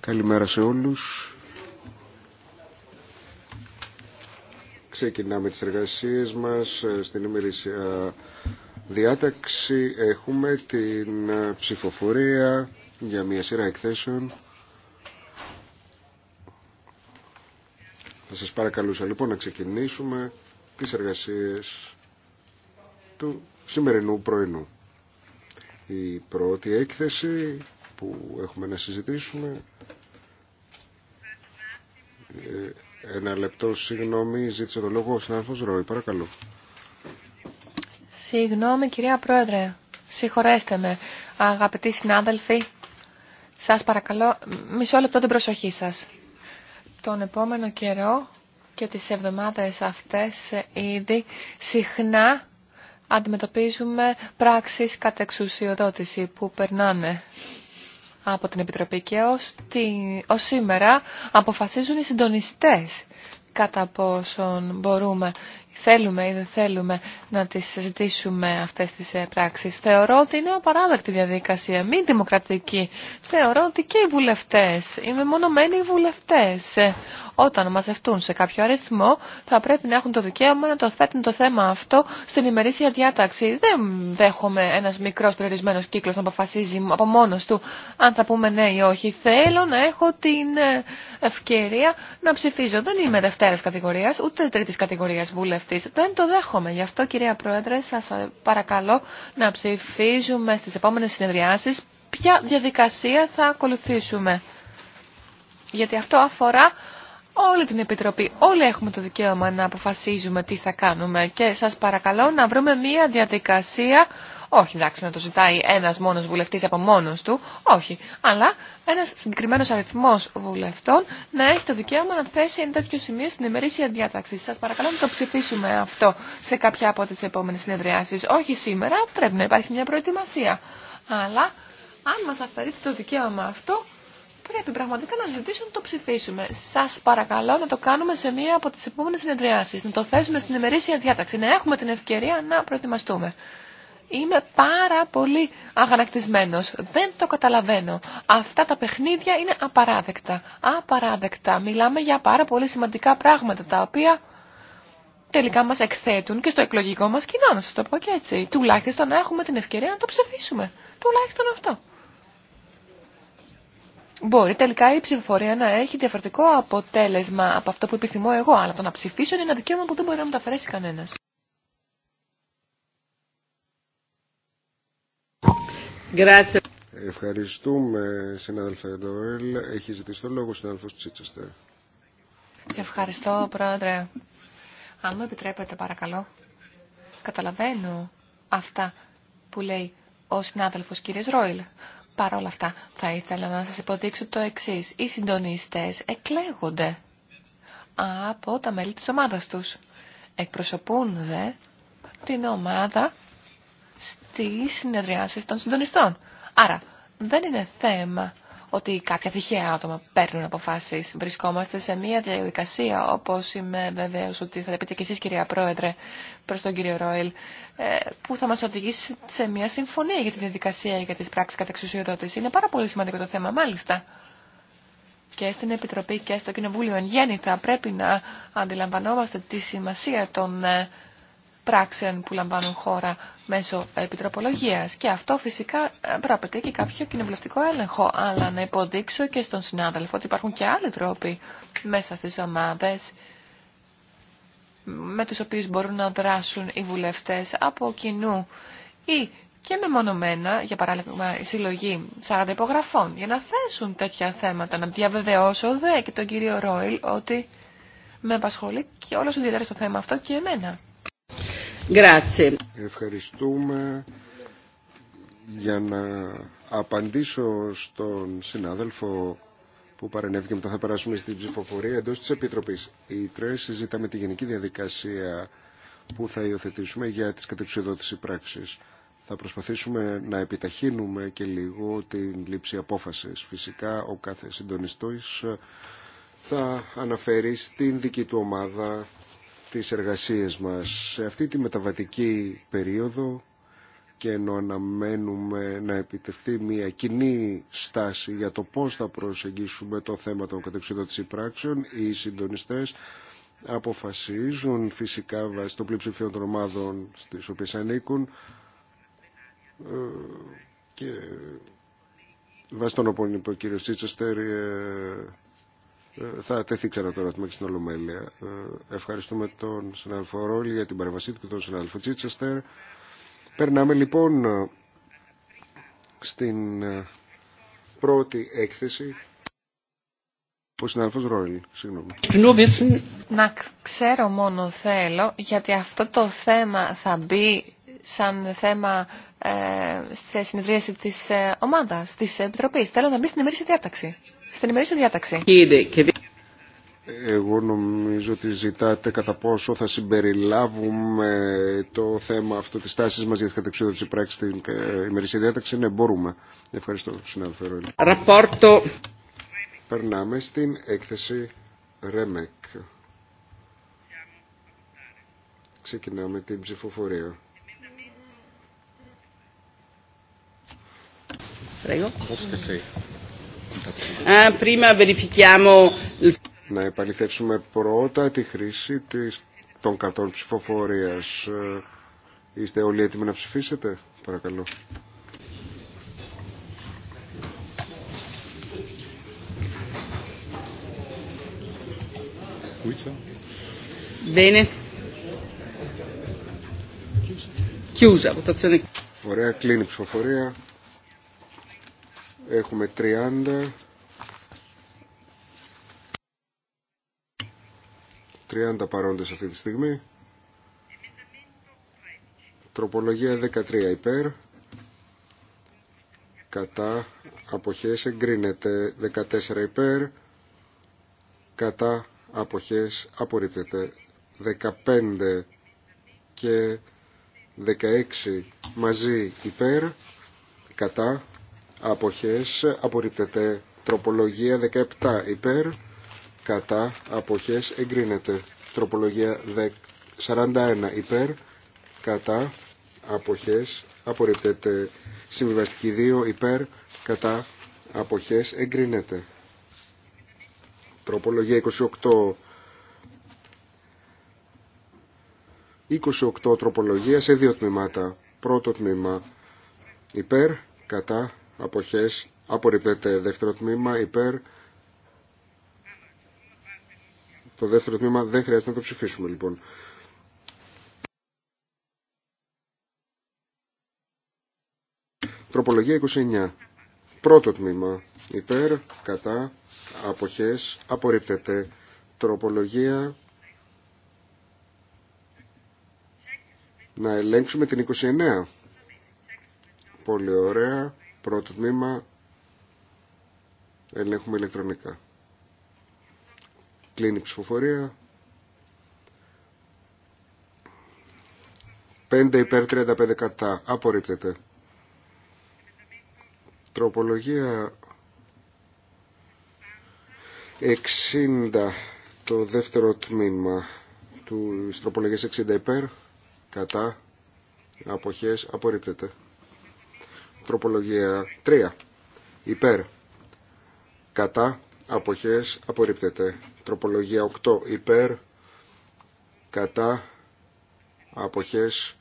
Καλημέρα σε όλους. Ξεκινάμε τις εργασίες μας. Ε, στην ημερήσια διάταξη έχουμε την ε, ψηφοφορία για μια σειρά εκθέσεων. Θα σας παρακαλούσα λοιπόν να ξεκινήσουμε τις εργασίες του σημερινού πρωινού. Η πρώτη έκθεση που έχουμε να συζητήσουμε. Ε, ένα λεπτό, συγγνώμη, ζήτησε το λόγο ο συνάδελφος Ροϊ, παρακαλώ. Συγγνώμη κυρία Πρόεδρε, συγχωρέστε με, αγαπητοί συνάδελφοι, σας παρακαλώ μισό λεπτό την προσοχή σας. Τον επόμενο καιρό και τις εβδομάδες αυτές ε, ήδη συχνά αντιμετωπίζουμε πράξεις κατεξουσιοδότηση που περνάνε από την Επιτροπή και ως, σήμερα αποφασίζουν οι συντονιστές κατά πόσον μπορούμε, θέλουμε ή δεν θέλουμε να τις συζητήσουμε αυτές τις ε, πράξεις. Θεωρώ ότι είναι απαράδεκτη διαδικασία, μη δημοκρατική. Θεωρώ ότι και οι βουλευτές, οι μεμονωμένοι βουλευτές, ε, όταν μαζευτούν σε κάποιο αριθμό θα πρέπει να έχουν το δικαίωμα να το θέτουν το θέμα αυτό στην ημερήσια διάταξη. Δεν δέχομαι ένα μικρό περιορισμένος κύκλο να αποφασίζει από μόνο του αν θα πούμε ναι ή όχι. Θέλω να έχω την ε, ευκαιρία να ψηφίζω. Δεν είμαι δευτέρα κατηγορία, ούτε τρίτη κατηγορία βουλευτή. Δεν το δέχομαι. Γι' αυτό κυρία Πρόεδρε σα ε, παρακαλώ να ψηφίζουμε στι επόμενε συνεδριάσει ποια διαδικασία θα ακολουθήσουμε. Γιατί αυτό αφορά όλη την Επιτροπή. Όλοι έχουμε το δικαίωμα να αποφασίζουμε τι θα κάνουμε και σας παρακαλώ να βρούμε μία διαδικασία, όχι εντάξει να το ζητάει ένας μόνος βουλευτής από μόνος του, όχι, αλλά ένας συγκεκριμένος αριθμός βουλευτών να έχει το δικαίωμα να θέσει ένα τέτοιο σημείο στην ημερήσια διάταξη. Σας παρακαλώ να το ψηφίσουμε αυτό σε κάποια από τις επόμενες συνεδριάσεις. Όχι σήμερα, πρέπει να υπάρχει μια προετοιμασία. Αλλά αν μας αφαιρείτε το δικαίωμα αυτό, πρέπει πραγματικά να ζητήσουν να το ψηφίσουμε. Σα παρακαλώ να το κάνουμε σε μία από τι επόμενε συνεδριάσεις, να το θέσουμε στην ημερήσια διάταξη, να έχουμε την ευκαιρία να προετοιμαστούμε. Είμαι πάρα πολύ αγανακτισμένος. Δεν το καταλαβαίνω. Αυτά τα παιχνίδια είναι απαράδεκτα. Απαράδεκτα. Μιλάμε για πάρα πολύ σημαντικά πράγματα τα οποία τελικά μα εκθέτουν και στο εκλογικό μα κοινό, να σα το πω και έτσι. Τουλάχιστον να έχουμε την ευκαιρία να το ψηφίσουμε. Τουλάχιστον αυτό. Μπορεί τελικά η ψηφοφορία να έχει διαφορετικό αποτέλεσμα από αυτό που επιθυμώ εγώ, αλλά το να ψηφίσω είναι ένα δικαίωμα που δεν μπορεί να μου τα αφαιρέσει κανένα. Ευχαριστούμε, συνάδελφε Ντοέλ. Έχει ζητήσει το λόγο ο συνάδελφο Τσίτσεστερ. Ευχαριστώ, πρόεδρε. Αν μου επιτρέπετε, παρακαλώ. Καταλαβαίνω αυτά που λέει ο συνάδελφο κύριε Ρόιλ. Παρ' όλα αυτά θα ήθελα να σας υποδείξω το εξής. Οι συντονιστές εκλέγονται από τα μέλη της ομάδας τους. Εκπροσωπούν δε την ομάδα στις συνεδριάσεις των συντονιστών. Άρα δεν είναι θέμα ότι κάποια τυχαία άτομα παίρνουν αποφάσεις. Βρισκόμαστε σε μια διαδικασία, όπως είμαι βεβαίως ότι θα πείτε και εσείς κυρία Πρόεδρε προς τον κύριο Ρόιλ, ε, που θα μας οδηγήσει σε μια συμφωνία για τη διαδικασία για τις πράξεις εξουσιοδότηση. Είναι πάρα πολύ σημαντικό το θέμα, μάλιστα. Και στην Επιτροπή και στο Κοινοβούλιο εν γέννη θα πρέπει να αντιλαμβανόμαστε τη σημασία των ε, πράξεων που λαμβάνουν χώρα μέσω επιτροπολογίας. Και αυτό φυσικά ε, προαπαιτεί και κάποιο κοινοβουλευτικό έλεγχο. Αλλά να υποδείξω και στον συνάδελφο ότι υπάρχουν και άλλοι τρόποι μέσα στις ομάδες με τους οποίους μπορούν να δράσουν οι βουλευτές από κοινού ή και μεμονωμένα, για παράδειγμα η συλλογή 40 υπογραφών, για να θέσουν τέτοια θέματα, να διαβεβαιώσω δε και τον κύριο Ρόιλ ότι με απασχολεί και όλο ο ιδιαίτερος το θέμα αυτό και εμένα. Ευχαριστούμε για να απαντήσω στον συνάδελφο που παρενέβηκε μετά θα περάσουμε στην ψηφοφορία εντός της Επιτροπής. Η ΤΡΕ με τη γενική διαδικασία που θα υιοθετήσουμε για τις κατεξουδότηση πράξεις. Θα προσπαθήσουμε να επιταχύνουμε και λίγο την λήψη απόφασης. Φυσικά ο κάθε συντονιστής θα αναφέρει στην δική του ομάδα τις εργασίες μας σε αυτή τη μεταβατική περίοδο και ενώ αναμένουμε να επιτευχθεί μια κοινή στάση για το πώς θα προσεγγίσουμε το θέμα των κατεξιδότηση πράξεων, οι συντονιστές αποφασίζουν φυσικά βάσει των πλειοψηφίων των ομάδων στις οποίες ανήκουν ε, και βάσει των οποίων ο ε, θα τεθεί ξανά το ερώτημα στην Ολομέλεια. Ε, ευχαριστούμε τον συνάδελφο Ρόλη για την παρεμβασή του και τον συνάδελφο Τσίτσεστερ. Περνάμε λοιπόν ε, στην πρώτη έκθεση. Ο συνάδελφος Ρόιλ, συγγνώμη. Να ξέρω μόνο θέλω, γιατί αυτό το θέμα θα μπει σαν θέμα σε συνεδρίαση της ομάδας, της Επιτροπής. Θέλω να μπει στην ημερήσια διάταξη στην ημερήσια διάταξη. Εγώ νομίζω ότι ζητάτε κατά πόσο θα συμπεριλάβουμε το θέμα αυτό της τάση μα για τις κατεξοδότητες πράξη στην ε, ημερήσια διάταξη. Ναι, μπορούμε. Ευχαριστώ, συνάδελφε Ραπόρτο. Περνάμε στην έκθεση ΡΕΜΕΚ. Ξεκινάμε την ψηφοφορία. Ρέγω. Να επαληθεύσουμε πρώτα τη χρήση της, των καρτών ψηφοφορίας. Ε, είστε όλοι έτοιμοι να ψηφίσετε, παρακαλώ. Ωραία, κλείνει η ψηφοφορία. Έχουμε 30. 30 παρόντες αυτή τη στιγμή. Τροπολογία 13 υπέρ. Κατά αποχές εγκρίνεται 14 υπέρ. Κατά αποχές απορρίπτεται 15 και 16 μαζί υπέρ. Κατά αποχές απορρίπτεται. Τροπολογία 17 υπέρ, κατά, αποχές εγκρίνεται. Τροπολογία 41 υπέρ, κατά, αποχές απορρίπτεται. Συμβιβαστική 2 υπέρ, κατά, αποχές εγκρίνεται. Τροπολογία 28 28 τροπολογία σε δύο τμήματα. Πρώτο τμήμα υπέρ, κατά, αποχές απορρίπτεται δεύτερο τμήμα υπέρ το δεύτερο τμήμα δεν χρειάζεται να το ψηφίσουμε λοιπόν τροπολογία 29 πρώτο τμήμα υπέρ κατά αποχές απορρίπτεται τροπολογία να ελέγξουμε την 29 πολύ ωραία Πρώτο τμήμα ελέγχουμε ηλεκτρονικά. Κλείνει η ψηφοφορία. 5 υπέρ 35 κατά. Απορρίπτεται. Τροπολογία 60 το δεύτερο τμήμα του τροπολογίας 60 υπέρ κατά αποχές απορρίπτεται. Τροπολογία 3. Υπέρ. Κατά. Αποχές. Απορρίπτεται. Τροπολογία 8. Υπέρ. Κατά. Αποχές.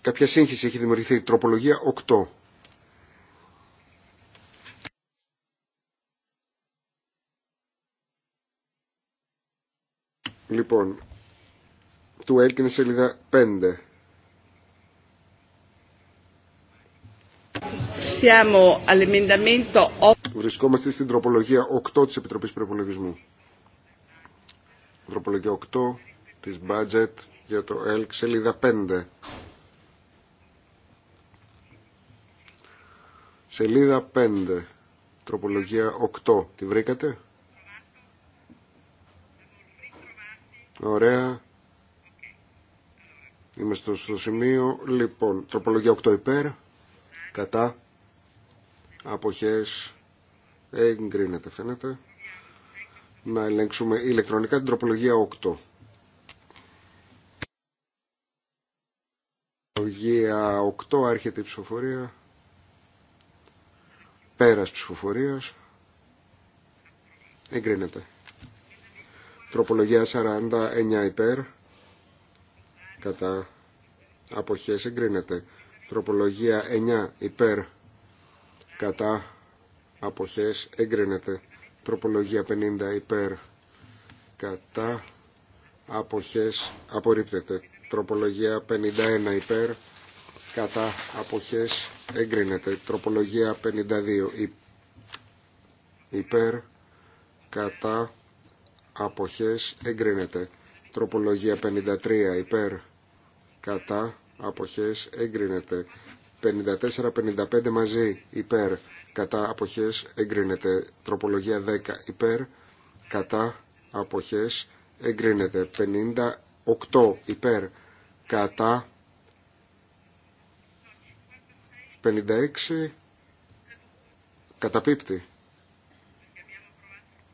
Κάποια σύγχυση έχει δημιουργηθεί. Τροπολογία 8. Λοιπόν, του έλκυνη σελίδα 5. Βρισκόμαστε στην τροπολογία 8 της Επιτροπής Προπολογισμού. Τροπολογία 8 της budget για το ΕΛΚ σελίδα 5. Σελίδα 5, τροπολογία 8. Τη βρήκατε? Ωραία. Είμαστε στο σημείο. Λοιπόν, τροπολογία 8 υπέρ. Κατά. Αποχές. Εγκρίνεται φαίνεται. Να ελέγξουμε ηλεκτρονικά την τροπολογία 8. Τροπολογία 8 άρχεται η ψηφοφορία. Πέρας ψηφοφορίας. Εγκρίνεται. Τροπολογία 49 υπέρ κατά αποχές εγκρίνεται. Τροπολογία 9 υπέρ κατά αποχές εγκρίνεται. Τροπολογία 50 υπέρ κατά αποχές απορρίπτεται. Τροπολογία 51 υπέρ κατά αποχές εγκρίνεται. Τροπολογία 52 υπέρ κατά αποχές εγκρίνεται. Τροπολογία 53 υπέρ κατά αποχές εγκρίνεται 54-55 μαζί υπέρ κατά αποχές εγκρίνεται τροπολογία 10 υπέρ κατά αποχές εγκρίνεται 58 υπέρ κατά 56 καταπίπτει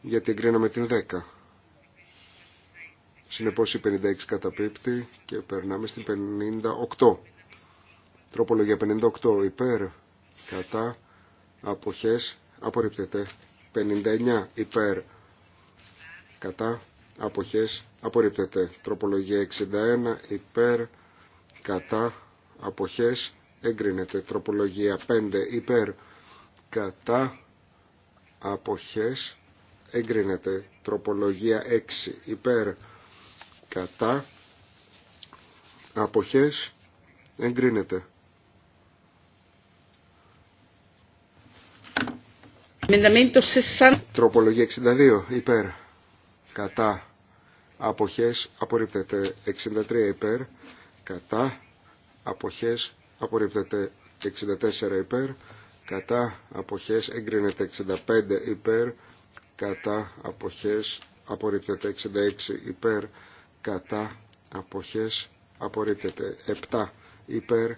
γιατί εγκρίναμε την 10 Συνεπώς η 56 καταπίπτει και περνάμε στην 58. Τροπολογία 58 υπέρ κατά αποχές απορρίπτεται. 59 υπέρ κατά αποχές απορρίπτεται. Τροπολογία 61 υπέρ κατά αποχές εγκρίνεται. Τροπολογία 5 υπέρ κατά αποχές εγκρίνεται. Τροπολογία 6 υπέρ κατά αποχές εγκρίνεται. Τροπολογία 62 υπέρ κατά αποχές απορρίπτεται 63 υπέρ κατά αποχές απορρίπτεται 64 υπέρ κατά αποχές εγκρίνεται 65 υπέρ κατά αποχές απορρίπτεται 66 υπέρ κατά αποχές απορρίπτεται 7 υπέρ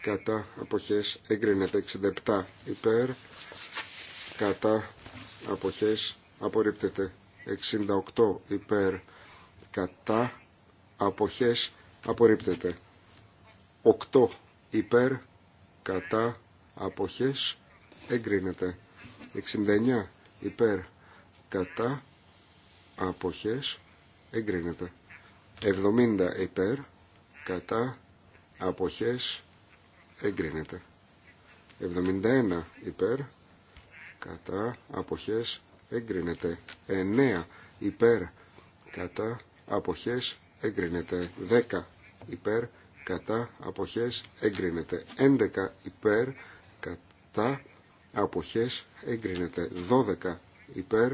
κατά αποχές εγκρίνεται 67 υπέρ κατά αποχές απορρίπτεται 68 υπέρ κατά αποχές απορρίπτεται 8 υπέρ κατά αποχές εγκρίνεται 69 υπέρ κατά αποχές εγκρίνεται 70 υπέρ κατά αποχές εγκρίνεται 71 υπέρ κατά αποχές εγκρίνεται 9 υπέρ κατά αποχές εγκρίνεται 10 υπέρ κατά αποχές εγκρίνεται 11 υπέρ κατά αποχές εγκρίνεται 12 υπέρ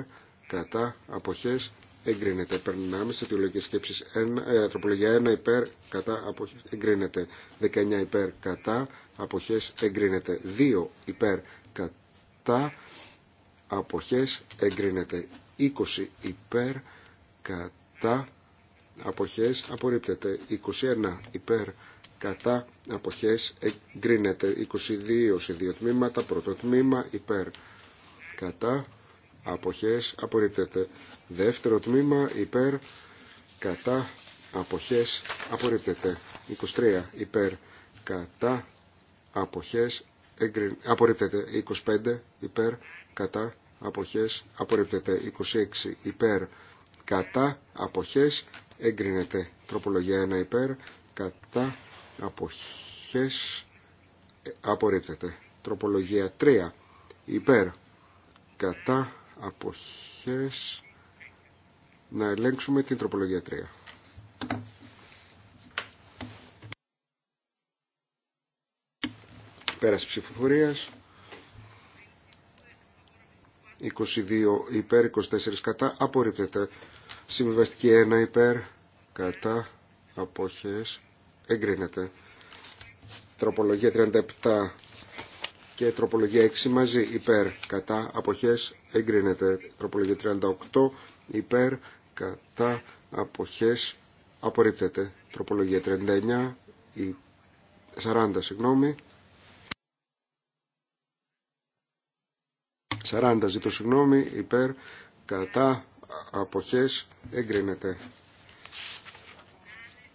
κατά αποχές εγκρίνεται. Περνάμε σε αιτιολογικές σκέψεις. 1, ε, τροπολογία 1 υπέρ κατά αποχές εγκρίνεται. 19 υπέρ κατά αποχές εγκρίνεται. 2 υπέρ κατά αποχές εγκρίνεται. 20 υπέρ κατά αποχές απορρίπτεται. 21 υπέρ κατά αποχές εγκρίνεται. 22 σε δύο τμήματα. Πρώτο τμήμα υπέρ κατά αποχές απορρίπτεται Δεύτερο τμήμα υπέρ κατά αποχές απορρίπτεται. 23 υπέρ κατά αποχές απορρίπτεται. 25 υπέρ κατά αποχές απορρίπτεται. 26 υπέρ κατά αποχές εγκρίνεται. Τροπολογία 1 υπέρ κατά αποχές ε, απορρίπτεται. Τροπολογία 3 υπέρ κατά αποχές να ελέγξουμε την τροπολογία 3. Πέραση ψηφοφορίας. 22 υπέρ, 24 κατά, απορρίπτεται. Συμβιβαστική 1 υπέρ, κατά, απόχες, εγκρίνεται. Τροπολογία 37 και τροπολογία 6 μαζί, υπέρ, κατά, αποχές, εγκρίνεται. Τροπολογία 38, υπέρ, κατά αποχές απορρίπτεται τροπολογία 39 ή 40 συγγνώμη 40 ζητώ συγγνώμη υπέρ κατά αποχές εγκρίνεται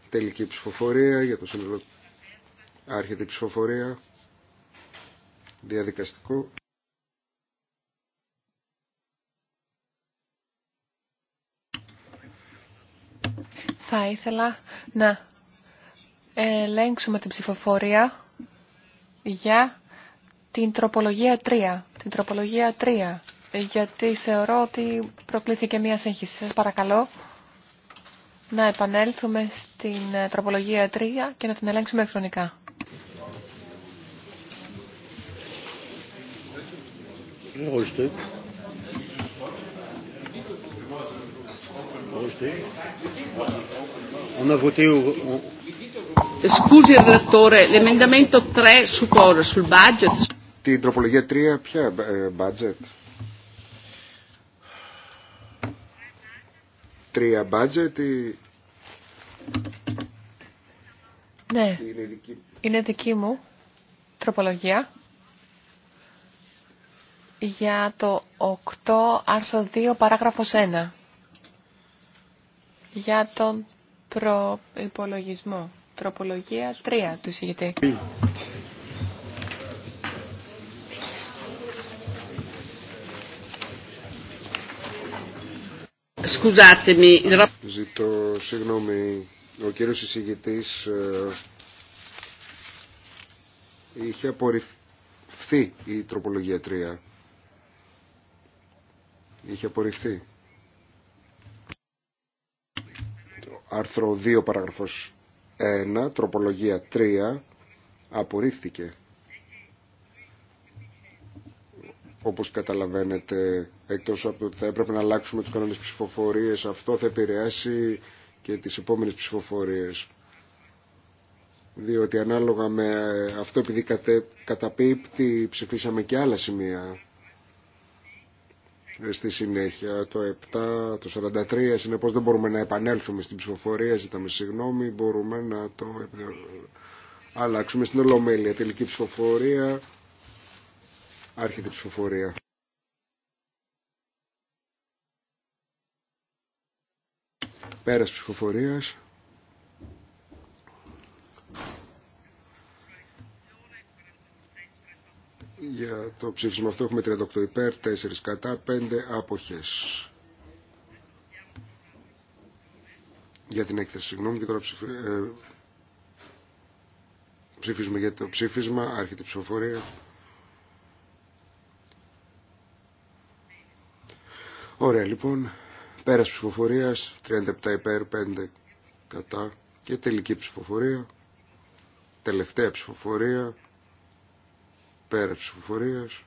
τελική ψηφοφορία για το σύνολο άρχεται η ψηφοφορία διαδικαστικό Θα ήθελα να ελέγξουμε την ψηφοφορία για την τροπολογία 3. Την τροπολογία 3. Γιατί θεωρώ ότι προκλήθηκε μία σύγχυση. Σας παρακαλώ να επανέλθουμε στην ε, τροπολογία 3 και να την ελέγξουμε ηλεκτρονικά. rejeté. On a voté au... Scusi relatore, l'emendamento 3 su cosa? Sul budget? Την τροπολογία 3, ποια ε, budget? 3 budget ή... Ναι, είναι δική... είναι δική μου τροπολογία για το 8 άρθρο 2 παράγραφος 1 για τον προϋπολογισμό. Τροπολογία 3 του συγγητή. Ζητώ συγγνώμη, ο κύριος εισηγητής ε, είχε απορριφθεί η τροπολογία 3. Είχε απορριφθεί. άρθρο 2 παραγραφός 1 τροπολογία 3 απορρίφθηκε όπως καταλαβαίνετε εκτός από το ότι θα έπρεπε να αλλάξουμε τους κανόνες ψηφοφορίες αυτό θα επηρεάσει και τις επόμενες ψηφοφορίες διότι ανάλογα με αυτό επειδή καταπίπτει ψηφίσαμε και άλλα σημεία στη συνέχεια. Το 7, το 43, συνεπώς δεν μπορούμε να επανέλθουμε στην ψηφοφορία, ζητάμε συγγνώμη, μπορούμε να το αλλάξουμε στην Ολομέλεια. Τελική ψηφοφορία, άρχεται ψηφοφορία. Πέρας ψηφοφορίας. Για το ψήφισμα αυτό έχουμε 38 υπέρ, 4 κατά, 5 αποχές. Για την έκθεση, συγγνώμη, και τώρα ψηφι... Ε, ψηφίζουμε για το ψήφισμα, άρχεται ψηφοφορία. Ωραία, λοιπόν, πέρας ψηφοφορίας, 37 υπέρ, 5 κατά και τελική ψηφοφορία, τελευταία ψηφοφορία, Πέρα ψηφοφορίας.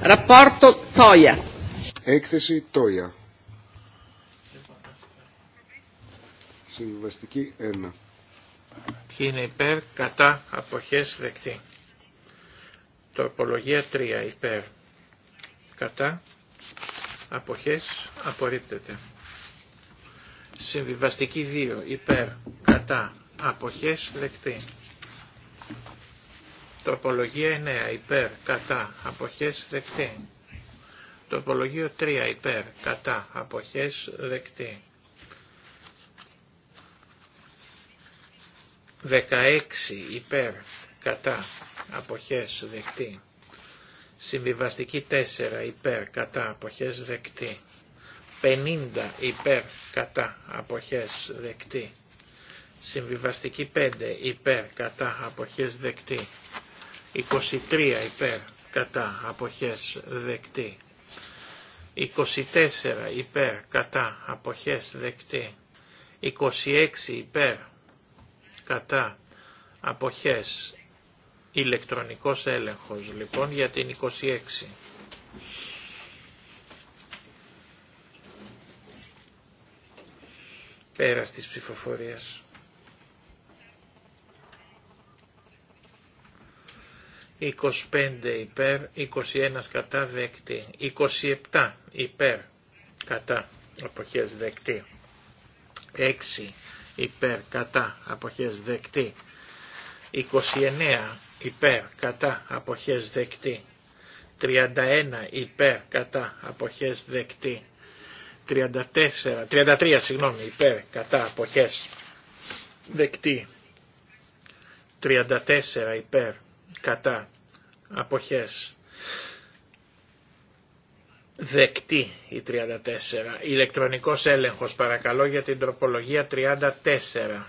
Ραπόρτο Τόια. Έκθεση Τόια. Συμβαστική 1. Ποιοι είναι υπέρ, κατά, αποχές, δεκτή. Τοπολογία 3, υπέρ, κατά, αποχές, απορρίπτεται. Συμβιβαστική 2, υπέρ, κατά, αποχές, δεκτή. Τοπολογία 9, υπέρ, κατά, αποχές, δεκτή. Τοπολογία 3, υπέρ, κατά, αποχές, δεκτή. 16 υπέρ κατά αποχές δεκτή. Συμβιβαστική 4 υπέρ κατά αποχές δεκτή. 50 υπέρ κατά αποχές δεκτή. Συμβιβαστική 5 υπέρ κατά αποχές δεκτή. 23 υπέρ κατά αποχές δεκτή. 24 υπέρ κατά αποχές δεκτή. 26 υπέρ κατά αποχές ηλεκτρονικός έλεγχος λοιπόν για την 26. Πέρας της ψηφοφορίας. «25 υπέρ, 21 κατά δεκτή, 27 υπέρ κατά αποχές δεκτή, 6 υπέρ κατά αποχές δεκτή. 29 υπέρ κατά αποχές δεκτή. 31 υπέρ κατά αποχές δεκτή. 34, 33 συγγνώμη υπέρ κατά αποχές δεκτή. 34 υπέρ κατά αποχές δεκτή η 34. Ηλεκτρονικός έλεγχος παρακαλώ για την τροπολογία 34.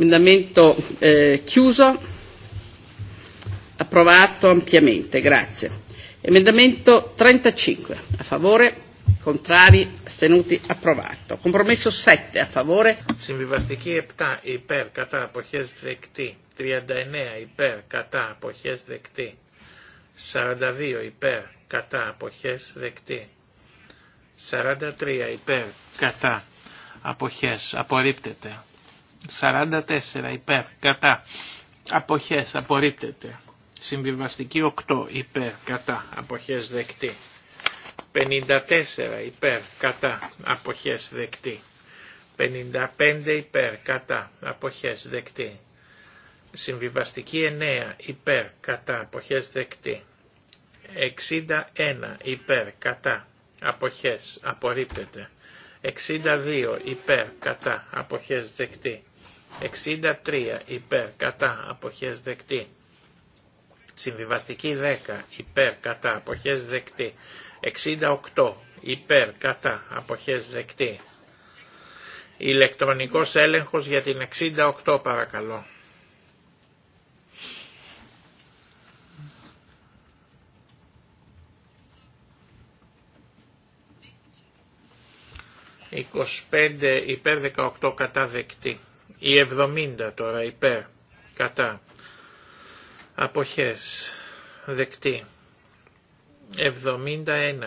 Emendamento eh, chiuso, approvato ampiamente, grazie. Emendamento 35, a favore, contrari, astenuti, approvato. Compromesso 7, a favore. Συμβιβαστική 7, υπέρ, κατά, αποχές δεκτή. 39, υπέρ, κατά, αποχές δεκτή. 42 υπέρ κατά αποχές δεκτή. 43 υπέρ κατά αποχές απορρίπτεται. 44 υπέρ κατά αποχές απορρίπτεται. Συμβιβαστική 8 υπέρ κατά αποχές δεκτή. 54 υπέρ κατά αποχές δεκτή. 55 υπέρ κατά αποχές δεκτή. Συμβιβαστική 9 υπέρ κατά αποχές δεκτή. 61 υπέρ κατά αποχές απορρίπτεται. 62 υπέρ κατά αποχές δεκτή. 63 υπέρ κατά αποχές δεκτή. Συμβιβαστική 10 υπέρ κατά αποχές δεκτή. 68 υπέρ κατά αποχές δεκτή. Ηλεκτρονικός έλεγχος για την 68 παρακαλώ. 25 υπέρ 18 κατά δεκτή. Η 70 τώρα υπέρ κατά. Αποχές δεκτή. 71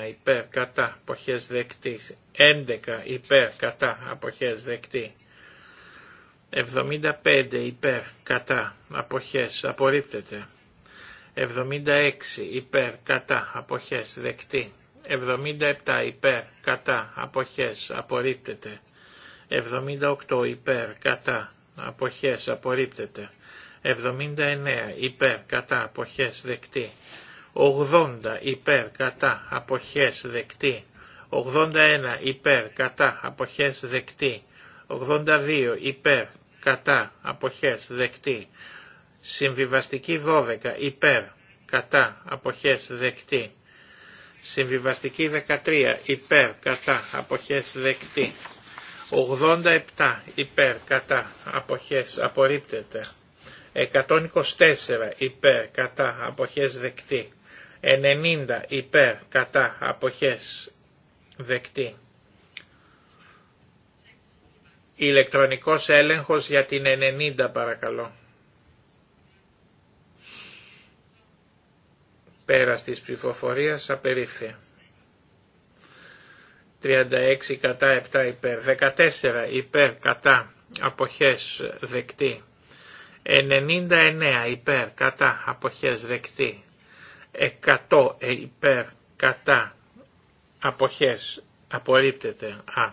υπέρ κατά αποχές δεκτή. 11 υπέρ κατά αποχές δεκτή. 75 υπέρ κατά αποχές απορρίπτεται. 76 υπέρ κατά αποχές δεκτή. 77 υπέρ κατά αποχές απορρίπτεται. 78 υπέρ κατά αποχές απορρίπτεται. 79 υπέρ κατά αποχές δεκτή. 80 υπέρ κατά αποχές δεκτή. 81 υπέρ κατά αποχές δεκτή. 82 υπέρ κατά αποχές δεκτή. Συμβιβαστική 12 υπέρ κατά αποχές δεκτή. Συμβιβαστική 13 υπέρ κατά αποχές δεκτή. 87 υπέρ κατά αποχές απορρίπτεται. 124 υπέρ κατά αποχές δεκτή. 90 υπέρ κατά αποχές δεκτή. Ηλεκτρονικός έλεγχος για την 90 παρακαλώ. Πέρας της ψηφοφορίας απερίφθη. 36 κατά 7 υπέρ, 14 υπέρ κατά αποχές δεκτή, 99 υπέρ κατά αποχές δεκτή, 100 υπέρ κατά αποχές απορρίπτεται, α,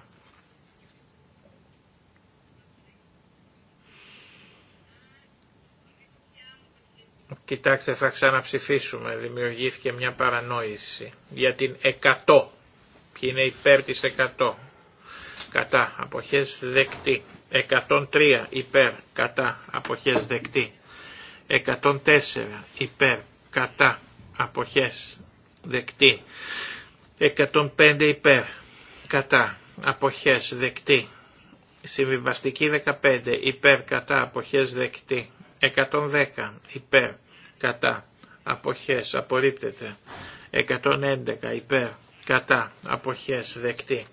Κοιτάξτε θα ξαναψηφίσουμε, δημιουργήθηκε μια παρανόηση για την 100. Ποιοι είναι υπέρ της 100. Κατά αποχές δεκτή. 103 υπέρ κατά αποχές δεκτή. 104 υπέρ κατά αποχές δεκτή. 105 υπέρ κατά αποχές δεκτή. Συμβιβαστική 15 υπέρ κατά αποχές δεκτή. 110 υπέρ κατά, αποχές, απορρίπτεται. 111 υπέρ, κατά, αποχές, δεκτή.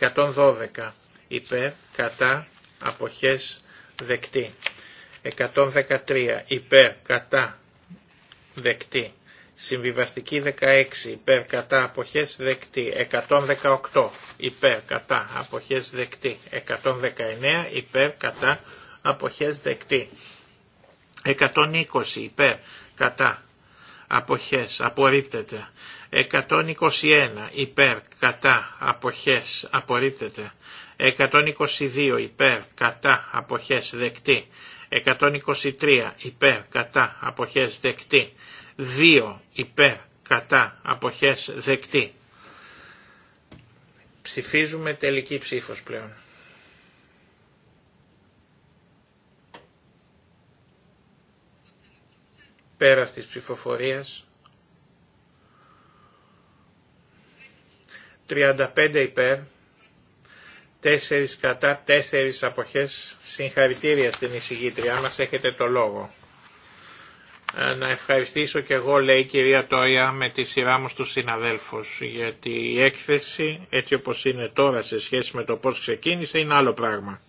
112 υπέρ, κατά, αποχές, δεκτή. 113 υπέρ, κατά, δεκτή. Συμβιβαστική 16 υπέρ κατά αποχές δεκτή, 118 υπέρ κατά αποχές δεκτή, 119 υπέρ κατά αποχές δεκτή, 120 υπέρ κατά, αποχές, απορρίπτεται. 121 υπέρ, κατά, αποχές, απορρίπτεται. 122 υπέρ, κατά, αποχές, δεκτή. 123 υπέρ, κατά, αποχές, δεκτή. 2 υπέρ, κατά, αποχές, δεκτή. Ψηφίζουμε τελική ψήφος πλέον. Πέρας της ψηφοφορίας. 35 υπέρ, 4 κατά, 4 αποχές, συγχαρητήρια στην εισηγήτριά μας, έχετε το λόγο. Ε, να ευχαριστήσω και εγώ, λέει η κυρία Τόια, με τη σειρά μου στους συναδέλφους, γιατί η έκθεση, έτσι όπως είναι τώρα σε σχέση με το πώς ξεκίνησε, είναι άλλο πράγμα.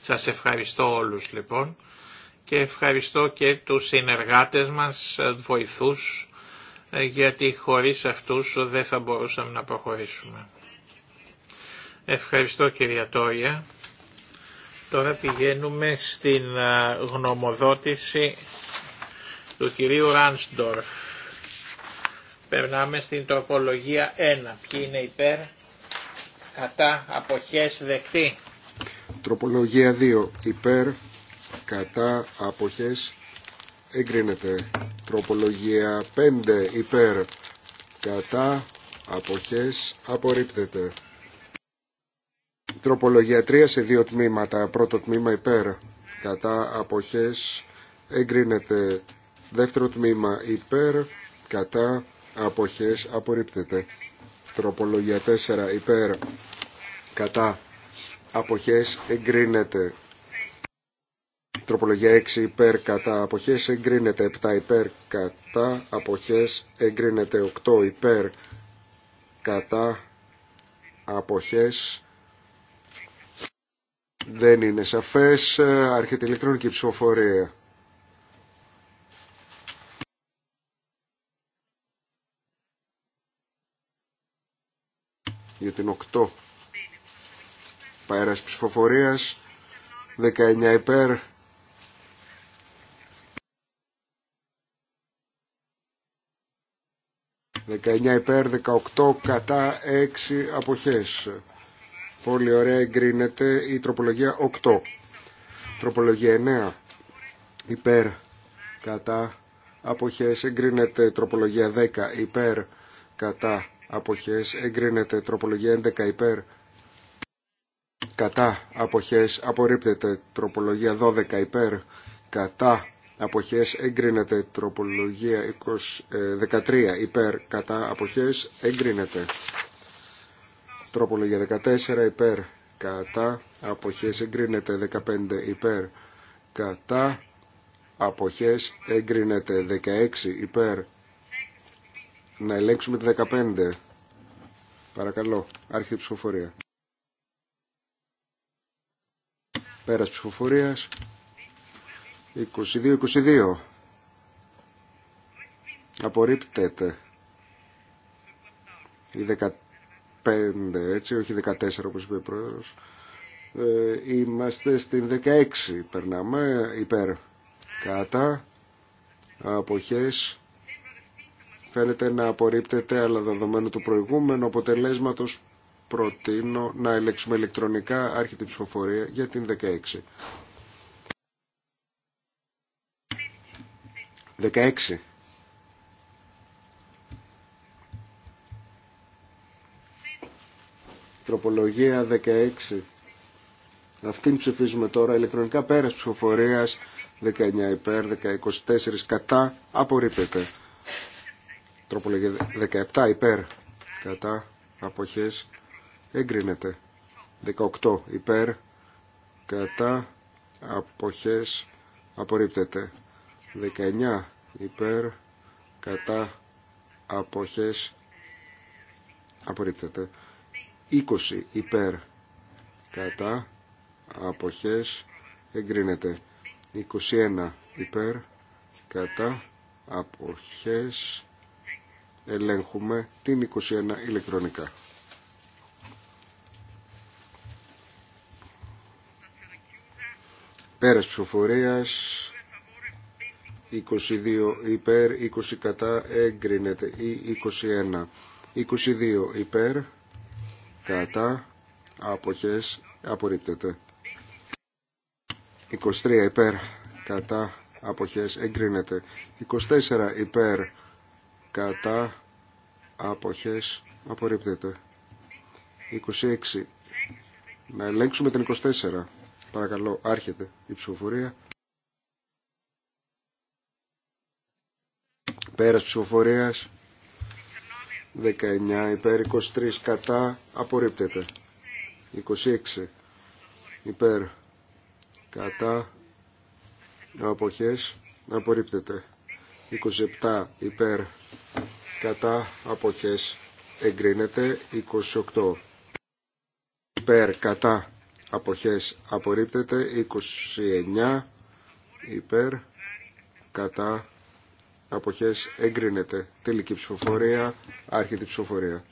Σας ευχαριστώ όλους λοιπόν και ευχαριστώ και τους συνεργάτες μας, ε, βοηθούς, ε, γιατί χωρίς αυτούς δεν θα μπορούσαμε να προχωρήσουμε. Ευχαριστώ κυρία Τόρια. Τώρα πηγαίνουμε στην ε, γνωμοδότηση του κυρίου Ράνστορφ. Περνάμε στην τροπολογία 1. Ποιοι είναι υπέρ, κατά, αποχές, δεκτή. Τροπολογία 2. Υπέρ, κατά αποχές εγκρίνεται τροπολογία 5 υπέρ κατά αποχές απορρίπτεται τροπολογία 3 σε δύο τμήματα πρώτο τμήμα υπέρ κατά αποχές εγκρίνεται δεύτερο τμήμα υπέρ κατά αποχές απορρίπτεται τροπολογία 4 υπέρ κατά αποχές εγκρίνεται Τροπολογία 6 υπέρ κατά αποχές εγκρίνεται 7 υπέρ κατά αποχές εγκρίνεται 8 υπέρ κατά αποχές δεν είναι σαφές Αρχιτελεκτρονική ηλεκτρονική ψηφοφορία. για την 8 Παέρας ψηφοφορίας 19 υπέρ 19 υπέρ, 18 κατά, 6 αποχές. Πολύ ωραία εγκρίνεται η τροπολογία 8. Τροπολογία 9 υπέρ, κατά, αποχές. Εγκρίνεται τροπολογία 10 υπέρ, κατά, αποχές. Εγκρίνεται τροπολογία 11 υπέρ, κατά, αποχές. Απορρίπτεται τροπολογία 12 υπέρ, κατά, αποχές εγκρίνεται τροπολογία 13 ε, υπέρ κατά αποχές εγκρίνεται τροπολογία 14 υπέρ κατά αποχές εγκρίνεται 15 υπέρ κατά αποχές εγκρίνεται 16 υπέρ να ελέγξουμε τη 15 παρακαλώ άρχιτε ψηφοφορία πέρας ψηφοφορίας 22-22. Απορρίπτεται. Η 15, έτσι, όχι 14 όπως είπε ο Πρόεδρος. Ε, είμαστε στην 16, περνάμε υπέρ. Κάτα, αποχές, φαίνεται να απορρίπτεται, αλλά δεδομένου του προηγούμενου αποτελέσματος προτείνω να ελέγξουμε ηλεκτρονικά άρχιτη ψηφοφορία για την 16. 16. Τροπολογία 16. Αυτήν ψηφίζουμε τώρα ηλεκτρονικά πέρας ψηφοφορίας 19 υπέρ, 24 κατά, απορρίπτεται. Τροπολογία 17 υπέρ, κατά, αποχές, εγκρίνεται. 18 υπέρ, κατά, αποχές, απορρίπτεται. 19 υπέρ κατά αποχές απορρίπτεται 20 υπέρ κατά αποχές εγκρίνεται 21 υπέρ κατά αποχές ελέγχουμε την 21 ηλεκτρονικά πέρας ψηφοφορίας 22 υπέρ, 20 κατά, εγκρίνεται ή 21. 22 υπέρ, κατά, άποχες, απορρίπτεται. 23 υπέρ, κατά, άποχες, εγκρίνεται. 24 υπέρ, κατά, άποχες, απορρίπτεται. 26. Να ελέγξουμε την 24. Παρακαλώ, άρχεται η ψηφοφορία. Πέρας ψηφοφορία 19 υπέρ, 23 κατά, απορρίπτεται. 26 υπέρ, κατά, αποχές, απορρίπτεται. 27 υπέρ, κατά, αποχές, εγκρίνεται. 28 υπέρ, κατά, αποχές, απορρίπτεται. 29 υπέρ, κατά, αποχές εγκρίνεται. Τελική ψηφοφορία, άρχιτη ψηφοφορία.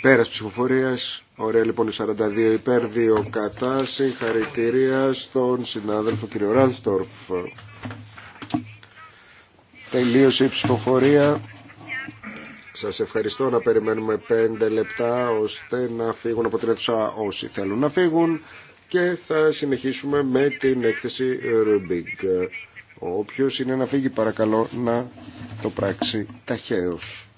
Πέρας ψηφοφορίας, ωραία λοιπόν 42 υπέρ, 2 κατά, συγχαρητήρια στον συνάδελφο κύριο Ράνστορφ. Τελείωσε η ψηφοφορία. Σας ευχαριστώ να περιμένουμε πέντε λεπτά ώστε να φύγουν από την αίθουσα όσοι θέλουν να φύγουν και θα συνεχίσουμε με την έκθεση Rubik. Όποιος είναι να φύγει παρακαλώ να το πράξει ταχαίως.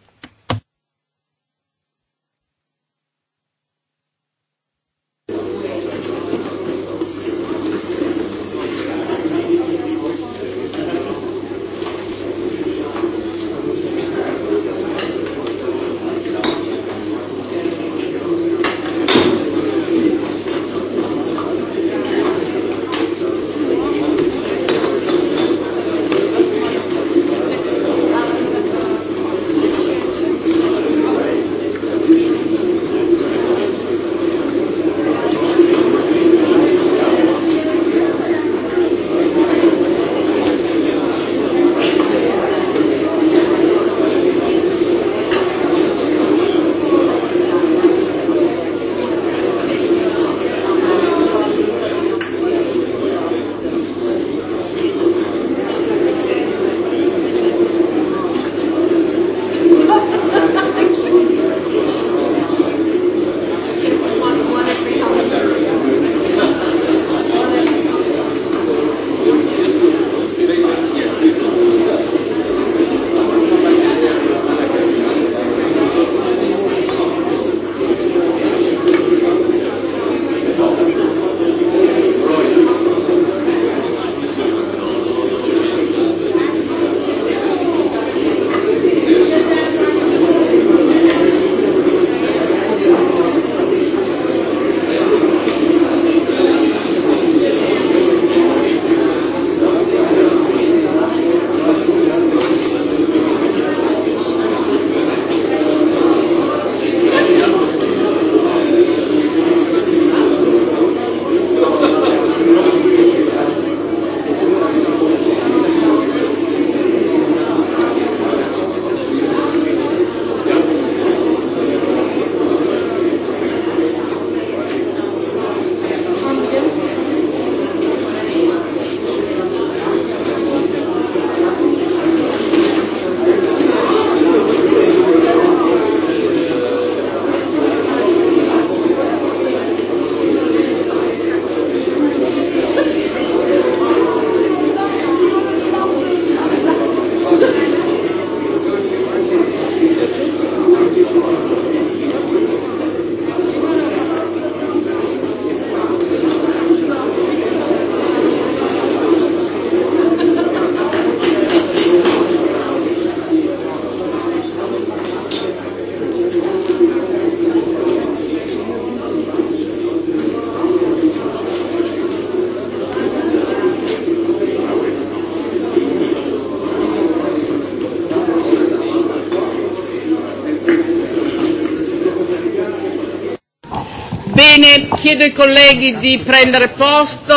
Chiedo ai colleghi di prendere posto.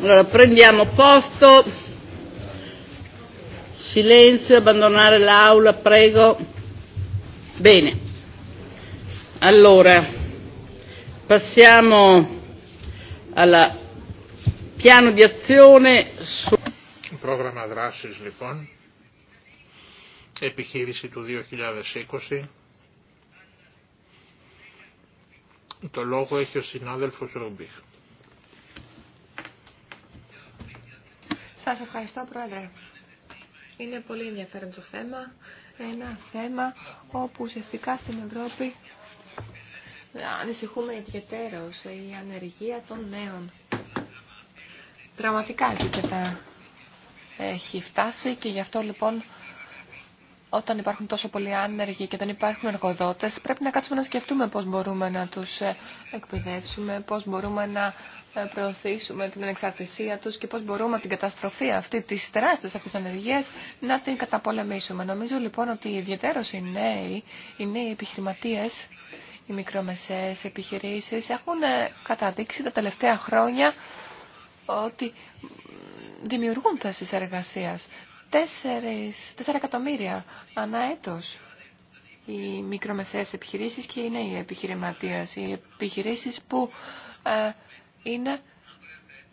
Allora, prendiamo posto. Silenzio, abbandonare l'aula, prego. Bene. Allora, Passiamo piano di azione Πρόγραμμα δράσης λοιπόν, επιχείρηση του 2020. Το λόγο έχει ο συνάδελφος Ρουμπίχ. Σας ευχαριστώ Πρόεδρε. Είναι πολύ ενδιαφέρον το θέμα. Ένα θέμα όπου ουσιαστικά στην Ευρώπη ανησυχούμε ιδιαίτερως η ανεργία των νέων. Δραματικά επίπεδα έχει φτάσει και γι' αυτό λοιπόν όταν υπάρχουν τόσο πολλοί άνεργοι και δεν υπάρχουν εργοδότες, πρέπει να κάτσουμε να σκεφτούμε πώς μπορούμε να τους ε, εκπαιδεύσουμε, πώς μπορούμε να ε, προωθήσουμε την ανεξαρτησία τους και πώς μπορούμε την καταστροφή αυτή της τεράστιας αυτής ανεργίας να την καταπολεμήσουμε. Νομίζω λοιπόν ότι ιδιαίτερως οι νέοι, οι νέοι επιχειρηματίες οι μικρομεσαίες επιχειρήσεις έχουν ε, καταδείξει τα τελευταία χρόνια ότι δημιουργούν θέσεις εργασίας. Τέσσερα εκατομμύρια ανά έτος οι μικρομεσαίες επιχειρήσεις και οι η επιχειρηματίες. Οι επιχειρήσεις που ε, είναι,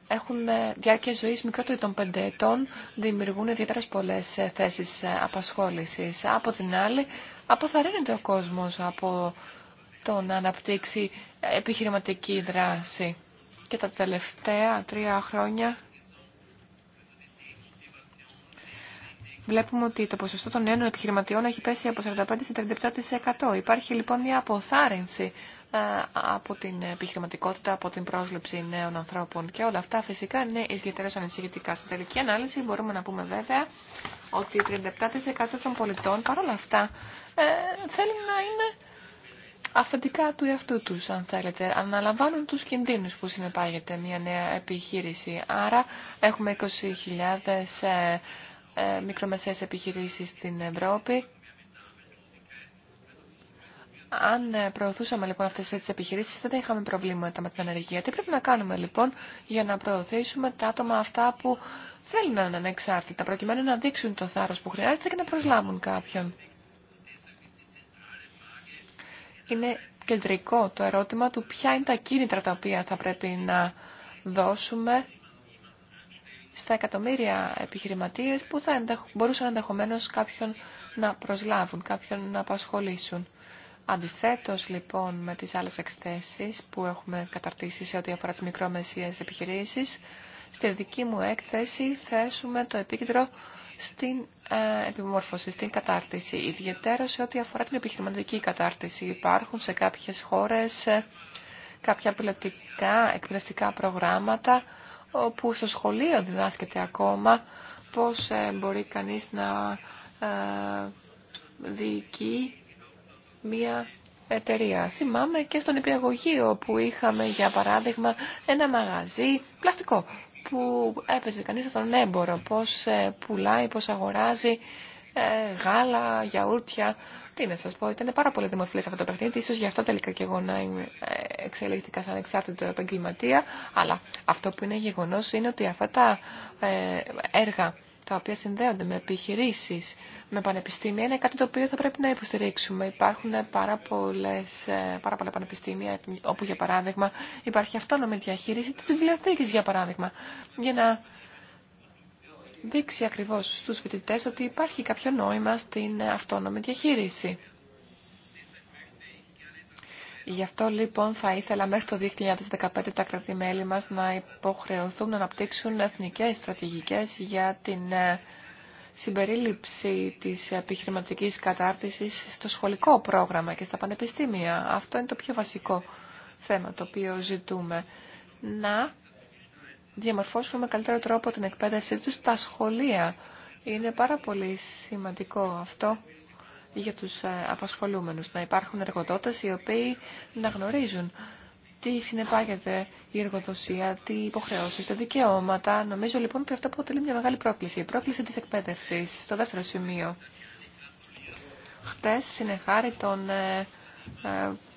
έχουν ε, διάρκεια ζωής μικρότερη των πεντε ετών δημιουργούν ιδιαίτερα πολλές θέσεις απασχόλησης. Από την άλλη, αποθαρρύνεται ο κόσμος από το να αναπτύξει επιχειρηματική δράση. Και τα τελευταία τρία χρόνια βλέπουμε ότι το ποσοστό των νέων επιχειρηματιών έχει πέσει από 45% σε 37%. Υπάρχει λοιπόν μια αποθάρρυνση από την επιχειρηματικότητα, από την πρόσληψη νέων ανθρώπων και όλα αυτά φυσικά είναι ιδιαίτερα ανησυχητικά. Στην τελική ανάλυση μπορούμε να πούμε βέβαια ότι 37% των πολιτών παρόλα αυτά ε, θέλουν να είναι αφεντικά του εαυτού τους, αν θέλετε. Αναλαμβάνουν τους κινδύνους που συνεπάγεται μια νέα επιχείρηση. Άρα έχουμε 20.000 ε, ε, μικρομεσαίες επιχειρήσεις στην Ευρώπη. Αν προωθούσαμε λοιπόν αυτές τις επιχειρήσεις δεν είχαμε προβλήματα με την ανεργία. Τι πρέπει να κάνουμε λοιπόν για να προωθήσουμε τα άτομα αυτά που θέλουν να είναι ανεξάρτητα προκειμένου να δείξουν το θάρρος που χρειάζεται και να προσλάβουν κάποιον είναι κεντρικό το ερώτημα του ποια είναι τα κίνητρα τα οποία θα πρέπει να δώσουμε στα εκατομμύρια επιχειρηματίες που θα μπορούσαν ενδεχομένω κάποιον να προσλάβουν, κάποιον να απασχολήσουν. Αντιθέτως λοιπόν με τις άλλες εκθέσεις που έχουμε καταρτήσει σε ό,τι αφορά τις μικρομεσίες επιχειρήσεις, στη δική μου έκθεση θέσουμε το επίκεντρο στην ε, επιμόρφωση, στην κατάρτιση. Ιδιαίτερα σε ό,τι αφορά την επιχειρηματική κατάρτιση. Υπάρχουν σε κάποιες χώρες ε, κάποια πιλωτικά εκπαιδευτικά προγράμματα όπου στο σχολείο διδάσκεται ακόμα πώς ε, μπορεί κανείς να διοικεί μία εταιρεία. Θυμάμαι και στον υπηαγωγείο που είχαμε για παράδειγμα ένα μαγαζί πλαστικό που έπαιζε κανείς στον έμπορο, πώς ε, πουλάει, πώς αγοράζει ε, γάλα, γιαούρτια. Τι να σας πω, ήταν πάρα πολύ δημοφιλές αυτό το παιχνίδι, ίσως γι' αυτό τελικά και εγώ να είμαι ε, εξελίχθηκα σαν εξάρτητο επαγγελματία, αλλά αυτό που είναι γεγονός είναι ότι αυτά τα έργα τα οποία συνδέονται με επιχειρήσει με πανεπιστήμια, είναι κάτι το οποίο θα πρέπει να υποστηρίξουμε. Υπάρχουν πάρα, πολλές, ε, πολλά πανεπιστήμια, όπου για παράδειγμα υπάρχει αυτόνομη διαχείριση τη βιβλιοθήκη, για παράδειγμα, για να δείξει ακριβώ στους φοιτητές ότι υπάρχει κάποιο νόημα στην αυτόνομη διαχείριση. Γι' αυτό λοιπόν θα ήθελα μέχρι το 2015 τα κρατημέλη μας να υποχρεωθούν να αναπτύξουν εθνικές στρατηγικές για την ε, συμπερίληψη της επιχειρηματικής κατάρτισης στο σχολικό πρόγραμμα και στα πανεπιστήμια. Αυτό είναι το πιο βασικό θέμα το οποίο ζητούμε. Να διαμορφώσουμε με καλύτερο τρόπο την εκπαίδευση τους στα σχολεία. Είναι πάρα πολύ σημαντικό αυτό για τους ε, απασχολούμενους. Να υπάρχουν εργοδότες οι οποίοι να γνωρίζουν τι συνεπάγεται η εργοδοσία, τι υποχρεώσει, τα δικαιώματα. Νομίζω λοιπόν ότι αυτό αποτελεί μια μεγάλη πρόκληση. Η πρόκληση τη εκπαίδευση, στο δεύτερο σημείο. Χτε συνεχάρη τον ε, ε,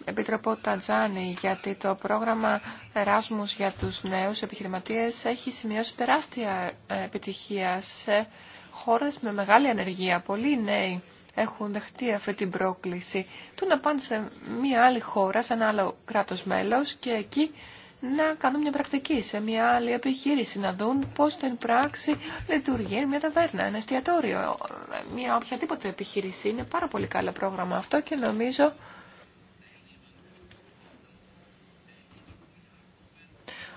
Επίτροπο Τατζάνη, γιατί το πρόγραμμα Εράσμους για τους νέους επιχειρηματίες έχει σημειώσει τεράστια ε, επιτυχία σε χώρες με μεγάλη ανεργία. Πολλοί νέοι έχουν δεχτεί αυτή την πρόκληση του να πάνε σε μια άλλη χώρα, σε ένα άλλο κράτος μέλος και εκεί να κάνουν μια πρακτική σε μια άλλη επιχείρηση, να δουν πώς την πράξη λειτουργεί μια ταβέρνα, ένα εστιατόριο, μια οποιαδήποτε επιχείρηση. Είναι πάρα πολύ καλό πρόγραμμα αυτό και νομίζω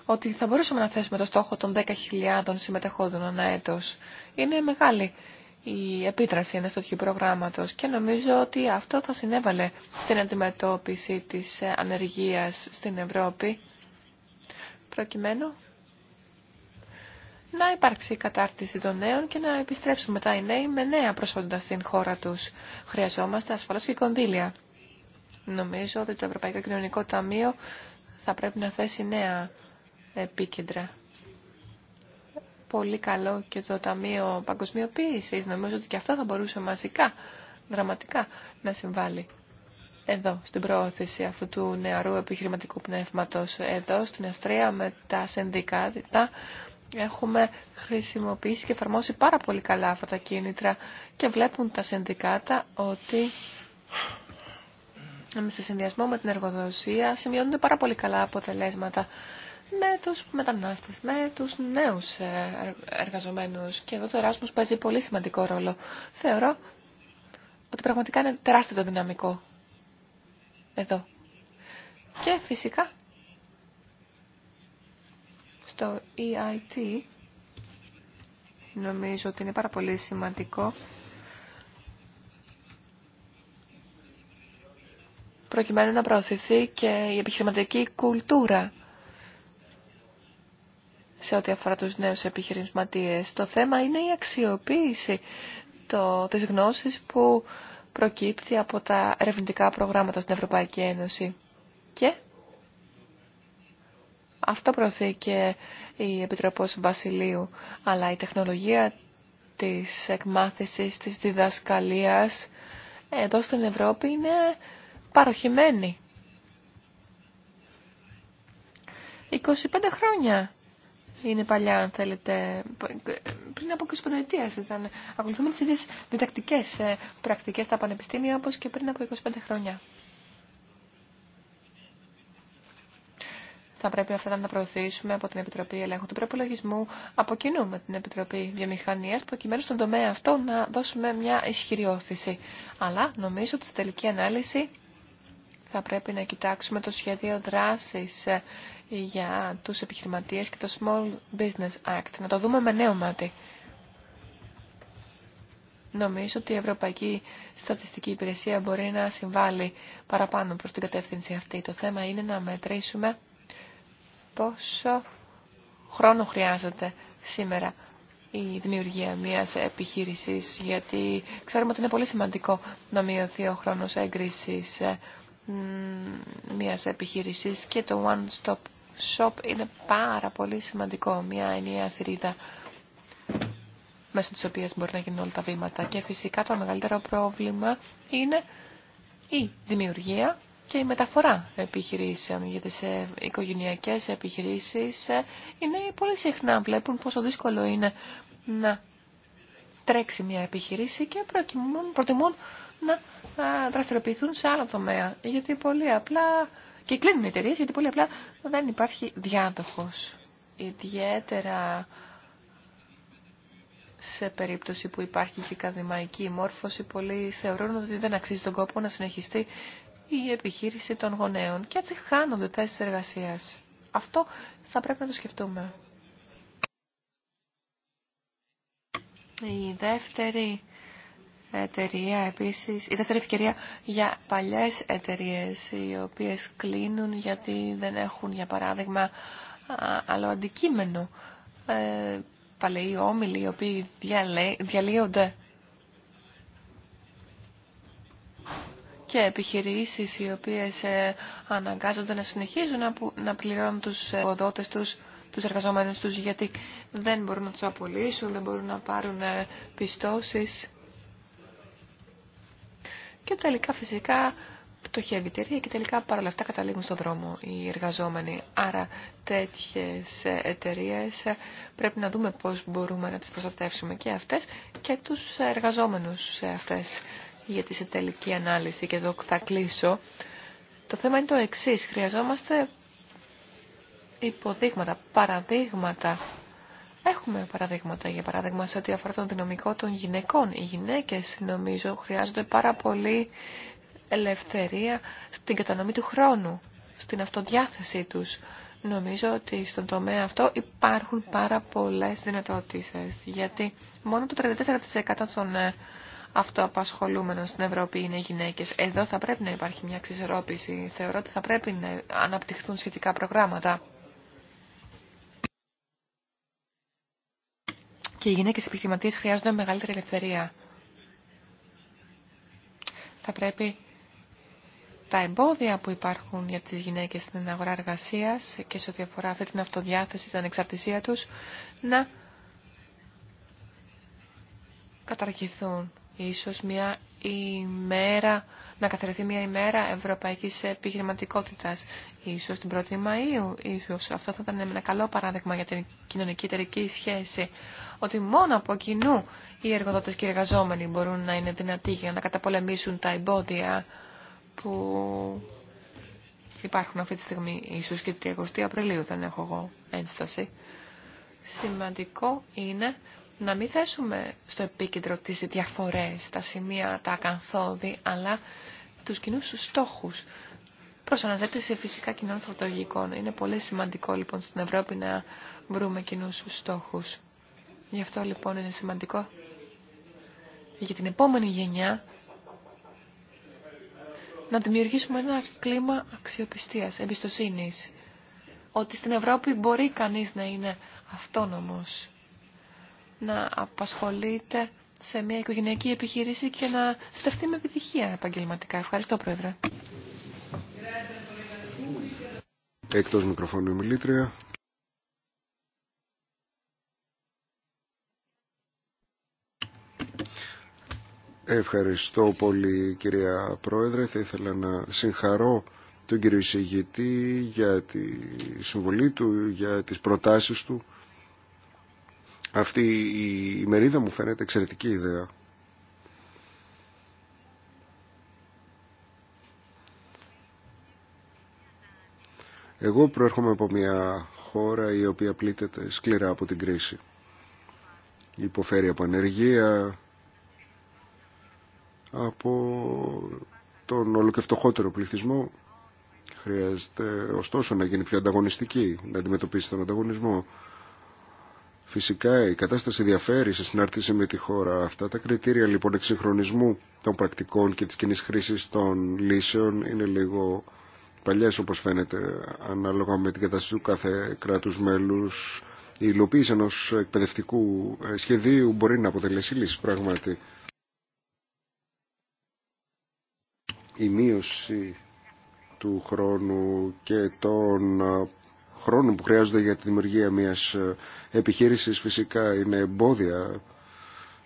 ότι θα μπορούσαμε να θέσουμε το στόχο των 10.000 συμμετεχόντων ανά έτος. Είναι μεγάλη η επίτραση ενός τέτοιου προγράμματος και νομίζω ότι αυτό θα συνέβαλε στην αντιμετώπιση της ανεργίας στην Ευρώπη προκειμένου να υπάρξει η κατάρτιση των νέων και να επιστρέψουν μετά οι νέοι με νέα προσόντα στην χώρα τους. Χρειαζόμαστε ασφαλώς και κονδύλια. Νομίζω ότι το Ευρωπαϊκό Κοινωνικό Ταμείο θα πρέπει να θέσει νέα επίκεντρα πολύ καλό και το Ταμείο Παγκοσμιοποίησης. Νομίζω ότι και αυτό θα μπορούσε μαζικά, δραματικά να συμβάλλει εδώ στην προώθηση αυτού του νεαρού επιχειρηματικού πνεύματος. Εδώ στην Αστρία με τα συνδικάτα έχουμε χρησιμοποιήσει και εφαρμόσει πάρα πολύ καλά αυτά τα κίνητρα και βλέπουν τα συνδικάτα ότι σε συνδυασμό με την εργοδοσία σημειώνονται πάρα πολύ καλά αποτελέσματα με τους μετανάστες, με τους νέους ε, εργαζομένους. Και εδώ το Εράσμος παίζει πολύ σημαντικό ρόλο. Θεωρώ ότι πραγματικά είναι τεράστιο το δυναμικό εδώ. Και φυσικά στο EIT νομίζω ότι είναι πάρα πολύ σημαντικό προκειμένου να προωθηθεί και η επιχειρηματική κουλτούρα σε ό,τι αφορά τους νέους επιχειρηματίες. Το θέμα είναι η αξιοποίηση το, της γνώσης που προκύπτει από τα ερευνητικά προγράμματα στην Ευρωπαϊκή Ένωση. Και αυτό προωθεί και η Επιτροπός Βασιλείου, αλλά η τεχνολογία της εκμάθησης, της διδασκαλίας εδώ στην Ευρώπη είναι παροχημένη. 25 χρόνια είναι παλιά, αν θέλετε, πριν από 25 ετία ήταν. Ακολουθούμε τι ίδιε διδακτικέ ε, πρακτικέ στα πανεπιστήμια όπω και πριν από 25 χρόνια. Θα πρέπει αυτά να προωθήσουμε από την Επιτροπή Ελέγχου του Προπολογισμού, από κοινού με την Επιτροπή Βιομηχανία, προκειμένου στον τομέα αυτό να δώσουμε μια ισχυρή όθηση. Αλλά νομίζω ότι στη τελική ανάλυση θα πρέπει να κοιτάξουμε το σχέδιο δράσης ε, για τους επιχειρηματίες και το Small Business Act. Να το δούμε με νέο μάτι. Νομίζω ότι η Ευρωπαϊκή Στατιστική Υπηρεσία μπορεί να συμβάλλει παραπάνω προς την κατεύθυνση αυτή. Το θέμα είναι να μετρήσουμε πόσο χρόνο χρειάζεται σήμερα η δημιουργία μιας επιχείρησης, γιατί ξέρουμε ότι είναι πολύ σημαντικό να μειωθεί ο χρόνος έγκρισης ε, μιας επιχείρησης και το One Stop Shop είναι πάρα πολύ σημαντικό. Μια ενιαία θηρίδα μέσω της οποίας μπορεί να γίνουν όλα τα βήματα. Και φυσικά το μεγαλύτερο πρόβλημα είναι η δημιουργία και η μεταφορά επιχειρήσεων γιατί σε οικογενειακές επιχειρήσεις ε, είναι πολύ συχνά βλέπουν πόσο δύσκολο είναι να τρέξει μια επιχειρήση και προτιμούν να δραστηριοποιηθούν σε άλλο τομέα. Γιατί πολύ απλά, και κλείνουν οι εταιρείε γιατί πολύ απλά δεν υπάρχει διάδοχος. Ιδιαίτερα σε περίπτωση που υπάρχει και καδημαϊκή μόρφωση, πολλοί θεωρούν ότι δεν αξίζει τον κόπο να συνεχιστεί η επιχείρηση των γονέων και έτσι χάνονται θέσει εργασία. Αυτό θα πρέπει να το σκεφτούμε. Η δεύτερη εταιρεία επίσης, η δεύτερη ευκαιρία για παλιές εταιρείες οι οποίες κλείνουν γιατί δεν έχουν για παράδειγμα άλλο αντικείμενο. Ε, παλαιοί όμιλοι οι οποίοι διαλύονται και επιχειρήσεις οι οποίες ε, αναγκάζονται να συνεχίζουν να πληρώνουν τους ε, οδότες τους τους εργαζομένους τους γιατί δεν μπορούν να τους απολύσουν, δεν μπορούν να πάρουν ε, πιστώσεις και τελικά φυσικά πτωχεύει η εταιρεία και τελικά παρόλα αυτά καταλήγουν στον δρόμο οι εργαζόμενοι. Άρα τέτοιες εταιρείε πρέπει να δούμε πώς μπορούμε να τις προστατεύσουμε και αυτές και τους εργαζόμενους σε αυτές για σε τελική ανάλυση και εδώ θα κλείσω. Το θέμα είναι το εξής. Χρειαζόμαστε υποδείγματα, παραδείγματα Έχουμε παραδείγματα, για παράδειγμα, σε ό,τι αφορά τον δυναμικό των γυναικών. Οι γυναίκες, νομίζω, χρειάζονται πάρα πολύ ελευθερία στην κατανομή του χρόνου, στην αυτοδιάθεσή τους. Νομίζω ότι στον τομέα αυτό υπάρχουν πάρα πολλές δυνατότητες, γιατί μόνο το 34% των ε, αυτοαπασχολούμενων στην Ευρώπη είναι γυναίκες. Εδώ θα πρέπει να υπάρχει μια ξεσορρόπηση. Θεωρώ ότι θα πρέπει να αναπτυχθούν σχετικά προγράμματα. και οι γυναίκες επιχειρηματίες χρειάζονται μεγαλύτερη ελευθερία. Θα πρέπει τα εμπόδια που υπάρχουν για τις γυναίκες στην αγορά εργασίας και σε ό,τι αφορά αυτή την αυτοδιάθεση, την ανεξαρτησία τους, να καταργηθούν. Ίσως μια μέρα, να καθαριθεί μια ημέρα ευρωπαϊκής επιχειρηματικότητας. Ίσως την 1η Μαΐου, ίσως αυτό θα ήταν ένα καλό παράδειγμα για την κοινωνική εταιρική σχέση. Ότι μόνο από κοινού οι εργοδότες και οι εργαζόμενοι μπορούν να είναι δυνατοί για να καταπολεμήσουν τα εμπόδια που υπάρχουν αυτή τη στιγμή. Ίσως και 30 Απριλίου δεν έχω εγώ ένσταση. Σημαντικό είναι να μην θέσουμε στο επίκεντρο τις διαφορές, τα σημεία, τα ακαθόδη, αλλά τους κοινούς τους στόχους. Προς αναζήτηση φυσικά κοινών στρατογικών. Είναι πολύ σημαντικό λοιπόν στην Ευρώπη να βρούμε κοινούς στόχους. Γι' αυτό λοιπόν είναι σημαντικό για την επόμενη γενιά να δημιουργήσουμε ένα κλίμα αξιοπιστίας, εμπιστοσύνης. Ότι στην Ευρώπη μπορεί κανείς να είναι αυτόνομος να απασχολείται σε μια οικογενειακή επιχείρηση και να στεφτεί με επιτυχία επαγγελματικά. Ευχαριστώ, Πρόεδρε. Εκτός μικροφώνου μιλήτρια. Ευχαριστώ πολύ κυρία Πρόεδρε. Θα ήθελα να συγχαρώ τον κύριο εισηγητή για τη συμβολή του, για τις προτάσεις του. Αυτή η ημερίδα μου φαίνεται εξαιρετική ιδέα. Εγώ προέρχομαι από μια χώρα η οποία πλήττεται σκληρά από την κρίση. Υποφέρει από ανεργία, από τον όλο πληθυσμό. Χρειάζεται ωστόσο να γίνει πιο ανταγωνιστική, να αντιμετωπίσει τον ανταγωνισμό. Φυσικά η κατάσταση διαφέρει σε συνάρτηση με τη χώρα. Αυτά τα κριτήρια λοιπόν εξυγχρονισμού των πρακτικών και της κοινή χρήση των λύσεων είναι λίγο παλιές όπως φαίνεται ανάλογα με την κατάσταση του κάθε κράτους μέλους. Η υλοποίηση ενός εκπαιδευτικού σχεδίου μπορεί να αποτελέσει λύση πράγματι. Η μείωση του χρόνου και των χρόνου που χρειάζονται για τη δημιουργία μιας ε, επιχείρησης φυσικά είναι εμπόδια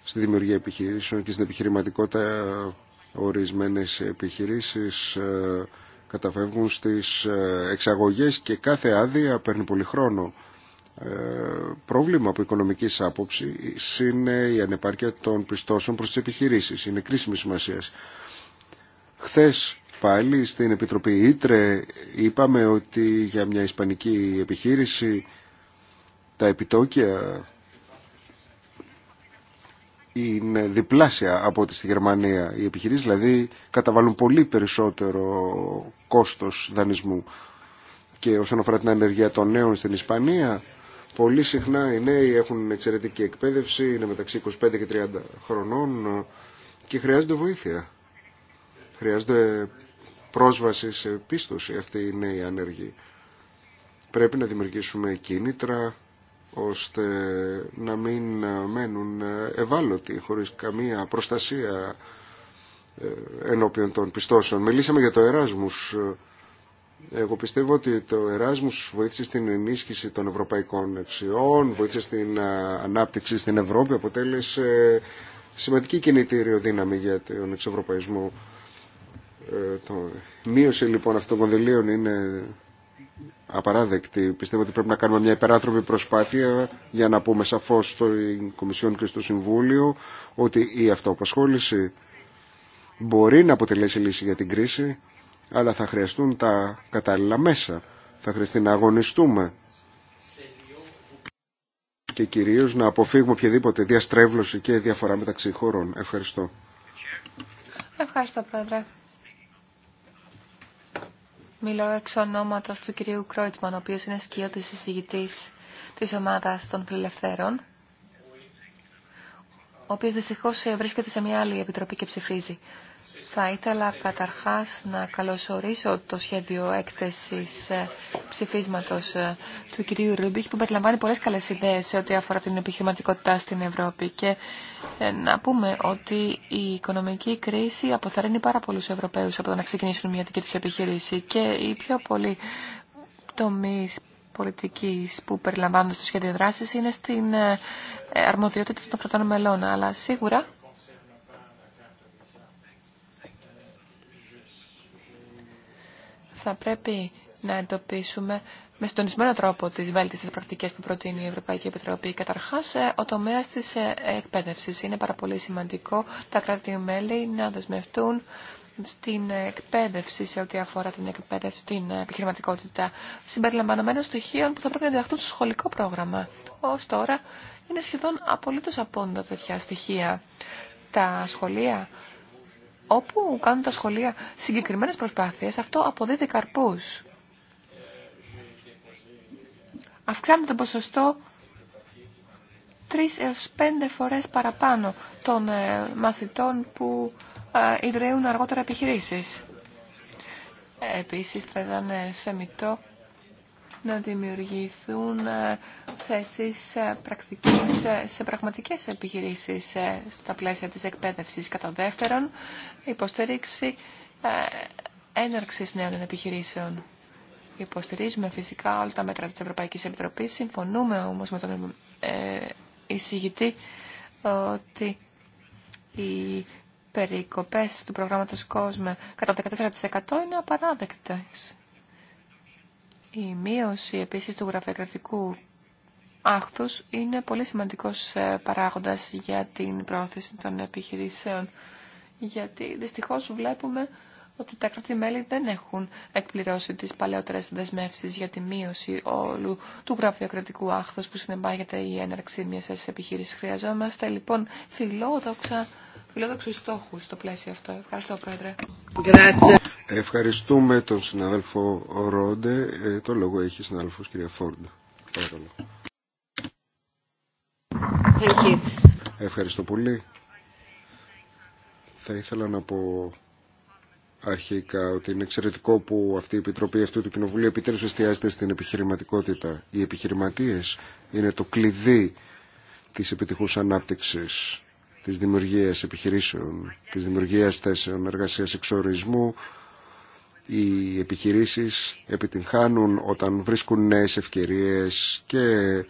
στη δημιουργία επιχειρήσεων και στην επιχειρηματικότητα ορισμένες επιχειρήσεις ε, καταφεύγουν στις ε, εξαγωγές και κάθε άδεια παίρνει πολύ χρόνο. πρόβλημα από οικονομικής άποψη είναι η ανεπάρκεια των πιστώσεων προς τις επιχειρήσεις. Είναι κρίσιμη σημασία. Χθες πάλι στην Επιτροπή Ήτρε είπαμε ότι για μια ισπανική επιχείρηση τα επιτόκια είναι διπλάσια από ό,τι στη Γερμανία. Οι επιχειρήσεις δηλαδή καταβάλουν πολύ περισσότερο κόστος δανεισμού. Και όσον αφορά την ανεργία των νέων στην Ισπανία, πολύ συχνά οι νέοι έχουν εξαιρετική εκπαίδευση, είναι μεταξύ 25 και 30 χρονών και χρειάζονται βοήθεια. Χρειάζονται πρόσβαση σε πίστοση Αυτή η νέοι ανεργή. Πρέπει να δημιουργήσουμε κίνητρα ώστε να μην μένουν ευάλωτοι χωρίς καμία προστασία ε, ενώπιον των πιστώσεων. Μιλήσαμε για το Εράσμους. Εγώ πιστεύω ότι το Εράσμους βοήθησε στην ενίσχυση των ευρωπαϊκών αξιών, βοήθησε στην ε, ανάπτυξη στην Ευρώπη, αποτέλεσε σημαντική κινητήριο δύναμη για τον εξευρωπαϊσμό. Ε, το μείωση λοιπόν αυτών των κονδυλίων είναι απαράδεκτη. Πιστεύω ότι πρέπει να κάνουμε μια υπεράθρωπη προσπάθεια για να πούμε σαφώς στο Κομισιόν και στο Συμβούλιο ότι η αυτοαπασχόληση μπορεί να αποτελέσει λύση για την κρίση αλλά θα χρειαστούν τα κατάλληλα μέσα. Θα χρειαστεί να αγωνιστούμε και κυρίως να αποφύγουμε οποιαδήποτε διαστρέβλωση και διαφορά μεταξύ χωρών. Ευχαριστώ. Ευχαριστώ, Πρόεδρε. Μιλώ εξ ονόματο του κυρίου Κρόιτσμαν, ο οποίο είναι σκιώτης εισηγητής τη ομάδα των φιλελευθέρων, ο οποίο δυστυχώ ε, βρίσκεται σε μια άλλη επιτροπή και ψηφίζει. Θα ήθελα καταρχάς να καλωσορίσω το σχέδιο έκθεσης ε, ψηφίσματος ε, του κυρίου Ρούμπιχ που περιλαμβάνει πολλές καλές ιδέες σε ό,τι αφορά την επιχειρηματικότητα στην Ευρώπη και ε, να πούμε ότι η οικονομική κρίση αποθαρρύνει πάρα πολλούς Ευρωπαίους από το να ξεκινήσουν μια δική τους επιχείρηση και οι πιο πολλοί τομείς πολιτικής που περιλαμβάνονται στο σχέδιο δράσης είναι στην αρμοδιότητα των κρατών μελών, αλλά σίγουρα θα πρέπει να εντοπίσουμε με συντονισμένο τρόπο τις βέλτιστες πρακτικές που προτείνει η Ευρωπαϊκή Επιτροπή. Καταρχάς, ε, ο τομέας της ε, εκπαίδευσης είναι πάρα πολύ σημαντικό τα κράτη-μέλη να δεσμευτούν στην εκπαίδευση σε ό,τι αφορά την εκπαίδευση, την επιχειρηματικότητα, συμπεριλαμβανομένων στοιχείων που θα πρέπει να διδαχτούν στο σχολικό πρόγραμμα. Ω τώρα είναι σχεδόν απολύτω απόντα τέτοια στοιχεία. Τα σχολεία όπου κάνουν τα σχολεία συγκεκριμένες προσπάθειες, αυτό αποδίδει καρπούς. Αυξάνεται το ποσοστό 3 έως πέντε φορές παραπάνω των ε, μαθητών που ε, ιδρύουν αργότερα επιχειρήσεις. Ε, επίσης θα ήταν θεμητό να δημιουργηθούν ε, θέσεις ε, πρακτικής ε, σε πραγματικές επιχειρήσεις στα πλαίσια της εκπαίδευσης. Κατά δεύτερον, υποστήριξη έναρξης νέων επιχειρήσεων. Υποστηρίζουμε φυσικά όλα τα μέτρα της Ευρωπαϊκής Επιτροπής. Συμφωνούμε όμως με τον εισηγητή ότι οι περικοπές του προγράμματος COSME κατά 14% είναι απαράδεκτες. Η μείωση επίσης του γραφειοκρατικού άχθους είναι πολύ σημαντικός ε, παράγοντας για την πρόθεση των επιχειρήσεων. Γιατί δυστυχώς βλέπουμε ότι τα κράτη-μέλη δεν έχουν εκπληρώσει τις παλαιότερες δεσμεύσεις για τη μείωση όλου του γραφειοκρατικού άχθους που συνεπάγεται η έναρξη μιας επιχείρησης. Χρειαζόμαστε λοιπόν φιλόδοξα φιλόδοξου στόχους στο πλαίσιο αυτό. Ευχαριστώ, Πρόεδρε. Ευχαριστούμε τον συνάδελφο Ρόντε. Ε, το λόγο έχει η συνάδελφο κυρία Φόρντ. Παρακαλώ. Ευχαριστώ πολύ. Θα ήθελα να πω αρχικά ότι είναι εξαιρετικό που αυτή η Επιτροπή αυτού του Κοινοβουλίου επιτέλους εστιάζεται στην επιχειρηματικότητα. Οι επιχειρηματίες είναι το κλειδί της επιτυχούς ανάπτυξης της δημιουργίας επιχειρήσεων, της δημιουργίας θέσεων εργασίας εξορισμού. Οι επιχειρήσεις επιτυγχάνουν όταν βρίσκουν νέες ευκαιρίες και ε,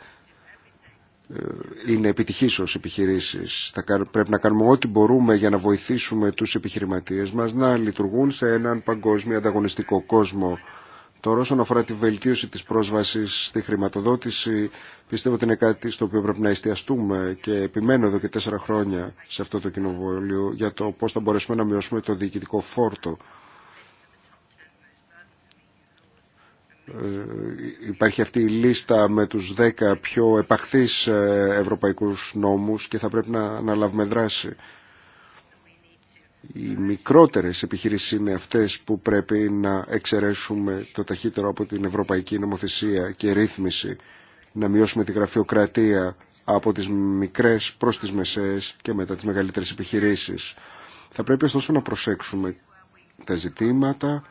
είναι επιτυχής ως επιχειρήσεις. Θα πρέπει να κάνουμε ό,τι μπορούμε για να βοηθήσουμε τους επιχειρηματίες μας να λειτουργούν σε έναν παγκόσμιο ανταγωνιστικό κόσμο Τώρα όσον αφορά τη βελτίωση της πρόσβασης στη χρηματοδότηση, πιστεύω ότι είναι κάτι στο οποίο πρέπει να εστιαστούμε και επιμένω εδώ και τέσσερα χρόνια σε αυτό το κοινοβόλιο για το πώς θα μπορέσουμε να μειώσουμε το διοικητικό φόρτο. Ε, υπάρχει αυτή η λίστα με τους δέκα πιο επαχθείς ε, ευρωπαϊκούς νόμους και θα πρέπει να αναλάβουμε δράση. Οι μικρότερες επιχειρήσεις είναι αυτές που πρέπει να εξαιρέσουμε το ταχύτερο από την ευρωπαϊκή νομοθεσία και ρύθμιση, να μειώσουμε τη γραφειοκρατία από τις μικρές προς τις μεσαίες και μετά τις μεγαλύτερες επιχειρήσεις. Θα πρέπει ωστόσο να προσέξουμε τα ζητήματα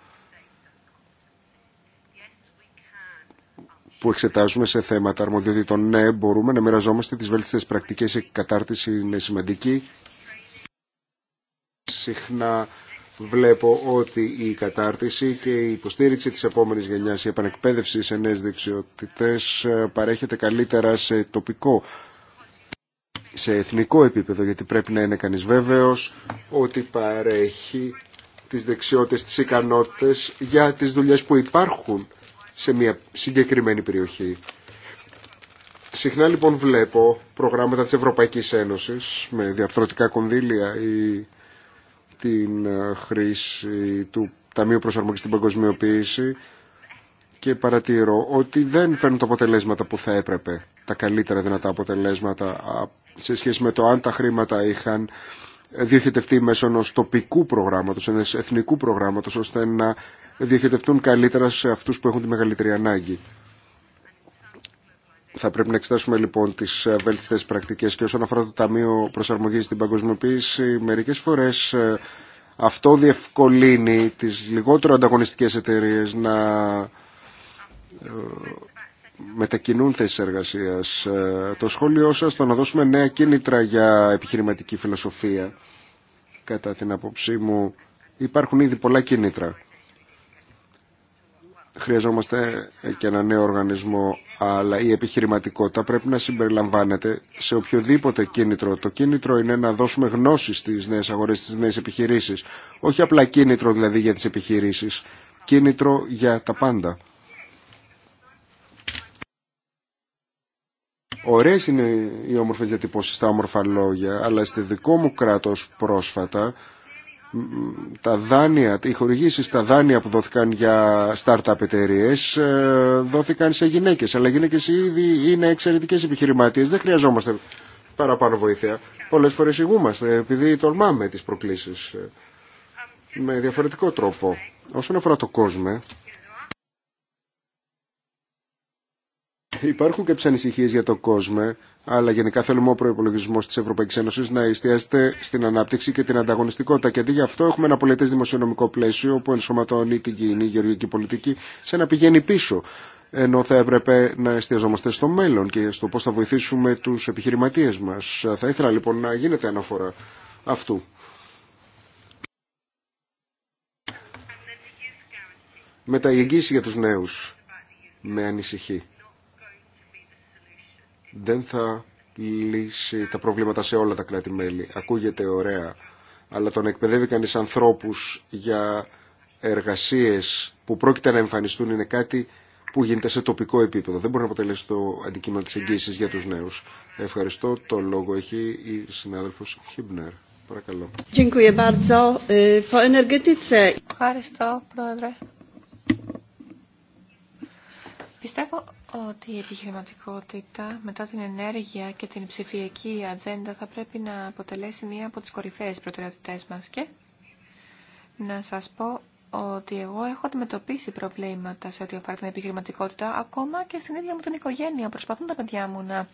που εξετάζουμε σε θέματα αρμοδιότητων. Ναι, μπορούμε να μοιραζόμαστε τις βέλτιστες πρακτικές, η κατάρτιση είναι σημαντική συχνά βλέπω ότι η κατάρτιση και η υποστήριξη της επόμενης γενιάς, η επανεκπαίδευση σε νέες δεξιότητες ε, παρέχεται καλύτερα σε τοπικό, σε εθνικό επίπεδο, γιατί πρέπει να είναι κανείς βέβαιος ότι παρέχει τις δεξιότητες, τις ικανότητες για τις δουλειές που υπάρχουν σε μια συγκεκριμένη περιοχή. Συχνά λοιπόν βλέπω προγράμματα της Ευρωπαϊκής Ένωσης με διαρθρωτικά κονδύλια ή την ε, χρήση του Ταμείου Προσαρμογής στην Παγκοσμιοποίηση και παρατηρώ ότι δεν φέρνουν τα αποτελέσματα που θα έπρεπε, τα καλύτερα δυνατά αποτελέσματα σε σχέση με το αν τα χρήματα είχαν διοχετευτεί μέσω ενός τοπικού προγράμματος, ενός εθνικού προγράμματος, ώστε να διοχετευτούν καλύτερα σε αυτούς που έχουν τη μεγαλύτερη ανάγκη. Θα πρέπει να εξετάσουμε λοιπόν τι ε, βέλτιστε πρακτικέ και όσον αφορά το Ταμείο Προσαρμογή στην Παγκοσμιοποίηση, μερικέ φορέ ε, αυτό διευκολύνει τι λιγότερο ανταγωνιστικέ εταιρείε να ε, μετακινούν θέσει εργασία. Το σχόλιο σα το να δώσουμε νέα κίνητρα για επιχειρηματική φιλοσοφία. Κατά την άποψή μου, υπάρχουν ήδη πολλά κίνητρα χρειαζόμαστε ε, και ένα νέο οργανισμό, αλλά η επιχειρηματικότητα πρέπει να συμπεριλαμβάνεται σε οποιοδήποτε κίνητρο. Το κίνητρο είναι να δώσουμε γνώση στις νέες αγορές, στις νέες επιχειρήσεις. Όχι απλά κίνητρο δηλαδή για τις επιχειρήσεις, κίνητρο για τα πάντα. Ωραίες είναι οι όμορφες διατυπώσεις, τα όμορφα λόγια, αλλά στη δικό μου κράτος πρόσφατα τα δάνεια, οι χορηγήσεις, τα δάνεια που δόθηκαν για startup εταιρείε ε, δόθηκαν σε γυναίκες. Αλλά οι γυναίκες ήδη είναι εξαιρετικές επιχειρηματίες. Δεν χρειαζόμαστε παραπάνω βοήθεια. Πολλές φορές ηγούμαστε επειδή τολμάμε τις προκλήσεις ε, με διαφορετικό τρόπο. Όσον αφορά το κόσμο, Υπάρχουν και ανησυχίε για το κόσμο, αλλά γενικά θέλουμε ο προπολογισμό τη Ευρωπαϊκή Ένωση να εστιάζεται στην ανάπτυξη και την ανταγωνιστικότητα. Και αντί για αυτό, έχουμε ένα πολιτέ δημοσιονομικό πλαίσιο που ενσωματώνει την κοινή γεωργική πολιτική σε να πηγαίνει πίσω. Ενώ θα έπρεπε να εστιαζόμαστε στο μέλλον και στο πώ θα βοηθήσουμε του επιχειρηματίε μα. Θα ήθελα λοιπόν να γίνεται αναφορά αυτού. Με τα εγγύηση για τους νέους με ανησυχεί δεν θα λύσει τα προβλήματα σε όλα τα κράτη-μέλη. Ακούγεται ωραία, αλλά το να εκπαιδεύει κανεί ανθρώπου για εργασίε που πρόκειται να εμφανιστούν είναι κάτι που γίνεται σε τοπικό επίπεδο. Δεν μπορεί να αποτελέσει το αντικείμενο τη εγγύηση για του νέου. Ευχαριστώ. Το λόγο έχει η συνάδελφο Χιμπνερ. Παρακαλώ. Ε, Ευχαριστώ, Πρόεδρε. Πιστεύω ότι η επιχειρηματικότητα μετά την ενέργεια και την ψηφιακή ατζέντα θα πρέπει να αποτελέσει μία από τις κορυφαίες προτεραιότητές μας και να σας πω ότι εγώ έχω αντιμετωπίσει προβλήματα σε ό,τι αφορά την επιχειρηματικότητα, ακόμα και στην ίδια μου την οικογένεια. Προσπαθούν τα παιδιά μου να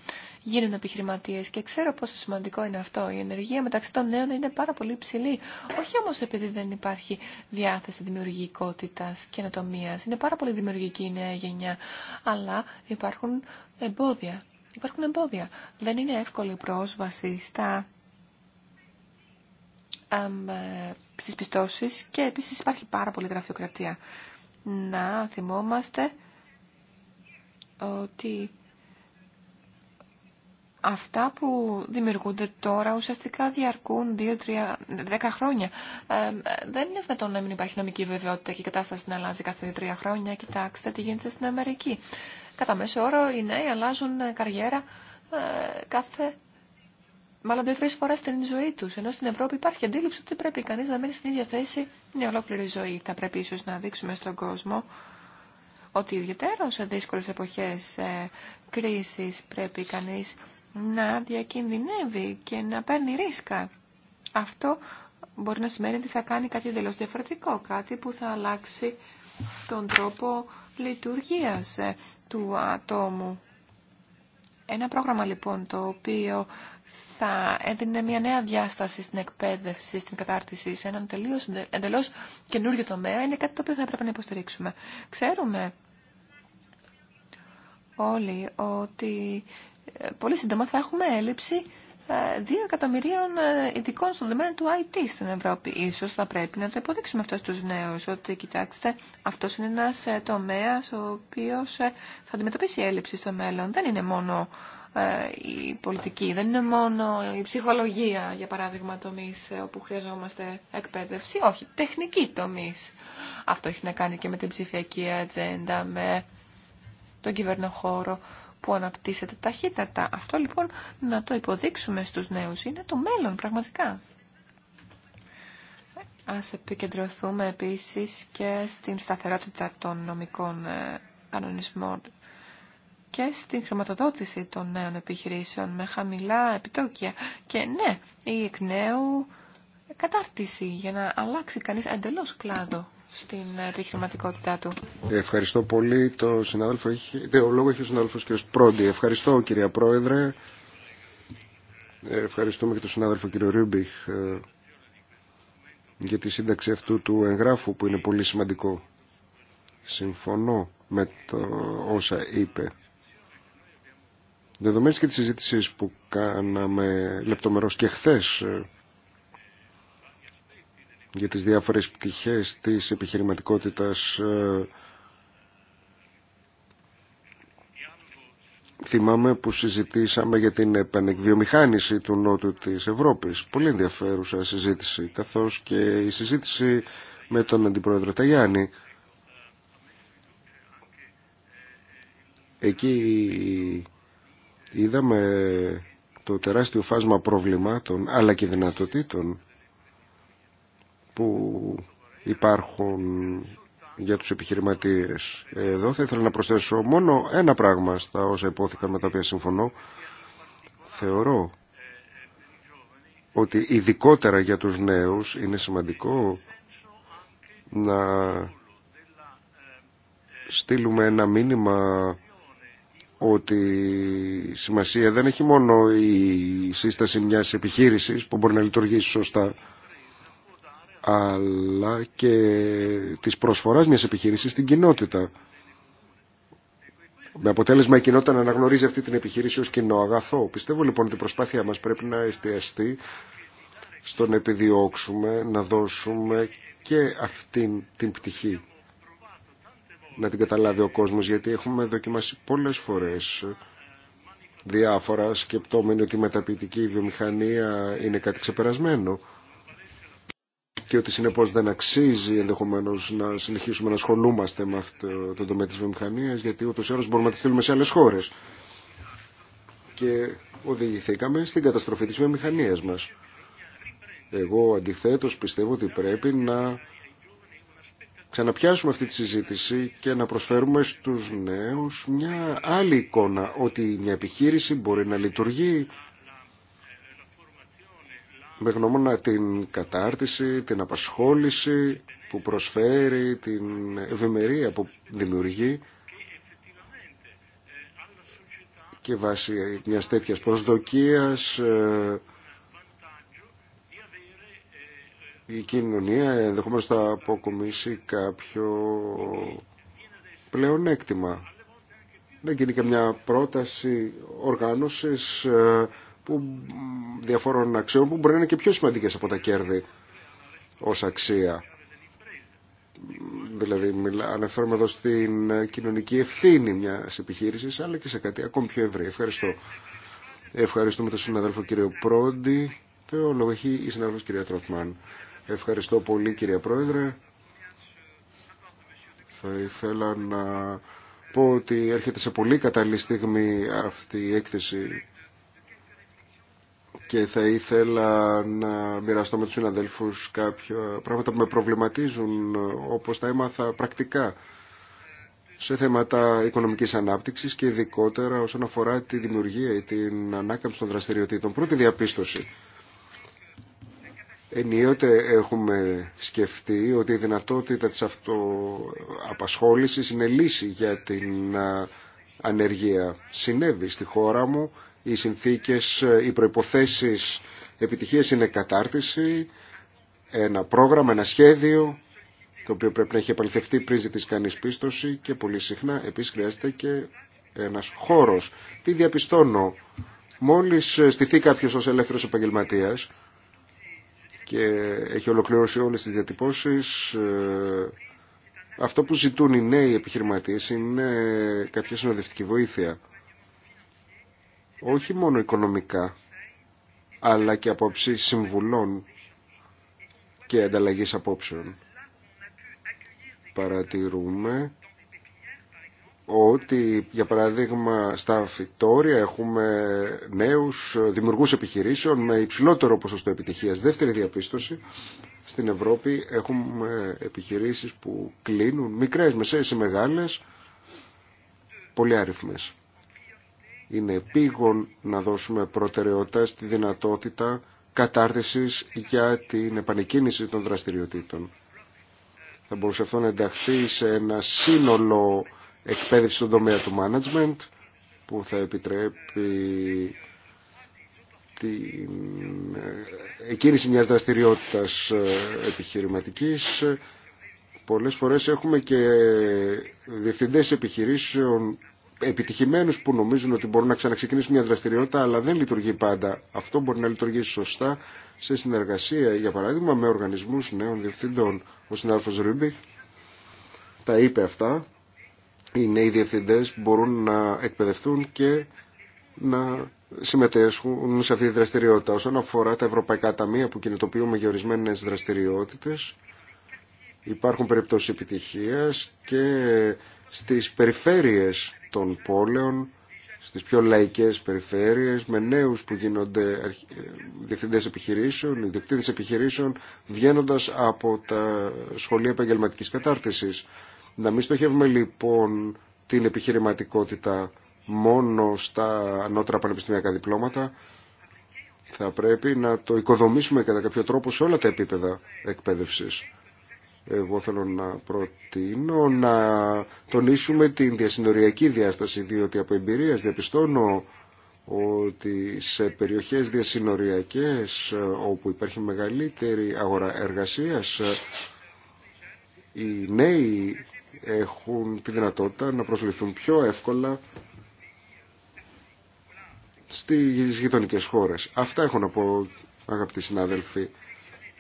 γίνουν επιχειρηματίε. και ξέρω πόσο σημαντικό είναι αυτό. Η ενεργεία μεταξύ των νέων είναι πάρα πολύ ψηλή. Όχι όμω επειδή δεν υπάρχει διάθεση δημιουργικότητα και ανατομίας. Είναι πάρα πολύ δημιουργική η νέα γενιά, αλλά υπάρχουν εμπόδια. Υπάρχουν εμπόδια. Δεν είναι εύκολη πρόσβαση στα ε, στις πιστώσεις και επίσης υπάρχει πάρα πολύ γραφειοκρατία. Να θυμόμαστε ότι αυτά που δημιουργούνται τώρα ουσιαστικά διαρκούν 2-3-10 χρόνια. Ε, δεν είναι δυνατόν να μην υπάρχει νομική βεβαιότητα και η κατάσταση να αλλάζει κάθε 2-3 χρόνια. Κοιτάξτε τι γίνεται στην Αμερική. Κατά μέσο όρο οι νέοι αλλάζουν καριέρα ε, κάθε μάλλον δύο-τρει φορέ στην ζωή του. Ενώ στην Ευρώπη υπάρχει αντίληψη ότι πρέπει κανεί να μένει στην ίδια θέση μια ολόκληρη ζωή. Θα πρέπει ίσω να δείξουμε στον κόσμο ότι ιδιαίτερα σε δύσκολε εποχέ ε, κρίση πρέπει κανεί να διακινδυνεύει και να παίρνει ρίσκα. Αυτό μπορεί να σημαίνει ότι θα κάνει κάτι εντελώ διαφορετικό, κάτι που θα αλλάξει τον τρόπο λειτουργίας ε, του ατόμου. Ένα πρόγραμμα λοιπόν το οποίο θα έδινε μια νέα διάσταση στην εκπαίδευση, στην κατάρτιση, σε έναν τελείως, εντελώς καινούριο τομέα, είναι κάτι το οποίο θα έπρεπε να υποστηρίξουμε. Ξέρουμε όλοι ότι ε, πολύ σύντομα θα έχουμε έλλειψη 2 ε, εκατομμυρίων ε, ειδικών στον τομέα του IT στην Ευρώπη. Ίσως θα πρέπει να το υποδείξουμε αυτό στους νέους, ότι κοιτάξτε, αυτό είναι ένας τομέας ο οποίος θα αντιμετωπίσει έλλειψη στο μέλλον. Δεν είναι μόνο ε, η πολιτική. Δεν είναι μόνο η ψυχολογία, για παράδειγμα, τομείς ε, όπου χρειαζόμαστε εκπαίδευση. Όχι, τεχνική τομείς. Αυτό έχει να κάνει και με την ψηφιακή ατζέντα, με τον κυβερνοχώρο που αναπτύσσεται ταχύτατα. Αυτό λοιπόν να το υποδείξουμε στους νέους είναι το μέλλον πραγματικά. Ας επικεντρωθούμε επίσης και στην σταθερότητα των νομικών ε, κανονισμών και στην χρηματοδότηση των νέων επιχειρήσεων με χαμηλά επιτόκια. Και ναι, η εκ νέου κατάρτιση για να αλλάξει κανείς εντελώς κλάδο στην επιχειρηματικότητά του. Ευχαριστώ πολύ. Το συνάδελφο έχει... Ο λόγο έχει ο συνάδελφος κ. Πρόντι. Ευχαριστώ κυρία Πρόεδρε. Ευχαριστούμε και τον συνάδελφο κ. Ρούμπιχ ε, για τη σύνταξη αυτού του εγγράφου που είναι πολύ σημαντικό. Συμφωνώ με το όσα είπε. Δεδομένης και της συζήτηση που κάναμε λεπτομερώς και χθες ε, για τις διάφορες πτυχές της επιχειρηματικότητας ε, θυμάμαι που συζητήσαμε για την επανεκβιομηχάνηση του Νότου της Ευρώπης. Πολύ ενδιαφέρουσα συζήτηση, καθώς και η συζήτηση με τον Αντιπρόεδρο Ταγιάννη. Εκεί Είδαμε το τεράστιο φάσμα προβλημάτων αλλά και δυνατοτήτων που υπάρχουν για τους επιχειρηματίες. Εδώ θα ήθελα να προσθέσω μόνο ένα πράγμα στα όσα υπόθηκαν με τα οποία συμφωνώ. Θεωρώ ότι ειδικότερα για τους νέους είναι σημαντικό να στείλουμε ένα μήνυμα ότι σημασία δεν έχει μόνο η σύσταση μιας επιχείρησης που μπορεί να λειτουργήσει σωστά αλλά και της προσφοράς μιας επιχείρησης στην κοινότητα. Με αποτέλεσμα η κοινότητα να αναγνωρίζει αυτή την επιχείρηση ως κοινό αγαθό. Πιστεύω λοιπόν ότι η προσπάθειά μας πρέπει να εστιαστεί στο να επιδιώξουμε, να δώσουμε και αυτή την πτυχή να την καταλάβει ο κόσμος γιατί έχουμε δοκιμάσει πολλές φορές διάφορα σκεπτόμενοι ότι η μεταποιητική βιομηχανία είναι κάτι ξεπερασμένο και ότι συνεπώς δεν αξίζει ενδεχομένως να συνεχίσουμε να ασχολούμαστε με αυτό το τομέα της βιομηχανίας γιατί ούτως ή μπορούμε να τη στείλουμε σε άλλες χώρες και οδηγηθήκαμε στην καταστροφή της βιομηχανίας μας. Εγώ αντιθέτως πιστεύω ότι πρέπει να ξαναπιάσουμε αυτή τη συζήτηση και να προσφέρουμε στους νέους μια άλλη εικόνα ότι μια επιχείρηση μπορεί να λειτουργεί με γνώμονα την κατάρτιση, την απασχόληση που προσφέρει, την ευημερία που δημιουργεί και βάσει μιας τέτοιας προσδοκίας ε, η κοινωνία ενδεχομένως θα αποκομίσει κάποιο πλεονέκτημα. Να γίνει και μια πρόταση οργάνωσης ε, που, διαφόρων αξιών που μπορεί να είναι και πιο σημαντικές από τα κέρδη ως αξία. Δηλαδή αναφέρομαι εδώ στην κοινωνική ευθύνη μια επιχείρηση, αλλά και σε κάτι ακόμη πιο ευρύ. Ευχαριστώ. Ευχαριστούμε τον συναδέλφο κύριο Πρόντι. Το λόγο έχει η συνάδελφος κυρία Τρότμαν. Ευχαριστώ πολύ κύριε Πρόεδρε. Θα ήθελα να πω ότι έρχεται σε πολύ κατάλληλη στιγμή αυτή η έκθεση και θα ήθελα να μοιραστώ με τους συναδέλφους κάποια πράγματα που με προβληματίζουν όπως τα έμαθα πρακτικά σε θέματα οικονομικής ανάπτυξης και ειδικότερα όσον αφορά τη δημιουργία ή την ανάκαμψη των δραστηριοτήτων. Πρώτη διαπίστωση. Ενίοτε έχουμε σκεφτεί ότι η δυνατότητα της αυτοαπασχόλησης είναι λύση για την ανεργία. Συνέβη στη χώρα μου, οι συνθήκες, οι προϋποθέσεις επιτυχίας είναι κατάρτιση, ένα πρόγραμμα, ένα σχέδιο, το οποίο πρέπει να έχει επαληθευτεί πριν ζητήσει κανείς πίστοση και πολύ συχνά επίσης χρειάζεται και ένας χώρος. Τι διαπιστώνω, μόλις ε, στηθεί κάποιος ως ελεύθερος επαγγελματίας, και έχει ολοκληρώσει όλες τις διατυπώσεις. Ε, αυτό που ζητούν οι νέοι επιχειρηματίες είναι κάποια συνοδευτική βοήθεια. Όχι μόνο οικονομικά, αλλά και απόψη συμβουλών και ανταλλαγής απόψεων. Παρατηρούμε ότι για παράδειγμα στα φυτόρια έχουμε νέους δημιουργούς επιχειρήσεων με υψηλότερο ποσοστό επιτυχίας. Δεύτερη διαπίστωση, στην Ευρώπη έχουμε επιχειρήσεις που κλείνουν, μικρές, μεσαίες ή μεγάλες, πολύ αριθμές. Είναι επίγον να δώσουμε προτεραιότητα στη δυνατότητα κατάρτισης για την επανεκκίνηση των δραστηριοτήτων. Θα μπορούσε αυτό να ενταχθεί σε ένα σύνολο εκπαίδευση στον τομέα του management που θα επιτρέπει την ε, εκκίνηση μιας δραστηριότητας ε, επιχειρηματικής. Πολλές φορές έχουμε και διευθυντές επιχειρήσεων επιτυχημένους που νομίζουν ότι μπορούν να ξαναξεκινήσουν μια δραστηριότητα αλλά δεν λειτουργεί πάντα. Αυτό μπορεί να λειτουργήσει σωστά σε συνεργασία, για παράδειγμα, με οργανισμούς νέων διευθυντών. Ο συνάδελφος Ρούμπι τα είπε αυτά οι διευθυντές μπορούν να εκπαιδευτούν και να συμμετέσχουν σε αυτή τη δραστηριότητα. Όσον αφορά τα ευρωπαϊκά ταμεία που κινητοποιούμε για ορισμένε δραστηριότητες, υπάρχουν περιπτώσεις επιτυχίας και στις περιφέρειες των πόλεων, στις πιο λαϊκές περιφέρειες, με νέους που γίνονται ε, διευθυντές επιχειρήσεων, ιδιοκτήτες επιχειρήσεων, βγαίνοντας από τα σχολεία επαγγελματική κατάρτισης. Να μην στοχεύουμε λοιπόν την επιχειρηματικότητα μόνο στα ανώτερα πανεπιστημιακά διπλώματα. Θα πρέπει να το οικοδομήσουμε κατά κάποιο τρόπο σε όλα τα επίπεδα εκπαίδευσης. Εγώ θέλω να προτείνω να τονίσουμε την διασυνοριακή διάσταση, διότι από εμπειρία διαπιστώνω ότι σε περιοχές διασυνοριακές όπου υπάρχει μεγαλύτερη αγορά εργασίας οι νέοι έχουν τη δυνατότητα να προσληφθούν πιο εύκολα στις γειτονικές χώρες. Αυτά έχω να πω αγαπητοί συνάδελφοι.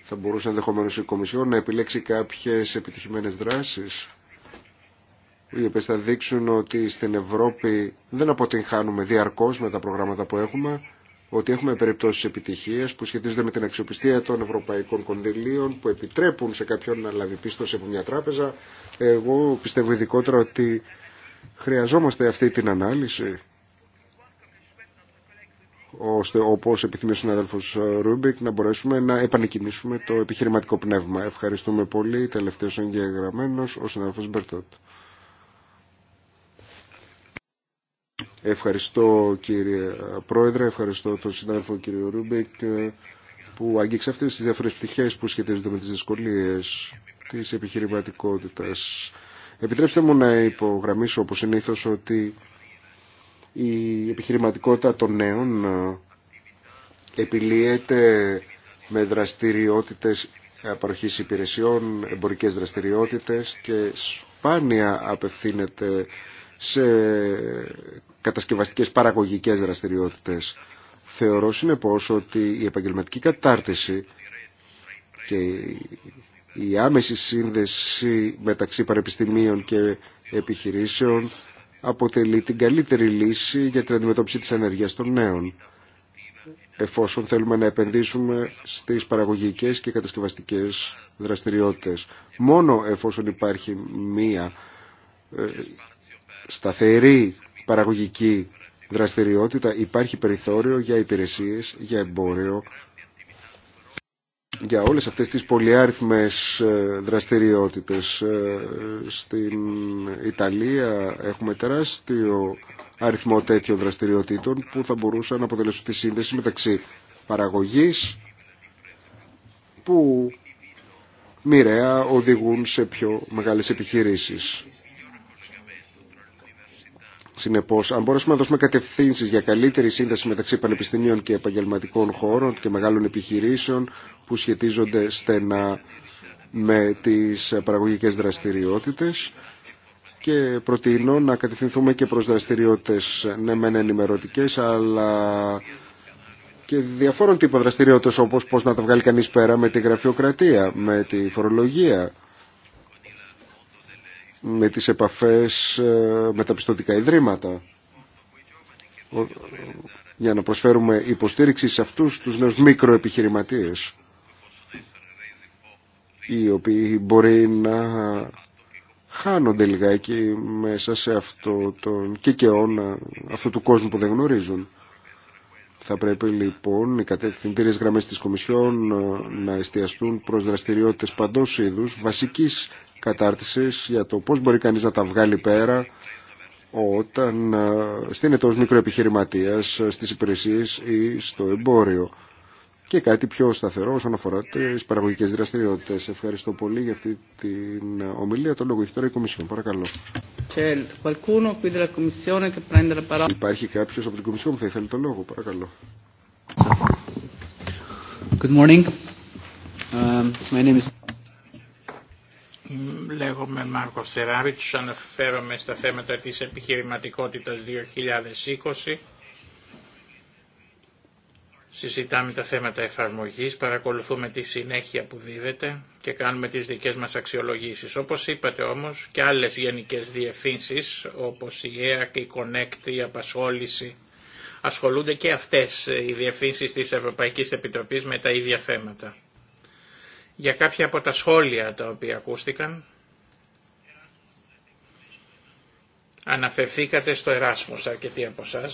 Θα μπορούσε ενδεχομένως η Κομισιόν να επιλέξει κάποιες επιτυχημένες δράσεις οι οποίες θα δείξουν ότι στην Ευρώπη δεν αποτυγχάνουμε διαρκώς με τα προγράμματα που έχουμε ότι έχουμε περιπτώσεις επιτυχίας που σχετίζονται με την αξιοπιστία των ευρωπαϊκών κονδυλίων που επιτρέπουν σε κάποιον να λάβει πίστοση από μια τράπεζα. Εγώ πιστεύω ειδικότερα ότι χρειαζόμαστε αυτή την ανάλυση ώστε όπως επιθυμεί ο συνάδελφος Ρούμπικ να μπορέσουμε να επανεκκινήσουμε το επιχειρηματικό πνεύμα. Ευχαριστούμε πολύ. Τελευταίος εγγεγραμμένος ο συνάδελφος Μπερτότ. Ευχαριστώ κύριε Πρόεδρε, ευχαριστώ τον συνάδελφο κύριο Ρούμπεκ που άγγιξε αυτές τις διάφορες πτυχές που σχετίζονται με τις δυσκολίες της επιχειρηματικότητας. Επιτρέψτε μου να υπογραμμίσω όπως συνήθως ότι η επιχειρηματικότητα των νέων επιλύεται με δραστηριότητες παροχής υπηρεσιών, εμπορικές δραστηριότητες και σπάνια απευθύνεται σε κατασκευαστικές παραγωγικές δραστηριότητες. Θεωρώ συνεπώς ότι η επαγγελματική κατάρτιση και η άμεση σύνδεση μεταξύ πανεπιστημίων και επιχειρήσεων αποτελεί την καλύτερη λύση για την αντιμετώπιση της ανεργίας των νέων εφόσον θέλουμε να επενδύσουμε στις παραγωγικές και κατασκευαστικές δραστηριότητες. Μόνο εφόσον υπάρχει μία ε, σταθερή παραγωγική δραστηριότητα υπάρχει περιθώριο για υπηρεσίες, για εμπόριο, για όλες αυτές τις πολυάριθμες ε, δραστηριότητες. Ε, στην Ιταλία έχουμε τεράστιο αριθμό τέτοιων δραστηριοτήτων που θα μπορούσαν να αποτελέσουν τη σύνδεση μεταξύ παραγωγής που μοιραία οδηγούν σε πιο μεγάλες επιχειρήσεις. Συνεπώ, αν μπορέσουμε να δώσουμε κατευθύνσει για καλύτερη σύνδεση μεταξύ πανεπιστημίων και επαγγελματικών χώρων και μεγάλων επιχειρήσεων που σχετίζονται στενά με τις παραγωγικέ δραστηριότητες και προτείνω να κατευθυνθούμε και προ δραστηριότητες ναι μεν ενημερωτικέ, αλλά και διαφόρων τύπων δραστηριότητε, όπω πώς να τα βγάλει κανεί πέρα με τη γραφειοκρατία, με τη φορολογία με τις επαφές ε, με τα πιστωτικά ιδρύματα για να προσφέρουμε υποστήριξη σε αυτούς τους νέους μικροεπιχειρηματίες οι οποίοι μπορεί να χάνονται λιγάκι μέσα σε αυτό τον κικαιώνα αυτού του κόσμου που δεν γνωρίζουν. Θα πρέπει λοιπόν οι κατευθυντήριες γραμμές της Κομισιόν ε, να εστιαστούν προς δραστηριότητες παντός είδους βασικής κατάρτισης για το πώς μπορεί κανείς να τα βγάλει πέρα όταν ε, στείνεται ως μικροεπιχειρηματίας ε, στις υπηρεσίες ή στο εμπόριο και κάτι πιο σταθερό όσον αφορά τις παραγωγικές δραστηριότητες. Ευχαριστώ πολύ για αυτή την ε, ομιλία. Το λόγο έχει τώρα η Κομισιόν. Παρακαλώ. Υπάρχει κάποιος από την Κομισιόν που θα ήθελε το λόγο. Παρακαλώ. Good morning. Um, my name is... Λέγομαι Μάρκο Σεράβιτς, αναφέρομαι στα θέματα της επιχειρηματικότητας 2020. Συζητάμε τα θέματα εφαρμογής, παρακολουθούμε τη συνέχεια που δίδεται και κάνουμε τις δικές μας αξιολογήσεις. Όπως είπατε όμως και άλλες γενικές διευθύνσεις όπως η ΕΑΚ, η Connect, η Απασχόληση ασχολούνται και αυτές οι διευθύνσεις της Ευρωπαϊκής Επιτροπής με τα ίδια θέματα για κάποια από τα σχόλια τα οποία ακούστηκαν. Αναφερθήκατε στο Εράσμος αρκετοί από εσά.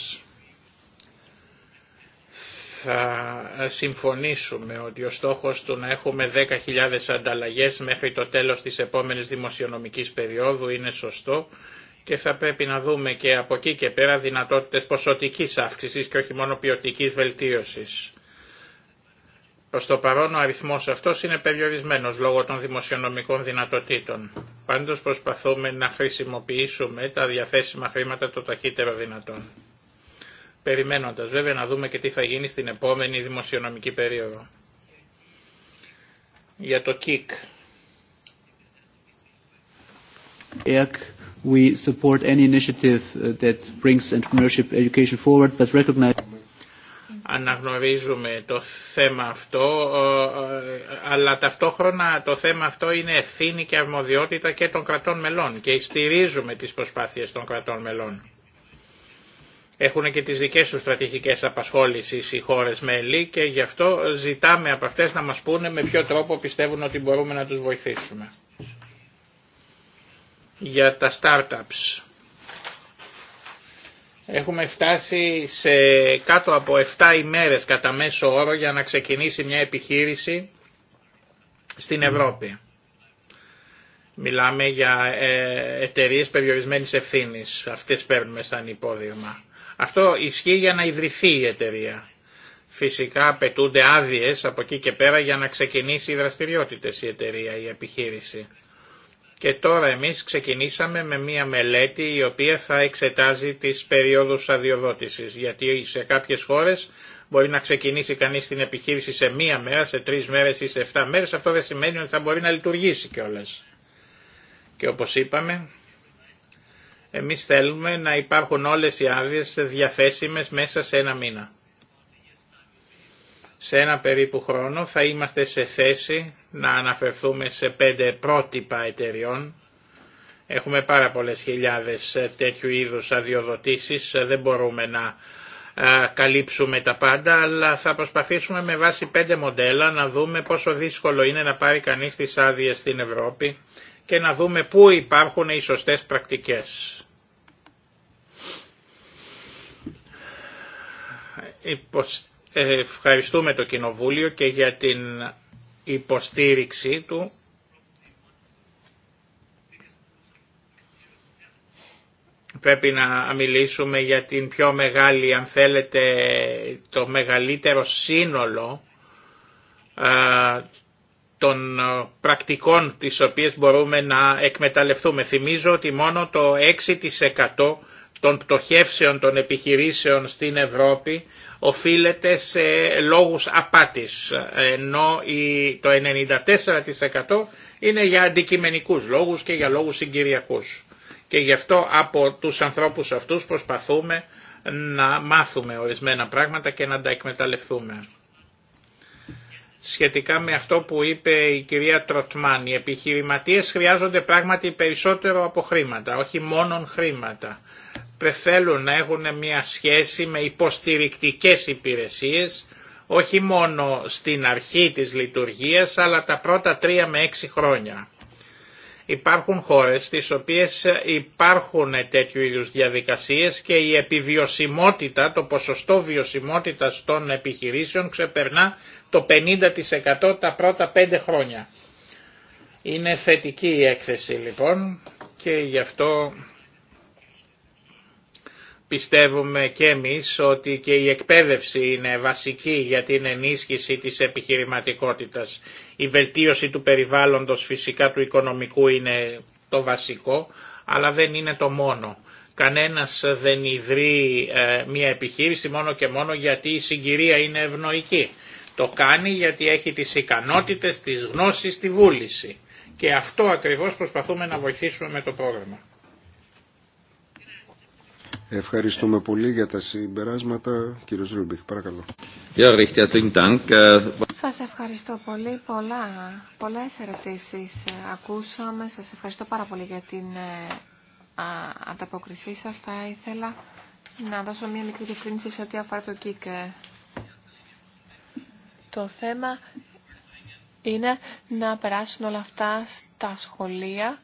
Θα συμφωνήσουμε ότι ο στόχος του να έχουμε 10.000 ανταλλαγές μέχρι το τέλος της επόμενης δημοσιονομικής περίοδου είναι σωστό και θα πρέπει να δούμε και από εκεί και πέρα δυνατότητες ποσοτικής αύξησης και όχι μόνο ποιοτικής βελτίωσης. Προς το παρόν ο αριθμός αυτό είναι περιορισμένος λόγω των δημοσιονομικών δυνατοτήτων. Πάντως προσπαθούμε να χρησιμοποιήσουμε τα διαθέσιμα χρήματα το ταχύτερο δυνατόν. Περιμένοντας βέβαια να δούμε και τι θα γίνει στην επόμενη δημοσιονομική περίοδο. Για το ΚΙΚ αναγνωρίζουμε το θέμα αυτό, ε, ε, αλλά ταυτόχρονα το θέμα αυτό είναι ευθύνη και αρμοδιότητα και των κρατών μελών και στηρίζουμε τις προσπάθειες των κρατών μελών. Έχουν και τις δικές τους στρατηγικές απασχόλησεις οι χώρες μέλη και γι' αυτό ζητάμε από αυτές να μας πούνε με ποιο τρόπο πιστεύουν ότι μπορούμε να τους βοηθήσουμε. Για τα startups Έχουμε φτάσει σε κάτω από 7 ημέρες κατά μέσο όρο για να ξεκινήσει μια επιχείρηση στην Ευρώπη. Μιλάμε για ε, εταιρείε περιορισμένης ευθύνης. Αυτές παίρνουμε σαν υπόδειγμα. Αυτό ισχύει για να ιδρυθεί η εταιρεία. Φυσικά απαιτούνται άδειε από εκεί και πέρα για να ξεκινήσει οι δραστηριότητες η εταιρεία, η επιχείρηση. Και τώρα εμείς ξεκινήσαμε με μία μελέτη η οποία θα εξετάζει τις περιόδους αδειοδότησης, γιατί σε κάποιες χώρες μπορεί να ξεκινήσει κανείς την επιχείρηση σε μία μέρα, σε τρεις μέρες ή σε εφτά μέρες, αυτό δεν σημαίνει ότι θα μπορεί να λειτουργήσει κιόλα. Και όπως είπαμε, εμείς θέλουμε να υπάρχουν όλες οι άδειε διαθέσιμες μέσα σε ένα μήνα. Σε ένα περίπου χρόνο θα είμαστε σε θέση να αναφερθούμε σε πέντε πρότυπα εταιριών. Έχουμε πάρα πολλές χιλιάδες ε, τέτοιου είδους αδειοδοτήσεις, ε, δεν μπορούμε να ε, καλύψουμε τα πάντα, αλλά θα προσπαθήσουμε με βάση πέντε μοντέλα να δούμε πόσο δύσκολο είναι να πάρει κανείς τις άδειε στην Ευρώπη και να δούμε πού υπάρχουν οι σωστές πρακτικές. Ευχαριστούμε το Κοινοβούλιο και για την υποστήριξή του πρέπει να μιλήσουμε για την πιο μεγάλη, αν θέλετε, το μεγαλύτερο σύνολο των πρακτικών τις οποίες μπορούμε να εκμεταλλευτούμε. Θυμίζω ότι μόνο το 6% των πτωχεύσεων των επιχειρήσεων στην Ευρώπη οφείλεται σε λόγους απάτης, ενώ το 94% είναι για αντικειμενικούς λόγους και για λόγους συγκυριακούς. Και γι' αυτό από τους ανθρώπους αυτούς προσπαθούμε να μάθουμε ορισμένα πράγματα και να τα εκμεταλλευτούμε. Σχετικά με αυτό που είπε η κυρία Τροτμάν, οι επιχειρηματίες χρειάζονται πράγματι περισσότερο από χρήματα, όχι μόνον χρήματα θέλουν να έχουν μια σχέση με υποστηρικτικές υπηρεσίες όχι μόνο στην αρχή της λειτουργίας αλλά τα πρώτα τρία με έξι χρόνια. Υπάρχουν χώρες στις οποίες υπάρχουν τέτοιου είδους διαδικασίες και η επιβιωσιμότητα, το ποσοστό βιωσιμότητας των επιχειρήσεων ξεπερνά το 50% τα πρώτα πέντε χρόνια. Είναι θετική η έκθεση λοιπόν και γι' αυτό Πιστεύουμε και εμείς ότι και η εκπαίδευση είναι βασική για την ενίσχυση της επιχειρηματικότητας. Η βελτίωση του περιβάλλοντος φυσικά του οικονομικού είναι το βασικό, αλλά δεν είναι το μόνο. Κανένας δεν ιδρύει ε, μια επιχείρηση μόνο και μόνο γιατί η συγκυρία είναι ευνοϊκή. Το κάνει γιατί έχει τις ικανότητες, τις γνώσεις, τη βούληση. Και αυτό ακριβώς προσπαθούμε να βοηθήσουμε με το πρόγραμμα. Ευχαριστούμε πολύ για τα συμπεράσματα. Κύριος Ρούμπιχ, παρακαλώ. Äh, σας ευχαριστώ πολύ. Πολλά, πολλές ερωτήσεις ε, ακούσαμε. Σας ευχαριστώ πάρα πολύ για την ε, ανταπόκρισή σας. Θα ήθελα να δώσω μία μικρή διευκρίνηση σε ό,τι αφορά το ΚΙΚ. Το θέμα είναι να περάσουν όλα αυτά στα σχολεία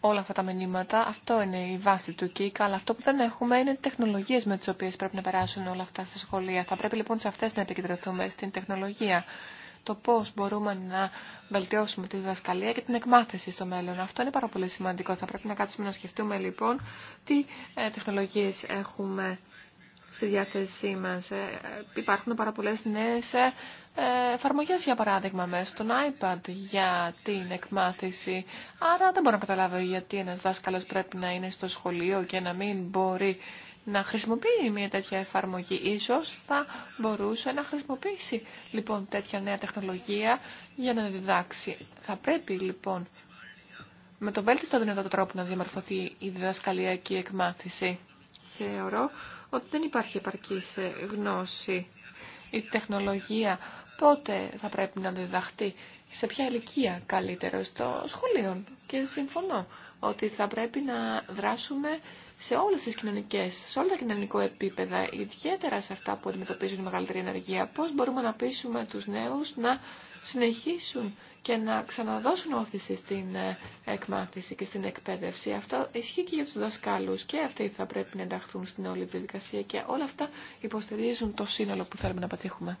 όλα αυτά τα μηνύματα. Αυτό είναι η βάση του ΚΙΚ, αλλά αυτό που δεν έχουμε είναι τεχνολογίες με τις οποίες πρέπει να περάσουν όλα αυτά στα σχολεία. Θα πρέπει λοιπόν σε αυτές να επικεντρωθούμε στην τεχνολογία το πώς μπορούμε να βελτιώσουμε τη διδασκαλία και την εκμάθηση στο μέλλον. Αυτό είναι πάρα πολύ σημαντικό. Θα πρέπει να κάτσουμε να σκεφτούμε λοιπόν τι ε, τεχνολογίες έχουμε στη διάθεσή μας. Ε, υπάρχουν πάρα πολλές νέες ε, εφαρμογές, για παράδειγμα, μέσα στον iPad για την εκμάθηση. Άρα δεν μπορώ να καταλάβω γιατί ένας δάσκαλος πρέπει να είναι στο σχολείο και να μην μπορεί να χρησιμοποιεί μια τέτοια εφαρμογή. Ίσως θα μπορούσε να χρησιμοποιήσει λοιπόν τέτοια νέα τεχνολογία για να διδάξει. Θα πρέπει λοιπόν με τον βέλτιστο δυνατό τρόπο να διαμορφωθεί η διδασκαλιακή εκμάθηση. Θεωρώ ότι δεν υπάρχει επαρκής ε, γνώση η τεχνολογία πότε θα πρέπει να διδαχτεί, σε ποια ηλικία καλύτερο στο σχολείο. Και συμφωνώ ότι θα πρέπει να δράσουμε σε όλες τις κοινωνικές, σε όλα τα κοινωνικό επίπεδα, ιδιαίτερα σε αυτά που αντιμετωπίζουν μεγαλύτερη ενεργεία. Πώς μπορούμε να πείσουμε τους νέους να συνεχίσουν και να ξαναδώσουν όθηση στην ε, εκμάθηση και στην εκπαίδευση. Αυτό ισχύει και για τους δασκάλους και αυτοί θα πρέπει να ενταχθούν στην όλη διαδικασία και όλα αυτά υποστηρίζουν το σύνολο που θέλουμε να πατήχουμε.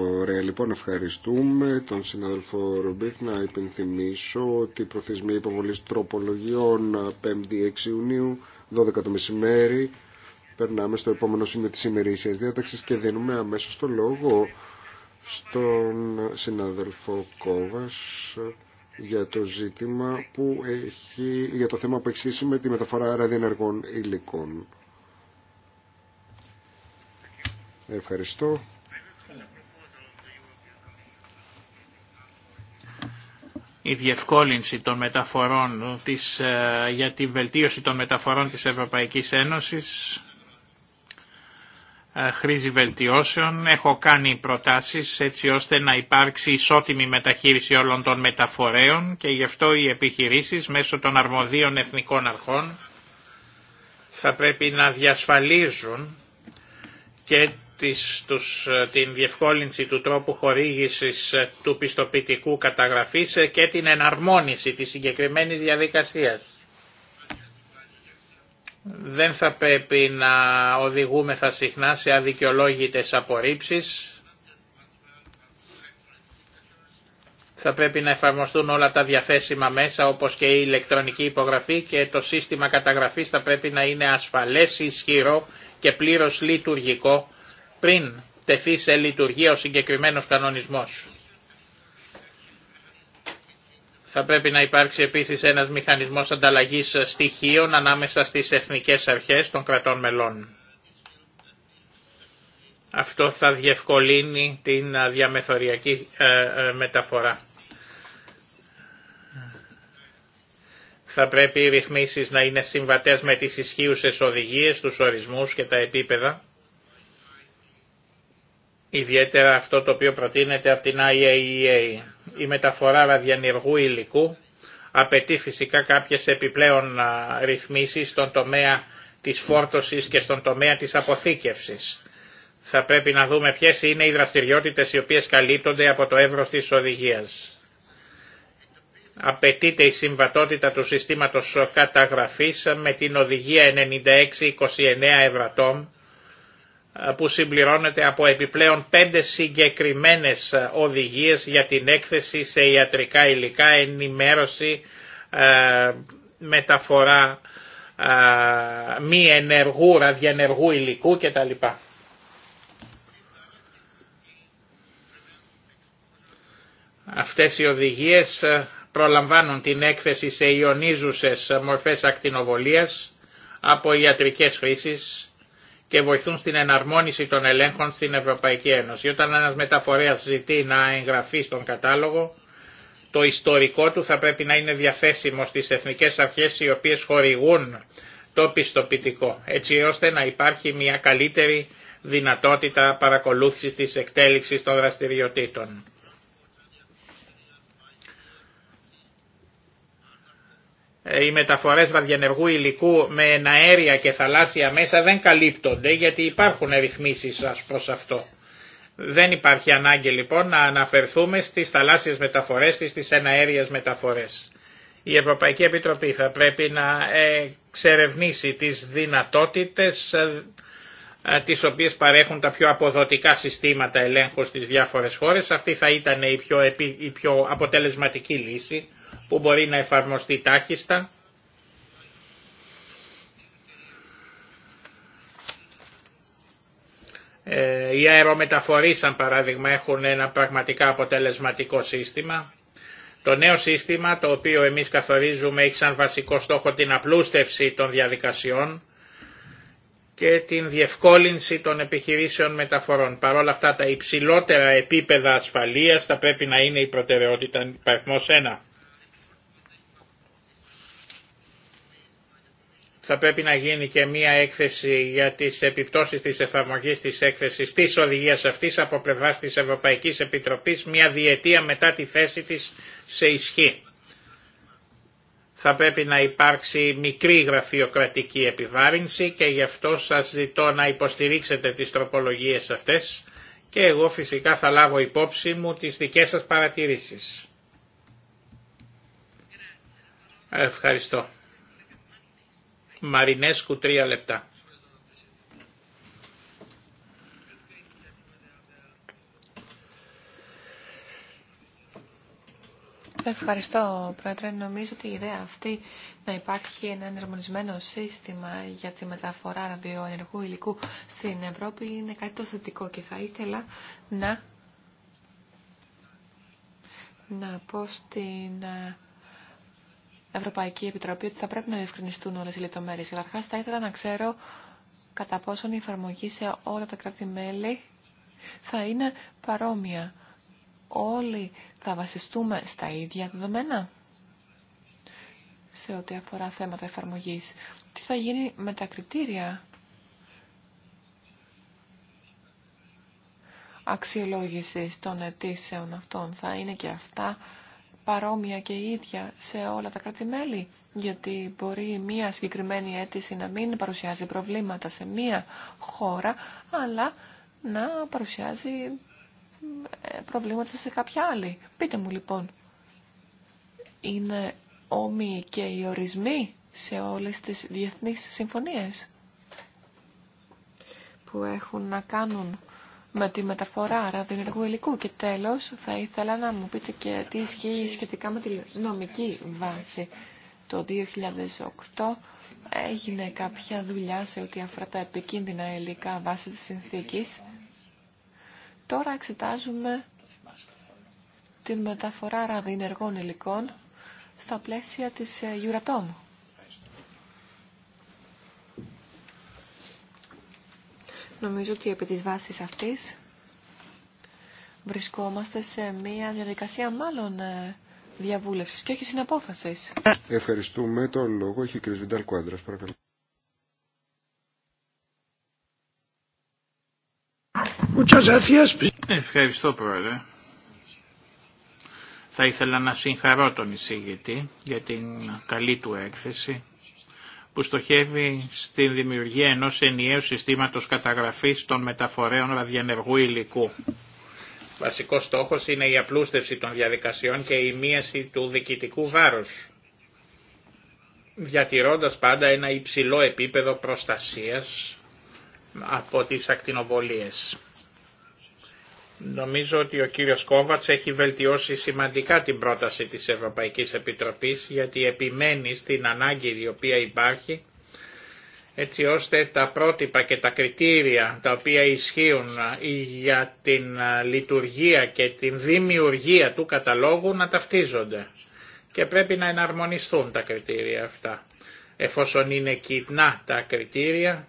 Ωραία, λοιπόν, ευχαριστούμε τον συνάδελφο Ρομπίχ να υπενθυμίσω ότι η προθεσμία υποβολής τροπολογιών 5η ε, 6 Ιουνίου, 12 το μεσημέρι, Περνάμε στο επόμενο σημείο της ημερήσιας διάταξης και δίνουμε αμέσως το λόγο στον συνάδελφο Κόβας για το ζήτημα που έχει, για το θέμα που έχει με τη μεταφορά ραδιενεργών υλικών. Ευχαριστώ. η διευκόλυνση των μεταφορών της, ε, για τη βελτίωση των μεταφορών της Ευρωπαϊκής Ένωσης ε, χρήση βελτιώσεων. Έχω κάνει προτάσεις έτσι ώστε να υπάρξει ισότιμη μεταχείριση όλων των μεταφορέων και γι' αυτό οι επιχειρήσεις μέσω των αρμοδίων εθνικών αρχών θα πρέπει να διασφαλίζουν και τις, τους, ε, την διευκόλυνση του τρόπου χορήγησης ε, του πιστοποιητικού καταγραφής και την εναρμόνιση της συγκεκριμένης διαδικασίας. Δεν θα πρέπει να θα συχνά σε αδικαιολόγητες απορρίψεις. Θα πρέπει να εφαρμοστούν όλα τα διαθέσιμα μέσα όπως και η ηλεκτρονική υπογραφή και το σύστημα καταγραφής θα πρέπει να είναι ασφαλές, ισχυρό και πλήρως λειτουργικό πριν τεθεί σε λειτουργία ο συγκεκριμένος κανονισμός. Θα πρέπει να υπάρξει επίσης ένας μηχανισμός ανταλλαγής στοιχείων ανάμεσα στις εθνικές αρχές των κρατών μελών. Αυτό θα διευκολύνει την διαμεθοριακή ε, ε, μεταφορά. Θα πρέπει οι ρυθμίσεις να είναι συμβατές με τις ισχύουσες οδηγίες, τους ορισμούς και τα επίπεδα. Ιδιαίτερα αυτό το οποίο προτείνεται από την IAEA. E η μεταφορά ραδιανεργού υλικού απαιτεί φυσικά κάποιες επιπλέον ρυθμίσεις στον τομέα της φόρτωσης και στον τομέα της αποθήκευσης. Θα πρέπει να δούμε ποιες είναι οι δραστηριότητες οι οποίες καλύπτονται από το εύρος της οδηγίας. Απαιτείται η συμβατότητα του συστήματος καταγραφής με την οδηγία 96-29 Ευρατών ε, που συμπληρώνεται από επιπλέον πέντε συγκεκριμένες ε, οδηγίες για την έκθεση σε ιατρικά υλικά, ενημέρωση, ε, μεταφορά μη ενεργού, ραδιενεργού υλικού κτλ. Αυτές οι οδηγίες προλαμβάνουν την έκθεση σε ιονίζουσες μορφές ακτινοβολίας από ιατρικές χρήσεις, και βοηθούν στην εναρμόνιση των ελέγχων στην Ευρωπαϊκή Ένωση. Όταν ένας μεταφορέας ζητεί να εγγραφεί στον κατάλογο, το ιστορικό του θα πρέπει να είναι διαθέσιμο στις εθνικές αρχές οι οποίες χορηγούν το πιστοποιητικό, έτσι ώστε να υπάρχει μια καλύτερη δυνατότητα παρακολούθησης της εκτέλεξης των δραστηριοτήτων. Ε, οι μεταφορές βραδιενεργού υλικού με εναέρια και θαλάσσια μέσα δεν καλύπτονται γιατί υπάρχουν ρυθμίσεις προς αυτό. Δεν υπάρχει ανάγκη λοιπόν να αναφερθούμε στις θαλάσσιες μεταφορές και στις εναέριες μεταφορές. Η Ευρωπαϊκή Επιτροπή θα πρέπει να εξερευνήσει τις δυνατότητες ε, ε, τις οποίες παρέχουν τα πιο αποδοτικά συστήματα ελέγχου στις διάφορες χώρες. Αυτή θα ήταν η πιο αποτελεσματική λύση που μπορεί να εφαρμοστεί τάχιστα. Ε, οι αερομεταφορείς, σαν παράδειγμα, έχουν ένα πραγματικά αποτελεσματικό σύστημα. Το νέο σύστημα, το οποίο εμείς καθορίζουμε, έχει σαν βασικό στόχο την απλούστευση των διαδικασιών και την διευκόλυνση των επιχειρήσεων μεταφορών. Παρ' όλα αυτά τα υψηλότερα επίπεδα ασφαλείας θα πρέπει να είναι η προτεραιότητα παριθμός 1. θα πρέπει να γίνει και μία έκθεση για τις επιπτώσεις της εφαρμογής της έκθεσης της οδηγίας αυτής από πλευράς της Ευρωπαϊκής Επιτροπής μία διετία μετά τη θέση της σε ισχύ. Θα πρέπει να υπάρξει μικρή γραφειοκρατική επιβάρυνση και γι' αυτό σας ζητώ να υποστηρίξετε τις τροπολογίες αυτές και εγώ φυσικά θα λάβω υπόψη μου τις δικές σας παρατηρήσεις. Ευχαριστώ. Μαρινέσκου τρία λεπτά. Ευχαριστώ, Πρόεδρε. Νομίζω ότι η ιδέα αυτή να υπάρχει ένα ενερμονισμένο σύστημα για τη μεταφορά ραδιοενεργού υλικού στην Ευρώπη είναι κάτι το θετικό και θα ήθελα να, να πω στην ε, Ευρωπαϊκή Επιτροπή ότι θα πρέπει να διευκρινιστούν όλε οι λεπτομέρειε. Αλλά θα ήθελα να ξέρω κατά πόσον η εφαρμογή σε όλα τα κράτη-μέλη θα είναι παρόμοια. Όλοι θα βασιστούμε στα ίδια δεδομένα σε ό,τι αφορά θέματα εφαρμογής. Τι θα γίνει με τα κριτήρια αξιολόγησης των αιτήσεων αυτών. Θα είναι και αυτά παρόμοια και ίδια σε όλα τα κρατη γιατί μπορεί μία συγκεκριμένη αίτηση να μην παρουσιάζει προβλήματα σε μία χώρα, αλλά να παρουσιάζει ε, προβλήματα σε κάποια άλλη. Πείτε μου λοιπόν, είναι όμοιοι και οι ορισμοί σε όλες τις διεθνείς συμφωνίες που έχουν να κάνουν με τη μεταφορά ραδιενεργού υλικού. Και τέλος, θα ήθελα να μου πείτε και τι ισχύει σχετικά με τη νομική βάση. Το 2008 έγινε κάποια δουλειά σε ό,τι αφορά τα επικίνδυνα υλικά βάσει της συνθήκης. Τώρα εξετάζουμε την μεταφορά ραδιενεργών υλικών στα πλαίσια της ε, Euratom. Νομίζω ότι επί της βάσης αυτής βρισκόμαστε σε μια διαδικασία μάλλον ε, διαβούλευσης και όχι συναπόφασης. Ευχαριστούμε. Το λόγο έχει η κ. Βιντάλ Κουάντρας. Παρακαλώ. Ευχαριστώ πρόεδρε. Θα ήθελα να συγχαρώ τον εισηγητή για την καλή του έκθεση που στοχεύει στην δημιουργία ενός ενιαίου συστήματος καταγραφής των μεταφορέων ραδιενεργού υλικού. Βασικός στόχος είναι η απλούστευση των διαδικασιών και η μίαση του διοικητικού βάρους, διατηρώντας πάντα ένα υψηλό επίπεδο προστασίας από τις ακτινοβολίες. Νομίζω ότι ο κύριος Κόβατς έχει βελτιώσει σημαντικά την πρόταση της Ευρωπαϊκής Επιτροπής γιατί επιμένει στην ανάγκη η οποία υπάρχει έτσι ώστε τα πρότυπα και τα κριτήρια τα οποία ισχύουν ε, για την ε, λειτουργία και την δημιουργία του καταλόγου να ταυτίζονται και πρέπει να εναρμονιστούν τα κριτήρια αυτά. Εφόσον είναι κοινά τα κριτήρια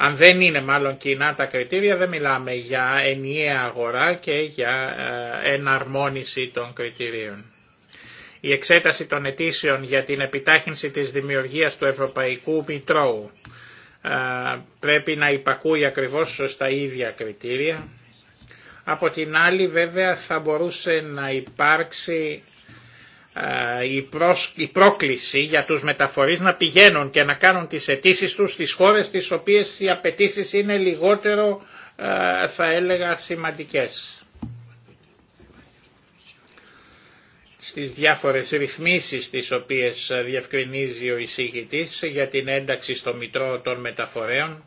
αν δεν είναι μάλλον κοινά τα κριτήρια δεν μιλάμε για ενιαία αγορά και για ε, εναρμόνιση των κριτηρίων. Η εξέταση των αιτήσεων για την επιτάχυνση της δημιουργίας του Ευρωπαϊκού Μητρώου ε, πρέπει να υπακούει ακριβώς στα ίδια κριτήρια. Από την άλλη βέβαια θα μπορούσε να υπάρξει η, πρόκληση για τους μεταφορείς να πηγαίνουν και να κάνουν τις αιτήσει τους στις χώρες τις οποίες οι απαιτήσει είναι λιγότερο θα έλεγα σημαντικές. στις διάφορες ρυθμίσεις τις οποίες διευκρινίζει ο εισηγητής για την ένταξη στο Μητρό των Μεταφορέων.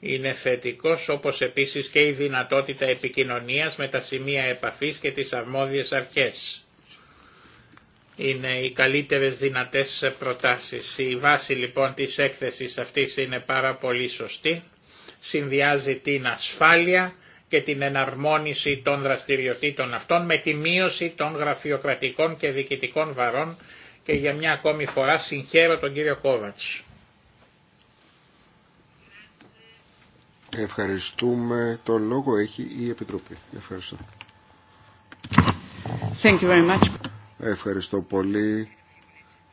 Είναι θετικός όπως επίσης και η δυνατότητα επικοινωνίας με τα σημεία επαφής και τις αρμόδιες αρχές είναι οι καλύτερες δυνατές προτάσεις. Η βάση λοιπόν της έκθεσης αυτής είναι πάρα πολύ σωστή. Συνδυάζει την ασφάλεια και την εναρμόνιση των δραστηριοτήτων αυτών με τη μείωση των γραφειοκρατικών και διοικητικών βαρών και για μια ακόμη φορά συγχαίρω τον κύριο Κόβατς. Ευχαριστούμε. Το λόγο έχει η Επιτροπή. Ευχαριστώ. Ευχαριστώ πολύ.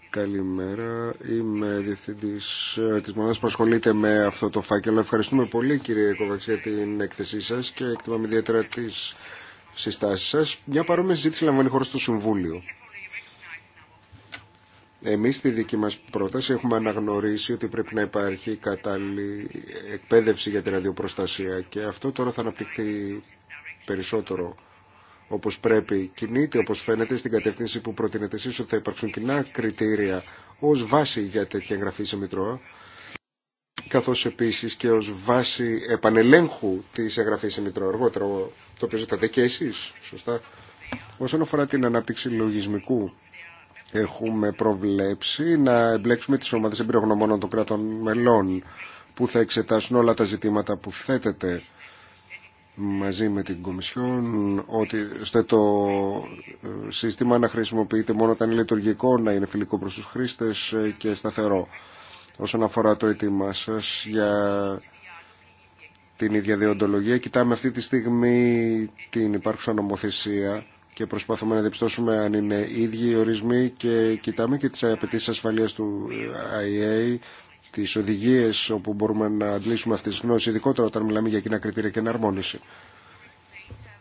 Καλημέρα. Είμαι διευθυντή ε, τη μονάδα που ασχολείται με αυτό το φάκελο. Ευχαριστούμε πολύ, κύριε Κοβαξία, για την έκθεσή σα και εκτιμάμε ιδιαίτερα τι συστάσει σα. Μια παρόμοια συζήτηση λαμβάνει χώρο στο Συμβούλιο. Εμεί στη δική μα πρόταση έχουμε αναγνωρίσει ότι πρέπει να υπάρχει κατάλληλη εκπαίδευση για την ραδιοπροστασία και αυτό τώρα θα αναπτυχθεί περισσότερο όπως πρέπει κινείται, όπως φαίνεται στην κατεύθυνση που προτείνετε εσείς ότι θα υπάρξουν κοινά κριτήρια ως βάση για τέτοια εγγραφή σε Μητρώα καθώς επίσης και ως βάση επανελέγχου της εγγραφής σε Μητρώα αργότερα, το οποίο ζητάτε και εσείς, σωστά. Όσον αφορά την ανάπτυξη λογισμικού, έχουμε προβλέψει να εμπλέξουμε τις ομάδες εμπειρογνωμόνων των κρατών μελών που θα εξετάσουν όλα τα ζητήματα που θέτεται μαζί με την Κομισιόν ότι στο το ε, σύστημα να χρησιμοποιείται μόνο όταν είναι λειτουργικό, να είναι φιλικό προς τους χρήστες ε, και σταθερό. Όσον αφορά το αίτημά σας για την ίδια διοντολογία, κοιτάμε αυτή τη στιγμή την υπάρχουσα νομοθεσία και προσπαθούμε να διαπιστώσουμε αν είναι ίδιοι οι ορισμοί και κοιτάμε και τις απαιτήσει ασφαλείας του ε, IA τις οδηγίες όπου μπορούμε να αντλήσουμε αυτές τις γνώσεις, ειδικότερα όταν μιλάμε για κοινά κριτήρια και εναρμόνιση.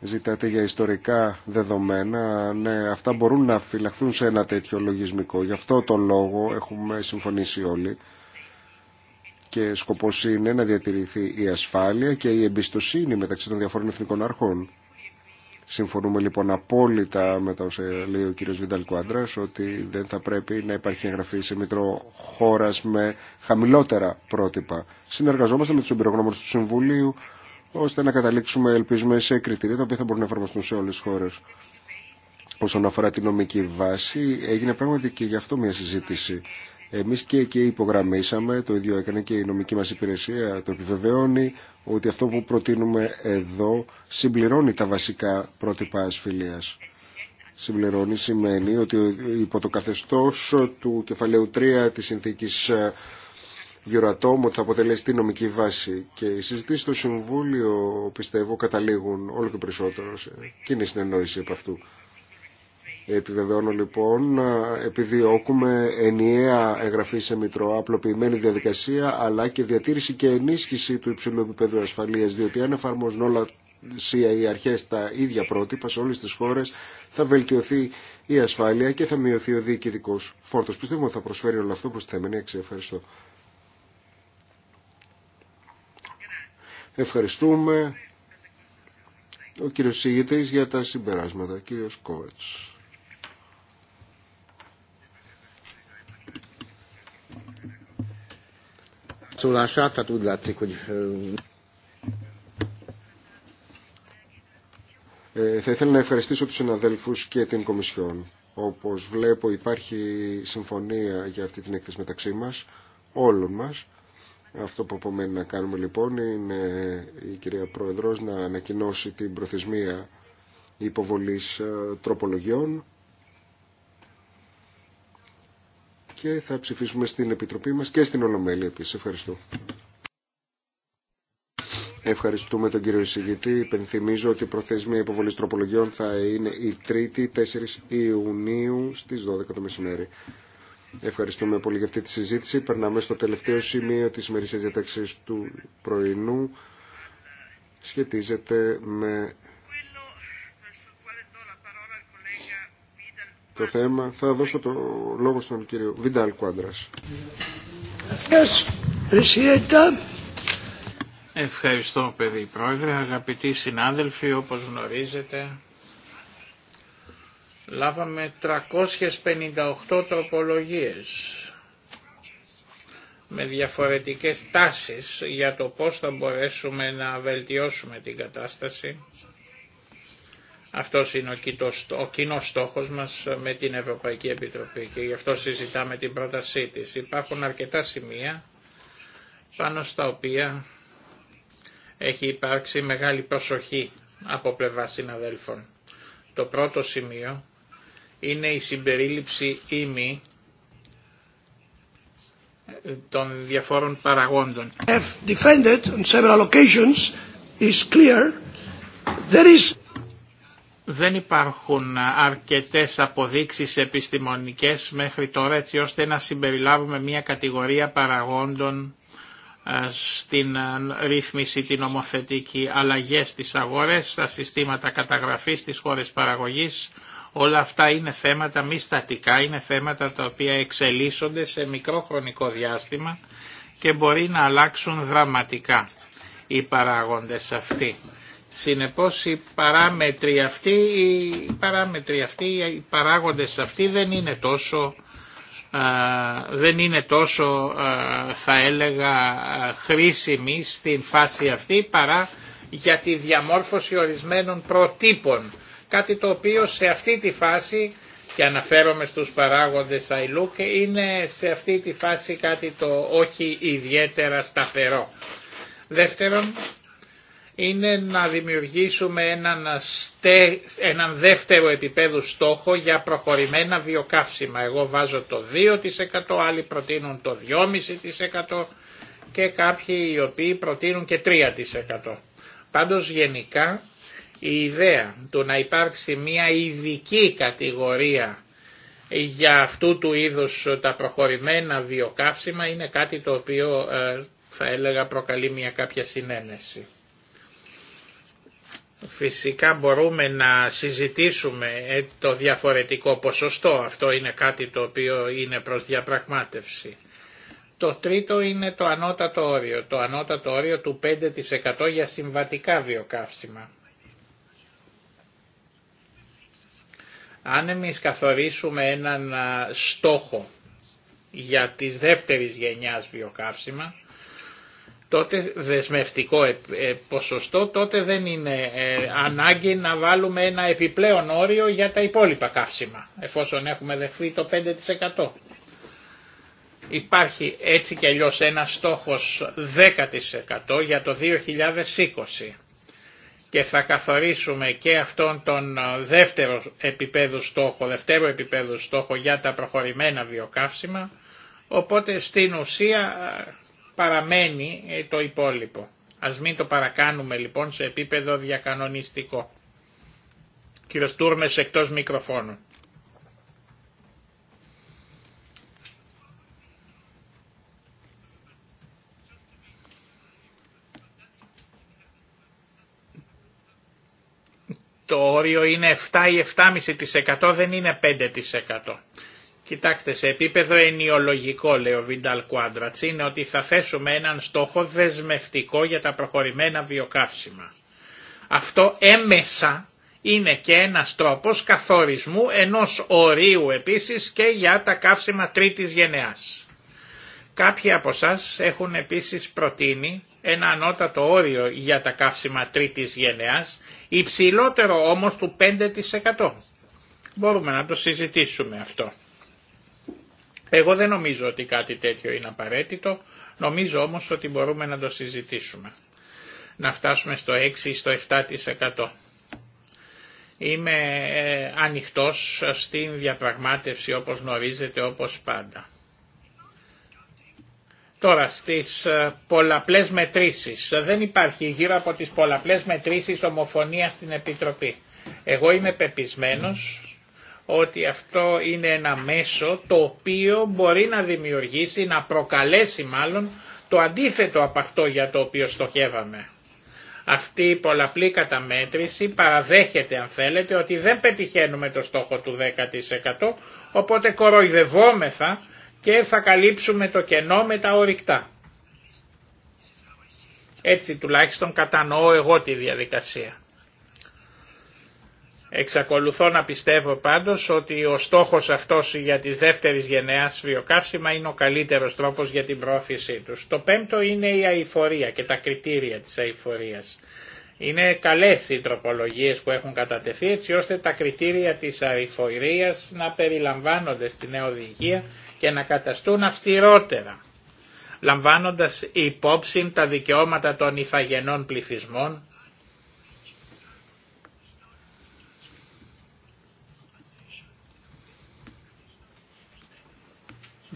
Ζητάτε για ιστορικά δεδομένα, ναι, αυτά μπορούν να φυλαχθούν σε ένα τέτοιο λογισμικό. Γι' αυτό το λόγο έχουμε συμφωνήσει όλοι και σκοπός είναι να διατηρηθεί η ασφάλεια και η εμπιστοσύνη μεταξύ των διαφορών εθνικών αρχών. Συμφωνούμε λοιπόν απόλυτα με τα όσο λέει ο κ. Βινταλ Κουάντρας ότι δεν θα πρέπει να υπάρχει εγγραφή σε μητρό χώρας με χαμηλότερα πρότυπα. Συνεργαζόμαστε με τους εμπειρογνώμους του Συμβουλίου ώστε να καταλήξουμε ελπίζουμε σε κριτήρια τα οποία θα μπορούν να εφαρμοστούν σε όλες τις χώρες. Όσον αφορά την νομική βάση έγινε πράγματι και γι' αυτό μια συζήτηση εμείς και εκεί υπογραμμίσαμε, το ίδιο έκανε και η νομική μας υπηρεσία, το επιβεβαιώνει ότι αυτό που προτείνουμε εδώ συμπληρώνει τα βασικά πρότυπα ασφιλίας. Συμπληρώνει σημαίνει ότι υπό το καθεστώς του κεφαλαίου 3 της συνθήκης ε, Euratom θα αποτελέσει τη νομική βάση και οι συζητήσει στο Συμβούλιο πιστεύω καταλήγουν όλο και περισσότερο σε κοινή συνεννόηση από αυτού. Επιβεβαιώνω λοιπόν, επιδιώκουμε ενιαία εγγραφή σε μητροαπλοποιημένη απλοποιημένη διαδικασία, αλλά και διατήρηση και ενίσχυση του υψηλού επίπεδου ασφαλείας, διότι αν εφαρμόζουν όλα οι αρχές τα ίδια πρότυπα σε όλες τις χώρες, θα βελτιωθεί η ασφάλεια και θα μειωθεί ο διοικητικός φόρτος. Πιστεύω ότι θα προσφέρει όλο αυτό προς τη θεμενή Ευχαριστώ. Ευχαριστούμε ο κύριος Σιγητής για τα συμπεράσματα, κύριος Κόβετς. szólását, tehát úgy látszik, hogy ε, Θα ήθελα να ευχαριστήσω τους συναδέλφους και την Κομισιόν. Όπως βλέπω υπάρχει συμφωνία για αυτή την έκθεση μεταξύ μας, όλων μας. Αυτό που απομένει να κάνουμε λοιπόν είναι η κυρία Πρόεδρος να ανακοινώσει την προθεσμία υποβολής ε, τροπολογιών και θα ψηφίσουμε στην Επιτροπή μας και στην Ολομέλη επίσης. Ευχαριστώ. Ευχαριστούμε τον κύριο εισηγητή. Υπενθυμίζω ότι η προθεσμία υποβολή τροπολογιών θα είναι η 3η 4 Ιουνίου στις 12 το μεσημέρι. Ευχαριστούμε πολύ για αυτή τη συζήτηση. Περνάμε στο τελευταίο σημείο της ημερήσιας διαταξής του πρωινού. Σχετίζεται με το θέμα. Θα δώσω το λόγο στον κύριο Βιντάλ Κουάντρας. Ευχαριστώ παιδί πρόεδρε, αγαπητοί συνάδελφοι, όπως γνωρίζετε. Λάβαμε 358 τροπολογίες με διαφορετικές τάσεις για το πώς θα μπορέσουμε να βελτιώσουμε την κατάσταση αυτό είναι ο κοινό στόχος μας ε, με την Ευρωπαϊκή Επιτροπή και γι' αυτό συζητάμε την πρότασή της. Υπάρχουν αρκετά σημεία πάνω στα οποία έχει υπάρξει μεγάλη προσοχή από πλευρά συναδέλφων. Το πρώτο σημείο είναι η συμπερίληψη ήμι ε, των διαφόρων παραγόντων. Δεν υπάρχουν αρκετές αποδείξεις επιστημονικές μέχρι τώρα έτσι ώστε να συμπεριλάβουμε μια κατηγορία παραγόντων ε, στην ε, ρύθμιση την ομοθετική αλλαγές στις αγορές, στα συστήματα καταγραφής στις χώρες παραγωγής. Όλα αυτά είναι θέματα μη στατικά, είναι θέματα τα οποία εξελίσσονται σε μικρό χρονικό διάστημα και μπορεί να αλλάξουν δραματικά οι παράγοντες αυτοί. Συνεπώς οι παράμετροι αυτοί, οι παράμετροι αυτοί, οι παράγοντες αυτοί δεν είναι τόσο, δεν είναι τόσο θα έλεγα χρήσιμοι στην φάση αυτή παρά για τη διαμόρφωση ορισμένων προτύπων. Κάτι το οποίο σε αυτή τη φάση και αναφέρομαι στους παράγοντες και είναι σε αυτή τη φάση κάτι το όχι ιδιαίτερα σταθερό. Δεύτερον, είναι να δημιουργήσουμε έναν, δεύτερο επίπεδο στόχο για προχωρημένα βιοκαύσιμα. Εγώ βάζω το 2%, άλλοι προτείνουν το 2,5% και κάποιοι οι οποίοι προτείνουν και 3%. Πάντως γενικά η ιδέα του να υπάρξει μια ειδική κατηγορία για αυτού του είδους τα προχωρημένα βιοκαύσιμα είναι κάτι το οποίο ε, θα έλεγα προκαλεί μια κάποια συνένεση. Φυσικά μπορούμε να συζητήσουμε ε, το διαφορετικό ποσοστό, αυτό είναι κάτι το οποίο είναι προς διαπραγμάτευση. Το τρίτο είναι το ανώτατο όριο, το ανώτατο όριο του 5% για συμβατικά βιοκαύσιμα. Αν εμείς καθορίσουμε έναν στόχο για τις δεύτερης γενιάς βιοκαύσιμα, τότε δεσμευτικό ε, ε, ποσοστό, τότε δεν είναι ε, ανάγκη να βάλουμε ένα επιπλέον όριο για τα υπόλοιπα καύσιμα, εφόσον έχουμε δεχθεί το 5%. Υπάρχει έτσι και αλλιώς ένα στόχος 10% για το 2020 και θα καθορίσουμε και αυτόν τον δεύτερο επίπεδο στόχο, δεύτερο επίπεδο στόχο για τα προχωρημένα βιοκαύσιμα, οπότε στην ουσία παραμένει ε, το υπόλοιπο. Ας μην το παρακάνουμε λοιπόν σε επίπεδο διακανονιστικό. Κύριος Τούρμες εκτός μικροφώνου. Το όριο είναι 7 ή 7,5% δεν είναι 5%. Κοιτάξτε, σε επίπεδο ενιολογικό, λέει ο Βινταλ Κουάντρατς, είναι ότι θα θέσουμε έναν στόχο δεσμευτικό για τα προχωρημένα βιοκαύσιμα. Αυτό έμεσα είναι και ένας τρόπος καθορισμού ενός ορίου επίσης και για τα καύσιμα τρίτης γενεάς. Κάποιοι από εσά έχουν επίσης προτείνει ένα ανώτατο όριο για τα καύσιμα τρίτης γενεάς, υψηλότερο όμως του 5%. Μπορούμε να το συζητήσουμε αυτό. Εγώ δεν νομίζω ότι κάτι τέτοιο είναι απαραίτητο, νομίζω όμως ότι μπορούμε να το συζητήσουμε. Να φτάσουμε στο 6 ή στο 7%. Είμαι ε, ανοιχτός στην διαπραγμάτευση όπως γνωρίζετε όπως πάντα. Τώρα στις ε, πολλαπλές μετρήσεις. Δεν υπάρχει γύρω από τις πολλαπλές μετρήσεις ομοφωνία στην Επιτροπή. Εγώ είμαι πεπισμένος ότι αυτό είναι ένα μέσο το οποίο μπορεί να δημιουργήσει, να προκαλέσει μάλλον το αντίθετο από αυτό για το οποίο στοχεύαμε. Αυτή η πολλαπλή καταμέτρηση παραδέχεται αν θέλετε ότι δεν πετυχαίνουμε το στόχο του 10% οπότε κοροϊδευόμεθα και θα καλύψουμε το κενό με τα ορυκτά. Έτσι τουλάχιστον κατανοώ εγώ τη διαδικασία. Εξακολουθώ να πιστεύω πάντως ότι ο στόχος αυτός για τις δεύτερης γενεάς βιοκαύσιμα είναι ο καλύτερος τρόπος για την πρόθεσή τους. Το πέμπτο είναι η αηφορία και τα κριτήρια της αηφορίας. Είναι καλές οι τροπολογίες που έχουν κατατεθεί έτσι ώστε τα κριτήρια της αηφορίας να περιλαμβάνονται στη νέα οδηγία και να καταστούν αυστηρότερα λαμβάνοντας υπόψη τα δικαιώματα των ηθαγενών πληθυσμών,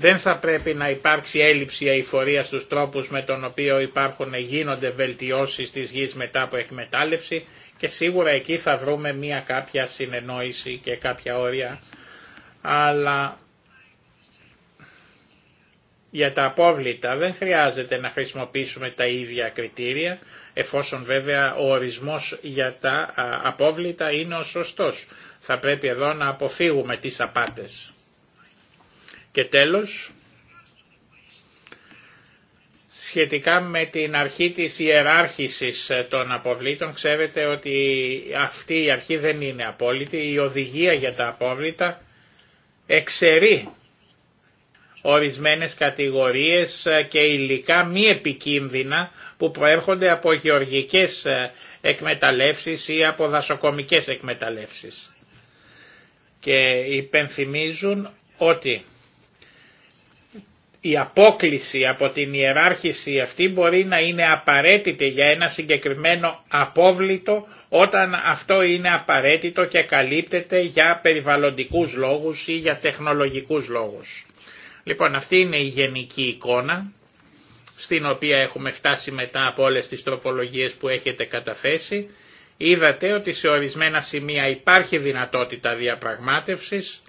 Δεν θα πρέπει να υπάρξει έλλειψη αηφορία στους τρόπους με τον οποίο υπάρχουν γίνονται βελτιώσεις της γης μετά από εκμετάλλευση και σίγουρα εκεί θα βρούμε μία κάποια συνεννόηση και κάποια όρια. Αλλά για τα απόβλητα δεν χρειάζεται να χρησιμοποιήσουμε τα ίδια κριτήρια, εφόσον βέβαια ο ορισμός για τα απόβλητα είναι ο σωστός. Θα πρέπει εδώ να αποφύγουμε τις απάτες. Και τέλος, σχετικά με την αρχή της ιεράρχησης των αποβλήτων, ξέρετε ότι αυτή η αρχή δεν είναι απόλυτη. Η οδηγία για τα απόβλητα εξαιρεί ορισμένες κατηγορίες και υλικά μη επικίνδυνα που προέρχονται από γεωργικές εκμεταλλεύσεις ή από δασοκομικές εκμεταλλεύσεις. Και υπενθυμίζουν ότι η απόκληση από την ιεράρχηση αυτή μπορεί να είναι απαραίτητη για ένα συγκεκριμένο απόβλητο όταν αυτό είναι απαραίτητο και καλύπτεται για περιβαλλοντικούς λόγους ή για τεχνολογικούς λόγους. Λοιπόν αυτή είναι η γενική εικόνα στην οποία έχουμε φτάσει μετά από όλες τις τροπολογίες που έχετε καταθέσει. Είδατε ότι σε ορισμένα σημεία υπάρχει δυνατότητα διαπραγμάτευσης,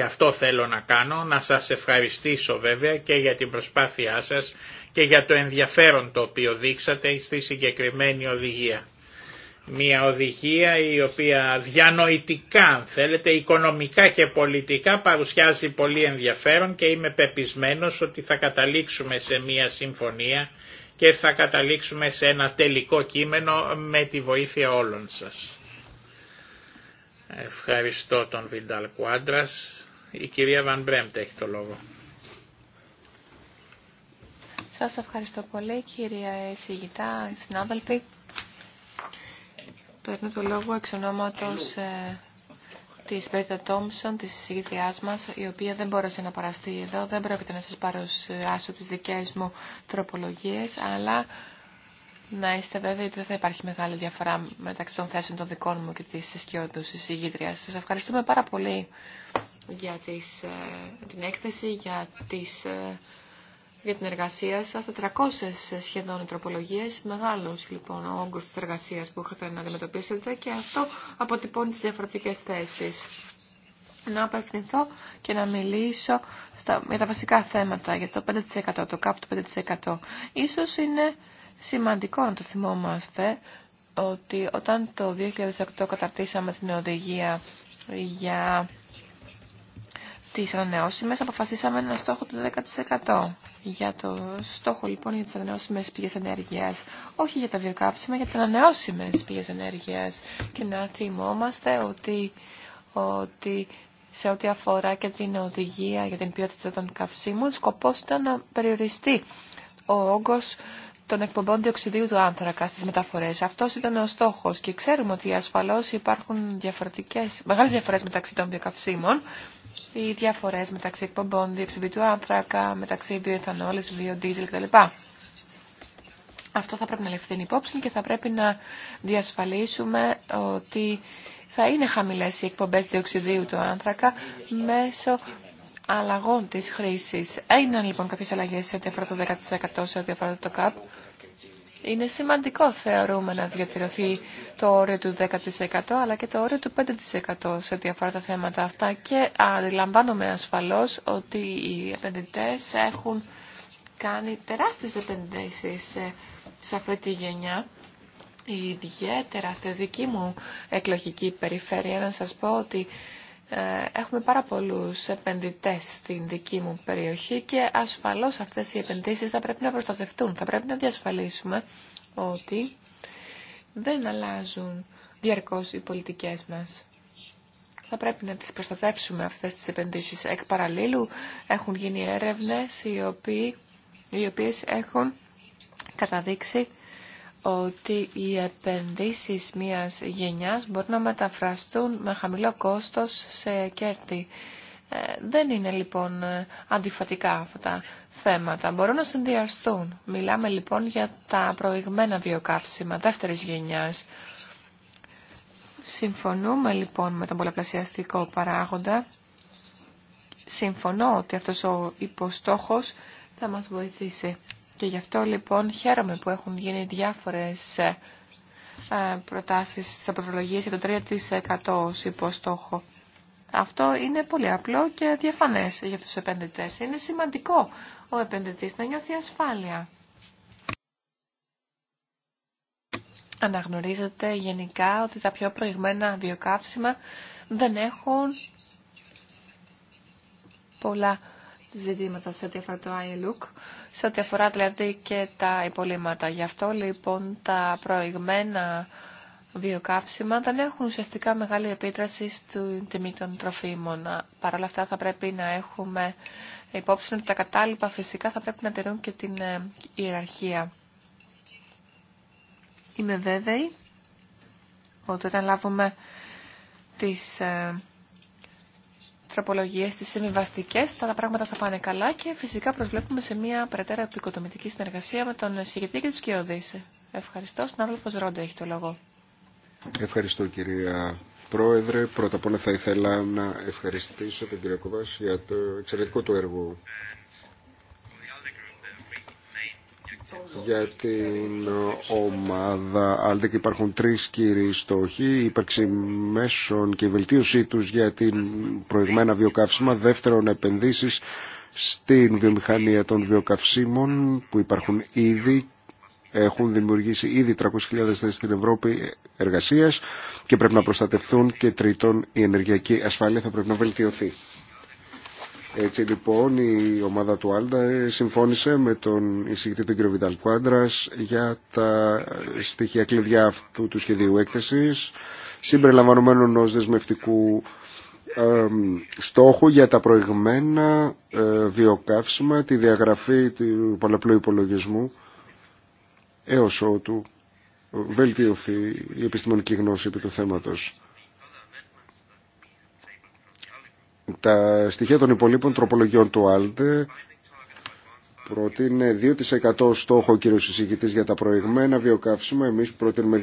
και αυτό θέλω να κάνω, να σας ευχαριστήσω βέβαια και για την προσπάθειά σας και για το ενδιαφέρον το οποίο δείξατε στη συγκεκριμένη οδηγία. Μια οδηγία η οποία διανοητικά, αν θέλετε, οικονομικά και πολιτικά παρουσιάζει πολύ ενδιαφέρον και είμαι πεπισμένος ότι θα καταλήξουμε σε μια συμφωνία και θα καταλήξουμε σε ένα τελικό κείμενο με τη βοήθεια όλων σας. Ευχαριστώ τον Βινταλ Κουάντρας η κυρία Βαν Μπρέμπτ έχει το λόγο. Σας ευχαριστώ πολύ κυρία Σιγητά, συνάδελφοι. Παίρνω το λόγο εξ ονόματος ε, της Μπέρτα Τόμψον, της συγγητριάς μας, η οποία δεν μπόρεσε να παραστεί εδώ. Δεν πρόκειται να σας παρουσιάσω τις δικές μου τροπολογίες, αλλά να είστε βέβαιοι ότι δεν θα υπάρχει μεγάλη διαφορά μεταξύ των θέσεων των δικών μου και της σκιώδους Σας ευχαριστούμε πάρα πολύ για τις, ε, την έκθεση, για, τις, ε, για την εργασία σας. 400 σχεδόν τροπολογίες, μεγάλος λοιπόν ο όγκος της εργασίας που είχατε να αντιμετωπίσετε και αυτό αποτυπώνει τις διαφορετικές θέσεις. Να απευθυνθώ και να μιλήσω στα, για τα βασικά θέματα, για το 5%, το κάπου του 5%. Ίσως είναι σημαντικό να το θυμόμαστε ότι όταν το 2008 καταρτήσαμε την οδηγία για τις ανανεώσιμες αποφασίσαμε ένα στόχο του 10% για το στόχο λοιπόν για τις ανανεώσιμες πηγές ενέργειας. Όχι για τα βιοκαύσιμα, για τις ανανεώσιμες πηγές ενέργειας. Και να θυμόμαστε ότι, ότι σε ό,τι αφορά και την οδηγία για την ποιότητα των καυσίμων, σκοπός ήταν να περιοριστεί ο όγκος των εκπομπών διοξιδίου του άνθρακα στις μεταφορές. Αυτός ήταν ο στόχος και ξέρουμε ότι ασφαλώς υπάρχουν μεγάλε μεγάλες διαφορές μεταξύ των βιοκαυσίμων οι διαφορές μεταξύ εκπομπών του άνθρακα, μεταξύ βιοεθανόλη, βιοδίζελ κτλ. Αυτό θα πρέπει να λεφθεί υπόψη και θα πρέπει να διασφαλίσουμε ότι θα είναι χαμηλέ οι εκπομπέ διοξιδίου του άνθρακα μέσω αλλαγών της χρήσης. Έγιναν λοιπόν κάποιε αλλαγέ σε ό,τι αφορά το 10% σε ό,τι αφορά το ΚΑΠ είναι σημαντικό, θεωρούμε, να διατηρηθεί το όριο του 10% αλλά και το όριο του 5% σε ό,τι αφορά τα θέματα αυτά και αντιλαμβάνομαι ασφαλώς ότι οι επενδυτές έχουν κάνει τεράστιες επενδύσεις σε αυτή τη γενιά. Ιδιαίτερα στη δική μου εκλογική περιφέρεια να σας πω ότι ε, έχουμε πάρα πολλούς επενδυτές στην δική μου περιοχή και ασφαλώς αυτές οι επενδύσεις θα πρέπει να προστατευτούν. Θα πρέπει να διασφαλίσουμε ότι δεν αλλάζουν διαρκώς οι πολιτικές μας. Θα πρέπει να τις προστατεύσουμε αυτές τις επενδύσεις. Εκ παραλίλου έχουν γίνει έρευνες οι, οποίοι, οι οποίες έχουν καταδείξει ότι οι επενδύσεις μιας γενιάς μπορούν να μεταφραστούν με χαμηλό κόστος σε κέρδη. Ε, δεν είναι λοιπόν ε, αντιφατικά αυτά τα θέματα. Μπορούν να συνδυαστούν. Μιλάμε λοιπόν για τα προηγμένα βιοκαύσιμα δεύτερης γενιάς. Συμφωνούμε λοιπόν με τον πολλαπλασιαστικό παράγοντα. Συμφωνώ ότι αυτός ο υποστόχος θα μας βοηθήσει. Και γι' αυτό λοιπόν χαίρομαι που έχουν γίνει διάφορες ε, προτάσεις στις αποτρολογίες για το 3% υποστόχο. Αυτό είναι πολύ απλό και διαφανές για τους επενδυτές. Είναι σημαντικό ο επενδυτής να νιώθει ασφάλεια. Αναγνωρίζετε γενικά ότι τα πιο προηγμένα βιοκαύσιμα δεν έχουν πολλά ζητήματα σε ό,τι αφορά το iLook, σε ό,τι αφορά δηλαδή και τα υπολείμματα. Γι' αυτό λοιπόν τα προηγμένα βιοκάψιμα δεν έχουν ουσιαστικά μεγάλη επίδραση στην τιμή των τροφίμων. Παρ' όλα αυτά θα πρέπει να έχουμε υπόψη ότι τα κατάλοιπα φυσικά θα πρέπει να τηρούν και την ε, ιεραρχία. Είμαι βέβαιη ότι όταν λάβουμε τις ε, Τροπολογίε τις συμβιβαστικέ, τα πράγματα θα πάνε καλά και φυσικά προσβλέπουμε σε μια περαιτέρω επικοδομητική συνεργασία με τον συγκεκριτή και τους κοιοδείς. Ευχαριστώ. Συνάδελφος Ρόντα έχει το λόγο. Ευχαριστώ κυρία Πρόεδρε. Πρώτα απ' όλα θα ήθελα να ευχαριστήσω τον κύριο Κοβάς για το εξαιρετικό του έργο για την ομάδα Άλτε και υπάρχουν τρεις κύριοι στόχοι η μέσων και η βελτίωσή τους για την προηγμένα βιοκαύσιμα δεύτερον επενδύσεις στην βιομηχανία των βιοκαυσίμων που υπάρχουν ήδη έχουν δημιουργήσει ήδη 300.000 θέσει στην Ευρώπη εργασίας και πρέπει να προστατευθούν και τρίτον η ενεργειακή ασφάλεια θα πρέπει να βελτιωθεί. Έτσι λοιπόν η ομάδα του Άλντα ε, συμφώνησε με τον εισηγητή του κ. Βιταλ για τα στοιχεία κλειδιά αυτού του σχεδίου έκθεσης συμπεριλαμβανομένων ως δεσμευτικού στόχου για τα προηγμένα ε, βιοκαύσιμα, τη διαγραφή του πολλαπλού υπολογισμού έως ότου βελτιωθεί η επιστημονική γνώση επί του θέματος. Τα στοιχεία των υπολείπων τροπολογιών του ΑΛΤΕ προτείνει 2% στόχο ο κύριος εισηγητής για τα προηγμένα βιοκαύσιμα. Εμείς προτείνουμε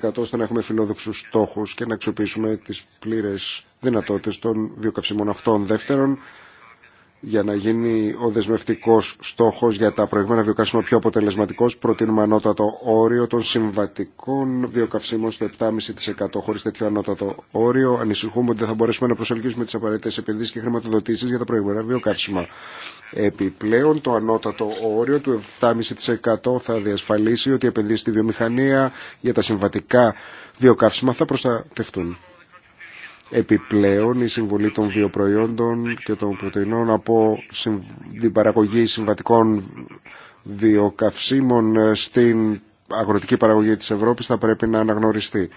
2,5% ώστε να έχουμε φιλόδοξους στόχους και να αξιοποιήσουμε τις πλήρες δυνατότητες των βιοκαυσιμών αυτών. Δεύτερον, για να γίνει ο δεσμευτικός στόχος για τα προηγούμενα βιοκαύσιμα πιο αποτελεσματικός προτείνουμε ανώτατο όριο των συμβατικών βιοκαυσίμων στο 7,5% χωρίς τέτοιο ανώτατο όριο ανησυχούμε ότι δεν θα μπορέσουμε να προσελκύσουμε τις απαραίτητες επενδύσεις και χρηματοδοτήσεις για τα προηγούμενα βιοκαύσιμα Επιπλέον το ανώτατο όριο του 7,5% θα διασφαλίσει ότι οι επενδύσεις στη βιομηχανία για τα συμβατικά βιοκαύσιμα θα προστατευτούν. Επιπλέον, η συμβολή των βιοπροϊόντων και των πρωτεϊνών από την παραγωγή συμβατικών βιοκαυσίμων ε, στην αγροτική παραγωγή της Ευρώπης θα πρέπει να αναγνωριστεί.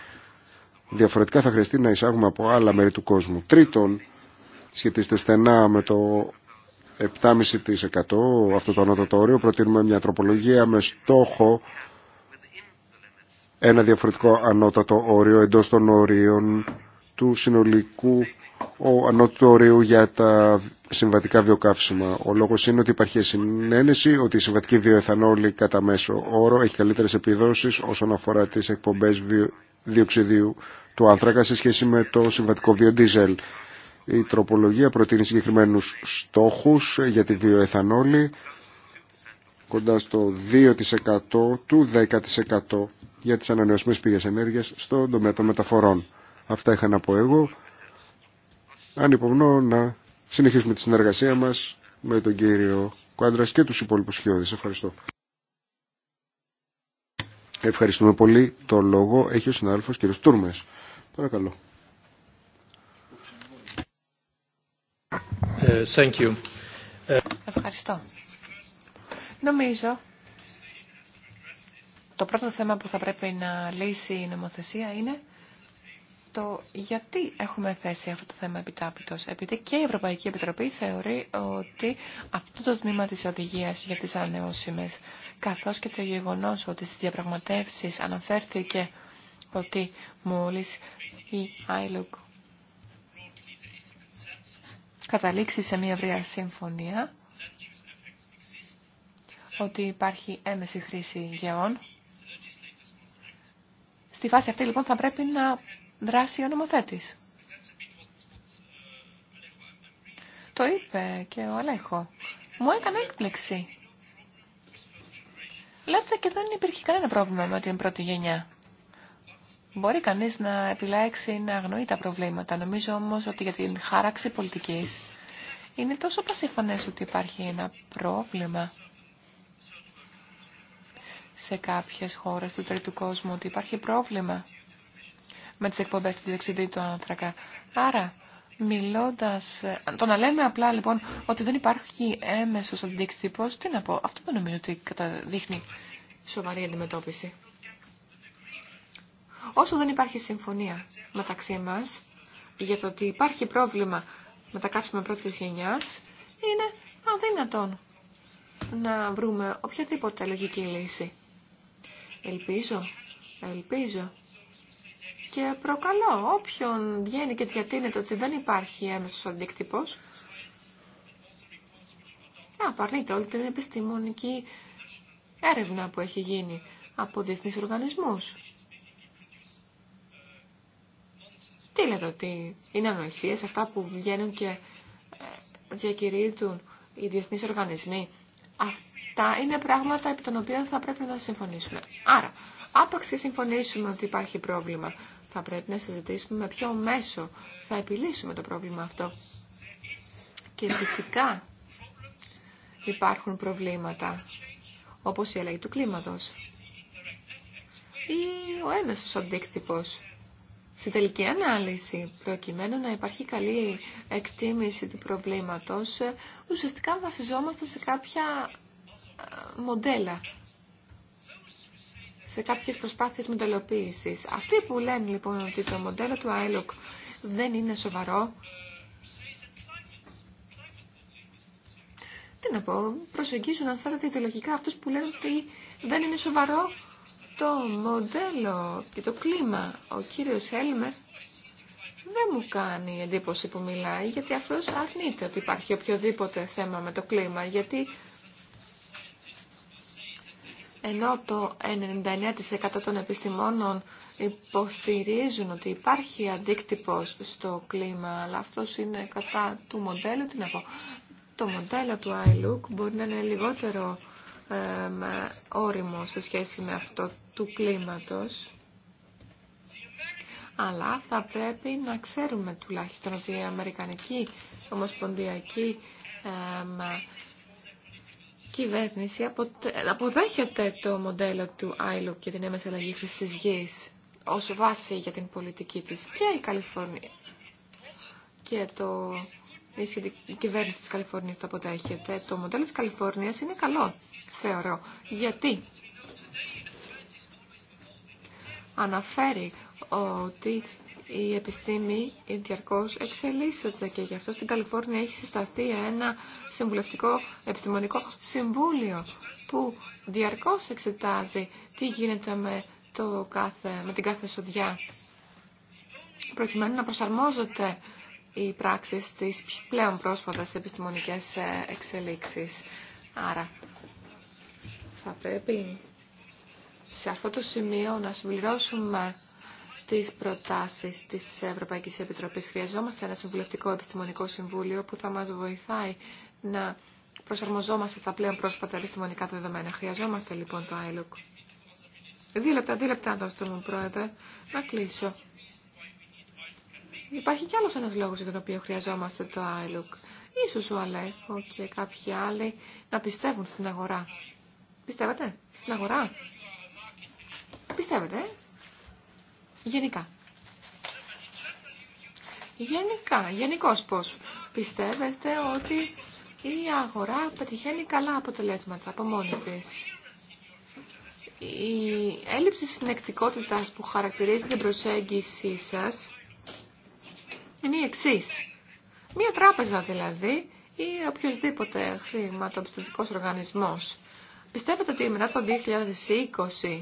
Διαφορετικά θα χρειαστεί να εισάγουμε από άλλα μέρη του κόσμου. Τρίτον, σχετίστε στενά με το 7,5% αυτό το ανώτατο όριο. Προτείνουμε μια τροπολογία με στόχο ένα διαφορετικό ανώτατο όριο εντός των όριων του συνολικού ο ανώτου για τα συμβατικά βιοκαύσιμα. Ο λόγος είναι ότι υπάρχει συνένεση ότι η συμβατική βιοεθανόλη κατά μέσο όρο έχει καλύτερες επιδόσεις όσον αφορά τις εκπομπές διοξιδίου του άνθρακα σε σχέση με το συμβατικό βιοντίζελ. Η τροπολογία προτείνει συγκεκριμένου στόχους για τη βιοεθανόλη κοντά στο 2% του 10% για τις ανανεώσιμες πηγές ενέργειας στον τομέα των μεταφορών. Αυτά είχα να πω εγώ. αν υπομνώ να συνεχίσουμε τη συνεργασία μας με τον κύριο Κουάντρας και τους υπόλοιπους χειώδες. Ευχαριστώ. Ευχαριστούμε πολύ. Το λόγο έχει ο συνάδελφος κύριος Τούρμες. Παρακαλώ. Ε, ε, Ευχαριστώ. Νομίζω το πρώτο θέμα που θα πρέπει να λύσει η νομοθεσία είναι το γιατί έχουμε θέσει αυτό το θέμα επιτάπητος. Επειδή και η Ευρωπαϊκή Επιτροπή θεωρεί ότι αυτό το τμήμα της οδηγίας για τις ανεώσιμες, καθώς και το γεγονός ότι στις διαπραγματεύσεις αναφέρθηκε ότι μόλις η ILUC καταλήξει σε μια βρία συμφωνία, ότι υπάρχει έμεση χρήση γεών. Στη φάση αυτή λοιπόν θα πρέπει να δράση ο νομοθέτης. Το είπε και ο Αλέχο. Μου έκανε έκπληξη. Λέτε και δεν υπήρχε κανένα πρόβλημα με την πρώτη γενιά. Μπορεί κανείς να επιλέξει να αγνοεί τα προβλήματα. Νομίζω όμως ότι για την χάραξη πολιτικής είναι τόσο πασίφανες ότι υπάρχει ένα πρόβλημα σε κάποιες χώρες του τρίτου κόσμου, ότι υπάρχει πρόβλημα με τις εκπομπές του διοξιδίου του άνθρακα. Άρα, μιλώντας, το να λέμε απλά λοιπόν ότι δεν υπάρχει έμεσος αντίκτυπος, τι να πω, αυτό δεν νομίζω ότι καταδείχνει σοβαρή αντιμετώπιση. Όσο δεν υπάρχει συμφωνία μεταξύ μας για το ότι υπάρχει πρόβλημα με τα καύσιμα πρώτης γενιάς, είναι αδύνατον να βρούμε οποιαδήποτε λογική λύση. Ελπίζω, ελπίζω και προκαλώ όποιον βγαίνει και διατείνεται ότι δεν υπάρχει έμεσος αντίκτυπος, να απαρνείται όλη την επιστημονική έρευνα που έχει γίνει από διεθνείς οργανισμούς. Τι λέτε ότι είναι ανοησίες αυτά που βγαίνουν και ε, διακηρύττουν οι διεθνείς οργανισμοί. Αυτά είναι πράγματα επί των οποίων θα πρέπει να συμφωνήσουμε. Άρα, άπαξ και συμφωνήσουμε ότι υπάρχει πρόβλημα, θα πρέπει να συζητήσουμε με ποιο μέσο θα επιλύσουμε το πρόβλημα αυτό. Και φυσικά υπάρχουν προβλήματα, όπως η αλλαγή του κλίματος ή ο έμεσος αντίκτυπος. Στη τελική ανάλυση, προκειμένου να υπάρχει καλή εκτίμηση του προβλήματος, ουσιαστικά βασιζόμαστε σε κάποια μοντέλα σε κάποιες προσπάθειες μοντελοποίησης. Αυτοί που λένε λοιπόν ότι το μοντέλο του ILOC δεν είναι σοβαρό, τι να πω, προσεγγίζουν αν θέλετε ιδεολογικά αυτούς που λένε ότι δεν είναι σοβαρό το μοντέλο και το κλίμα. Ο κύριος Έλμερ δεν μου κάνει εντύπωση που μιλάει, γιατί αυτός αρνείται ότι υπάρχει οποιοδήποτε θέμα με το κλίμα, γιατί ενώ το 99% των επιστημόνων υποστηρίζουν ότι υπάρχει αντίκτυπος στο κλίμα, αλλά αυτό είναι κατά του μοντέλου, την το μοντέλο του iLook μπορεί να είναι λιγότερο ε, όριμο σε σχέση με αυτό του κλίματος, αλλά θα πρέπει να ξέρουμε τουλάχιστον ότι η Αμερικανική Ομοσπονδιακή ε, κυβέρνηση αποδέχεται το μοντέλο του ILO και την έμεση αλλαγή χρήση γη ως βάση για την πολιτική της. και η Καλιφόρνια και το... η κυβέρνηση της Καλιφόρνιας το αποδέχεται. Το μοντέλο της Καλιφόρνιας είναι καλό, θεωρώ. Γιατί αναφέρει ότι η επιστήμη διαρκώ εξελίσσεται και γι' αυτό στην Καλιφόρνια έχει συσταθεί ένα συμβουλευτικό επιστημονικό συμβούλιο που διαρκώ εξετάζει τι γίνεται με, το κάθε, με την κάθε σοδιά προκειμένου να προσαρμόζονται οι πράξεις της πλέον πρόσφατες επιστημονικές ε, εξελίξεις. Άρα θα πρέπει σε αυτό το σημείο να συμπληρώσουμε τις προτάσεις της Ευρωπαϊκής Επιτροπής. Χρειαζόμαστε ένα συμβουλευτικό επιστημονικό συμβούλιο που θα μας βοηθάει να προσαρμοζόμαστε στα πλέον πρόσφατα επιστημονικά δεδομένα. Χρειαζόμαστε λοιπόν το ILOC. Δύο λεπτά, δύο λεπτά δώστε μου, Πρόεδρε, να κλείσω. Υπάρχει κι άλλος ένας λόγος για τον οποίο χρειαζόμαστε το ILOC. Ίσως ο Αλέχο και κάποιοι άλλοι να πιστεύουν στην αγορά. Πιστεύετε, στην αγορά. Πιστεύετε, ε? Γενικά. Γενικά, γενικώ πω, πιστεύετε ότι η αγορά πετυχαίνει καλά αποτελέσματα από μόνη τη. Η έλλειψη συνεκτικότητα που χαρακτηρίζει την προσέγγιση σας είναι η εξή. Μία τράπεζα δηλαδή ή οποιοδήποτε χρηματοπιστωτικός οργανισμός. Πιστεύετε ότι μετά το 2020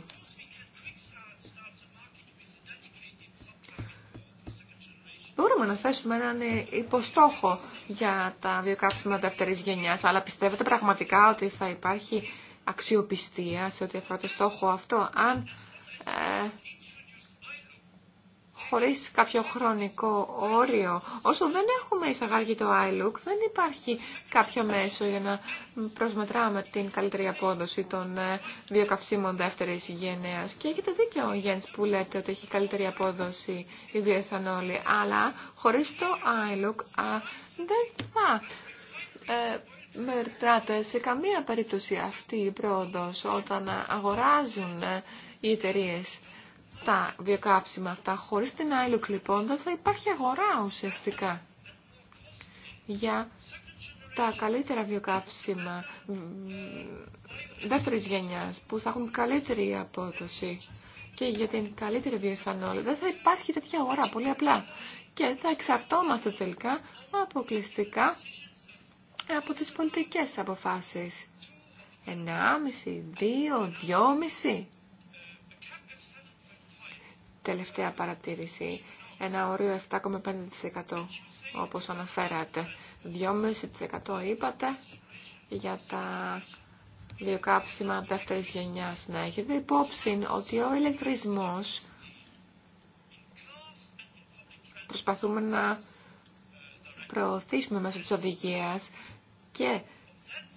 Μπορούμε να θέσουμε έναν υποστόχο για τα βιοκαύσιμα δεύτερη γενιάς, αλλά πιστεύετε πραγματικά ότι θα υπάρχει αξιοπιστία σε ό,τι αφορά το στόχο αυτό, αν ε, χωρίς κάποιο χρονικό όριο. Όσο δεν έχουμε εισαγάγει το iLook, δεν υπάρχει κάποιο μέσο για να προσμετράμε την καλύτερη απόδοση των βιοκαυσίμων ε, δεύτερης γενναίας. Και έχετε δίκιο, Γιάννης, που λέτε ότι έχει καλύτερη απόδοση η βιοεθανόλη, αλλά χωρίς το iLook δεν θα ε, σε καμία περίπτωση αυτή η πρόοδος όταν αγοράζουν ε, οι εταιρείε τα βιοκάψιμα αυτά. Χωρίς την άλλη λοιπόν δεν θα υπάρχει αγορά ουσιαστικά για τα καλύτερα βιοκάψιμα δεύτερη γενιά που θα έχουν καλύτερη απόδοση και για την καλύτερη βιοεθανόλη. Δεν θα υπάρχει τέτοια αγορά, πολύ απλά. Και θα εξαρτώμαστε τελικά αποκλειστικά από τις πολιτικές αποφάσεις. 1,5, 2, 2,5 Τελευταία παρατήρηση. Ένα όριο 7,5% όπως αναφέρατε. 2,5% είπατε για τα βιοκάψιμα δεύτερης γενιάς. Να έχετε υπόψη ότι ο ηλεκτρισμός προσπαθούμε να προωθήσουμε μέσω της οδηγίας και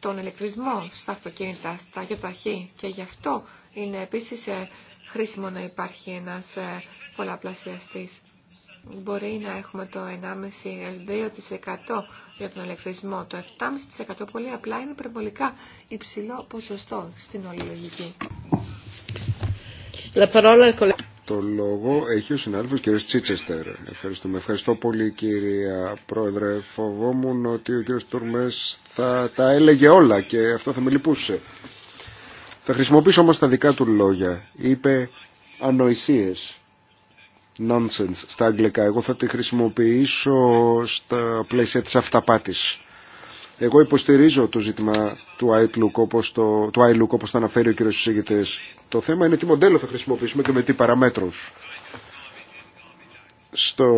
τον ηλεκτρισμό στα αυτοκίνητα, στα γιοταχή και γι' αυτό είναι επίσης χρήσιμο να υπάρχει ένας ε, πολλαπλασιαστής. Μπορεί να έχουμε το 1,5-2% για τον ηλεκτρισμό. Το 7,5% πολύ απλά είναι υπερβολικά υψηλό ποσοστό στην όλη λογική. Το λόγο έχει ο συνάδελφος κ. Τσίτσεστερ. Ευχαριστούμε. Ευχαριστώ πολύ κυρία Πρόεδρε. Φοβόμουν ότι ο κ. Τουρμές θα τα έλεγε όλα και αυτό θα με λυπούσε. Θα χρησιμοποιήσω όμως τα δικά του λόγια. Είπε ανοησίες. Nonsense στα αγγλικά. Εγώ θα τη χρησιμοποιήσω στα πλαίσια της αυταπάτης. Εγώ υποστηρίζω το ζήτημα του iLook όπως το, του όπως αναφέρει ο κύριος συζήτητες. Το θέμα είναι τι μοντέλο θα χρησιμοποιήσουμε και με τι παραμέτρους. Στο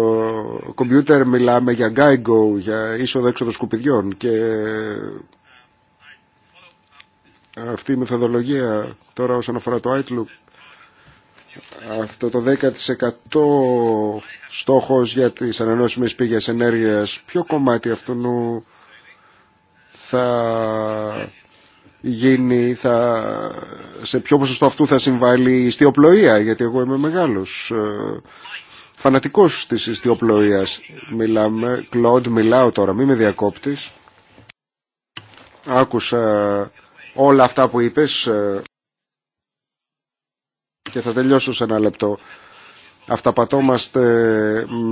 κομπιούτερ μιλάμε για Geigo, για είσοδο έξοδο σκουπιδιών και αυτή η μεθοδολογία τώρα όσον αφορά το Outlook αυτό το 10% στόχος για τις ανανόσιμες πηγές ενέργειας ποιο κομμάτι αυτού θα γίνει θα, σε ποιο ποσοστό αυτού θα συμβάλλει η ιστιοπλοεία γιατί εγώ είμαι μεγάλος ε, φανατικός της ιστιοπλοείας μιλάμε, Κλοντ μιλάω τώρα, μην με διακόπτεις άκουσα όλα αυτά που είπες ε, και θα τελειώσω σε ένα λεπτό. Αυταπατώμαστε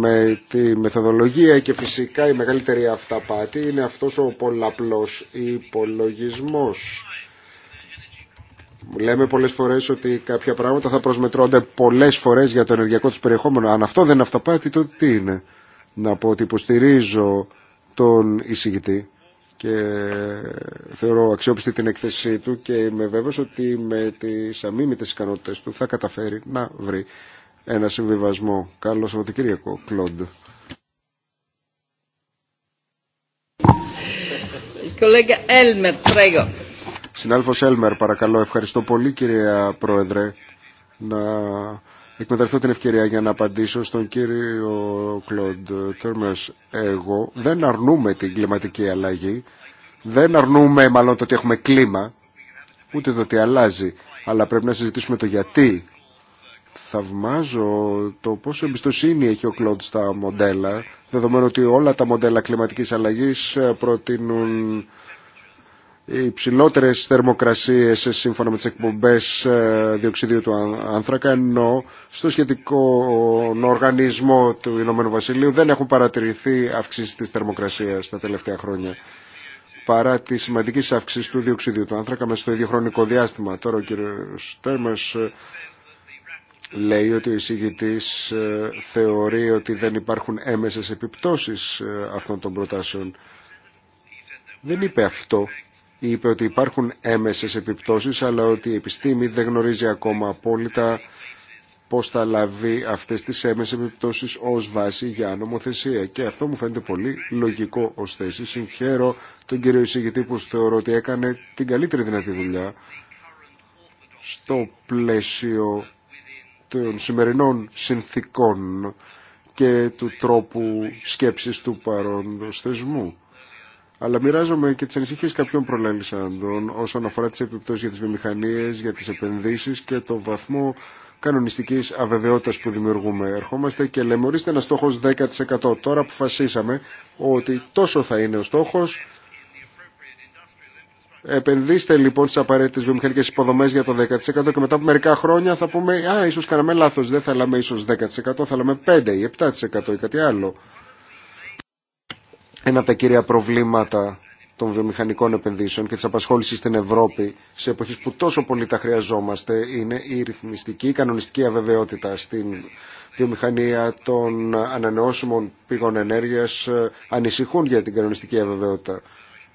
με τη μεθοδολογία και φυσικά η μεγαλύτερη αυταπάτη είναι αυτός ο πολλαπλός υπολογισμός. Λέμε πολλές φορές ότι κάποια πράγματα θα προσμετρώνται πολλές φορές για το ενεργειακό τους περιεχόμενο. Αν αυτό δεν είναι αυταπάτη, τότε τι είναι. Να πω ότι υποστηρίζω τον εισηγητή και θεωρώ αξιόπιστη την εκθέσή του και είμαι βέβαιος ότι με τις αμίμητες ικανότητες του θα καταφέρει να βρει ένα συμβιβασμό. Καλό Σαββατοκύριακο, Κλοντ. Έλμερ, Συνάλφος Έλμερ, παρακαλώ. Ευχαριστώ πολύ, κυρία Πρόεδρε. Να εκμεταλλευτώ την ευκαιρία για να απαντήσω στον κύριο Κλοντ Τέρμες. Εγώ δεν αρνούμε την κλιματική αλλαγή, δεν αρνούμε μάλλον το ότι έχουμε κλίμα, ούτε το ότι αλλάζει, αλλά πρέπει να συζητήσουμε το γιατί. Θαυμάζω το πόσο εμπιστοσύνη έχει ο Κλοντ στα μοντέλα, δεδομένου ότι όλα τα μοντέλα κλιματικής αλλαγής ε, προτείνουν οι υψηλότερες θερμοκρασίες σύμφωνα με τις εκπομπές ε, διοξιδίου του άνθρακα ενώ στο σχετικό οργανισμό του Ηνωμένου Βασιλείου δεν έχουν παρατηρηθεί αυξήσεις της θερμοκρασίας τα τελευταία χρόνια παρά τη σημαντική αύξηση του διοξιδίου του άνθρακα μέσα στο ίδιο χρονικό διάστημα. Τώρα ο κ. Τέρμας ε, λέει ότι ο εισηγητής ε, θεωρεί ότι δεν υπάρχουν έμεσες επιπτώσεις αυτών των προτάσεων. Δεν είπε αυτό είπε ότι υπάρχουν έμεσες επιπτώσεις αλλά ότι η επιστήμη δεν γνωρίζει ακόμα απόλυτα πώς θα λάβει αυτές τις έμεσες επιπτώσεις ως βάση για νομοθεσία. Και αυτό μου φαίνεται πολύ λογικό ως θέση. Συγχαίρω τον κύριο εισηγητή που θεωρώ ότι έκανε την καλύτερη δυνατή δουλειά στο πλαίσιο των σημερινών συνθήκων και του τρόπου σκέψης του παρόντος θεσμού αλλά μοιράζομαι και τι ανησυχίε κάποιων προλαλήσαντων όσον αφορά τι επιπτώσεις για τι βιομηχανίε, για τι επενδύσει και το βαθμό κανονιστική αβεβαιότητας που δημιουργούμε. Ερχόμαστε και λέμε ορίστε ένα στόχο 10%. Τώρα αποφασίσαμε ότι τόσο θα είναι ο στόχο. Επενδύστε λοιπόν τι απαραίτητε βιομηχανικές υποδομέ για το 10% και μετά από μερικά χρόνια θα πούμε α, ίσω κάναμε λάθο, δεν θα λέμε ίσως 10%, θα λέμε 5 ή 7% ή κάτι άλλο ένα από τα κύρια προβλήματα των βιομηχανικών επενδύσεων και της απασχόλησης στην Ευρώπη σε εποχές που τόσο πολύ τα χρειαζόμαστε είναι η ρυθμιστική, η κανονιστική αβεβαιότητα στην βιομηχανία των ανανεώσιμων πηγών ενέργειας ε, ανησυχούν για την κανονιστική αβεβαιότητα.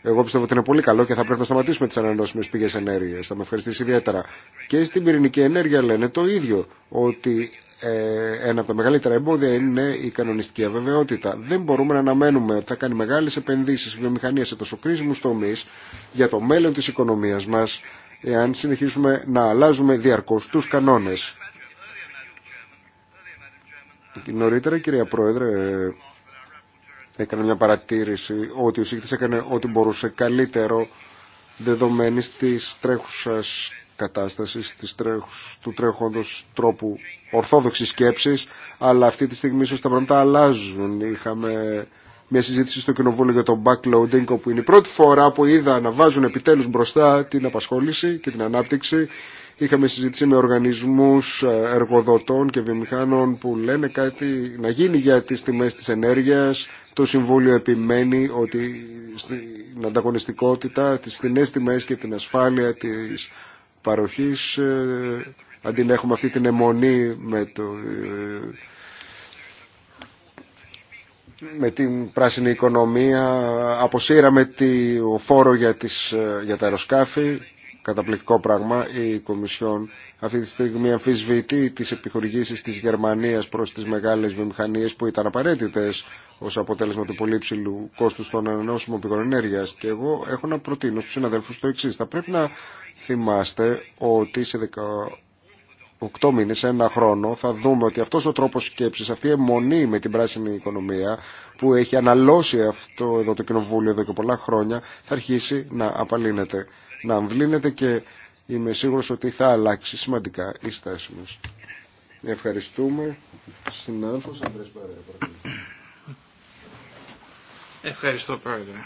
Εγώ πιστεύω ότι είναι πολύ καλό και θα πρέπει να σταματήσουμε τι ανανεώσιμε πηγέ ενέργεια. Θα με ευχαριστήσει ιδιαίτερα. Και στην πυρηνική ενέργεια λένε το ίδιο, ότι ε, ένα από τα μεγαλύτερα εμπόδια είναι η κανονιστική αβεβαιότητα. Δεν μπορούμε να αναμένουμε ότι θα κάνει μεγάλε επενδύσει η βιομηχανία σε τόσο κρίσιμου τομεί για το μέλλον τη οικονομία μα, εάν συνεχίσουμε να αλλάζουμε διαρκώ του κανόνε. Νωρίτερα, κυρία Πρόεδρε, έκανε μια παρατήρηση ότι ο Σύγκριτης έκανε ό,τι μπορούσε καλύτερο δεδομένης της τρέχουσας κατάστασης, της του τρέχοντος τρόπου ορθόδοξη σκέψη, αλλά αυτή τη στιγμή ίσω τα πράγματα αλλάζουν. Είχαμε μια συζήτηση στο κοινοβούλιο για τον backloading, όπου είναι η πρώτη φορά που είδα να βάζουν επιτέλου μπροστά την απασχόληση και την ανάπτυξη. Είχαμε συζήτηση με οργανισμού ε, εργοδοτών και βιομηχάνων που λένε κάτι να γίνει για τι τιμέ τη ενέργεια, Το Συμβούλιο επιμένει ότι στην ανταγωνιστικότητα, τι φθηνέ τιμέ και την ασφάλεια τη παροχής ε, αντί να έχουμε αυτή την αιμονή με, το, ε, με την πράσινη οικονομία. Αποσύραμε το φόρο για, τις, ε, για τα αεροσκάφη, καταπληκτικό πράγμα, η Κομισιόν αυτή τη στιγμή αμφισβητεί τις επιχορηγήσεις της Γερμανίας προς τις μεγάλες βιομηχανίες που ήταν απαραίτητες ως αποτέλεσμα του πολύ ψηλού κόστους των ανανεώσιμων πηγών ενέργειας. Και εγώ έχω να προτείνω στους συναδέλφους το εξή. Θα πρέπει να θυμάστε ότι σε οκτώ μήνες, ένα χρόνο, θα δούμε ότι αυτός ο τρόπος σκέψης, αυτή η αιμονή με την πράσινη οικονομία που έχει αναλώσει αυτό εδώ το κοινοβούλιο εδώ και πολλά χρόνια, θα αρχίσει να απαλύνεται, να αμβλύνεται και είμαι σίγουρος ότι θα αλλάξει σημαντικά η στάση μας. Ευχαριστούμε. Συνάδελφος Ευχαριστώ Πρόεδρε.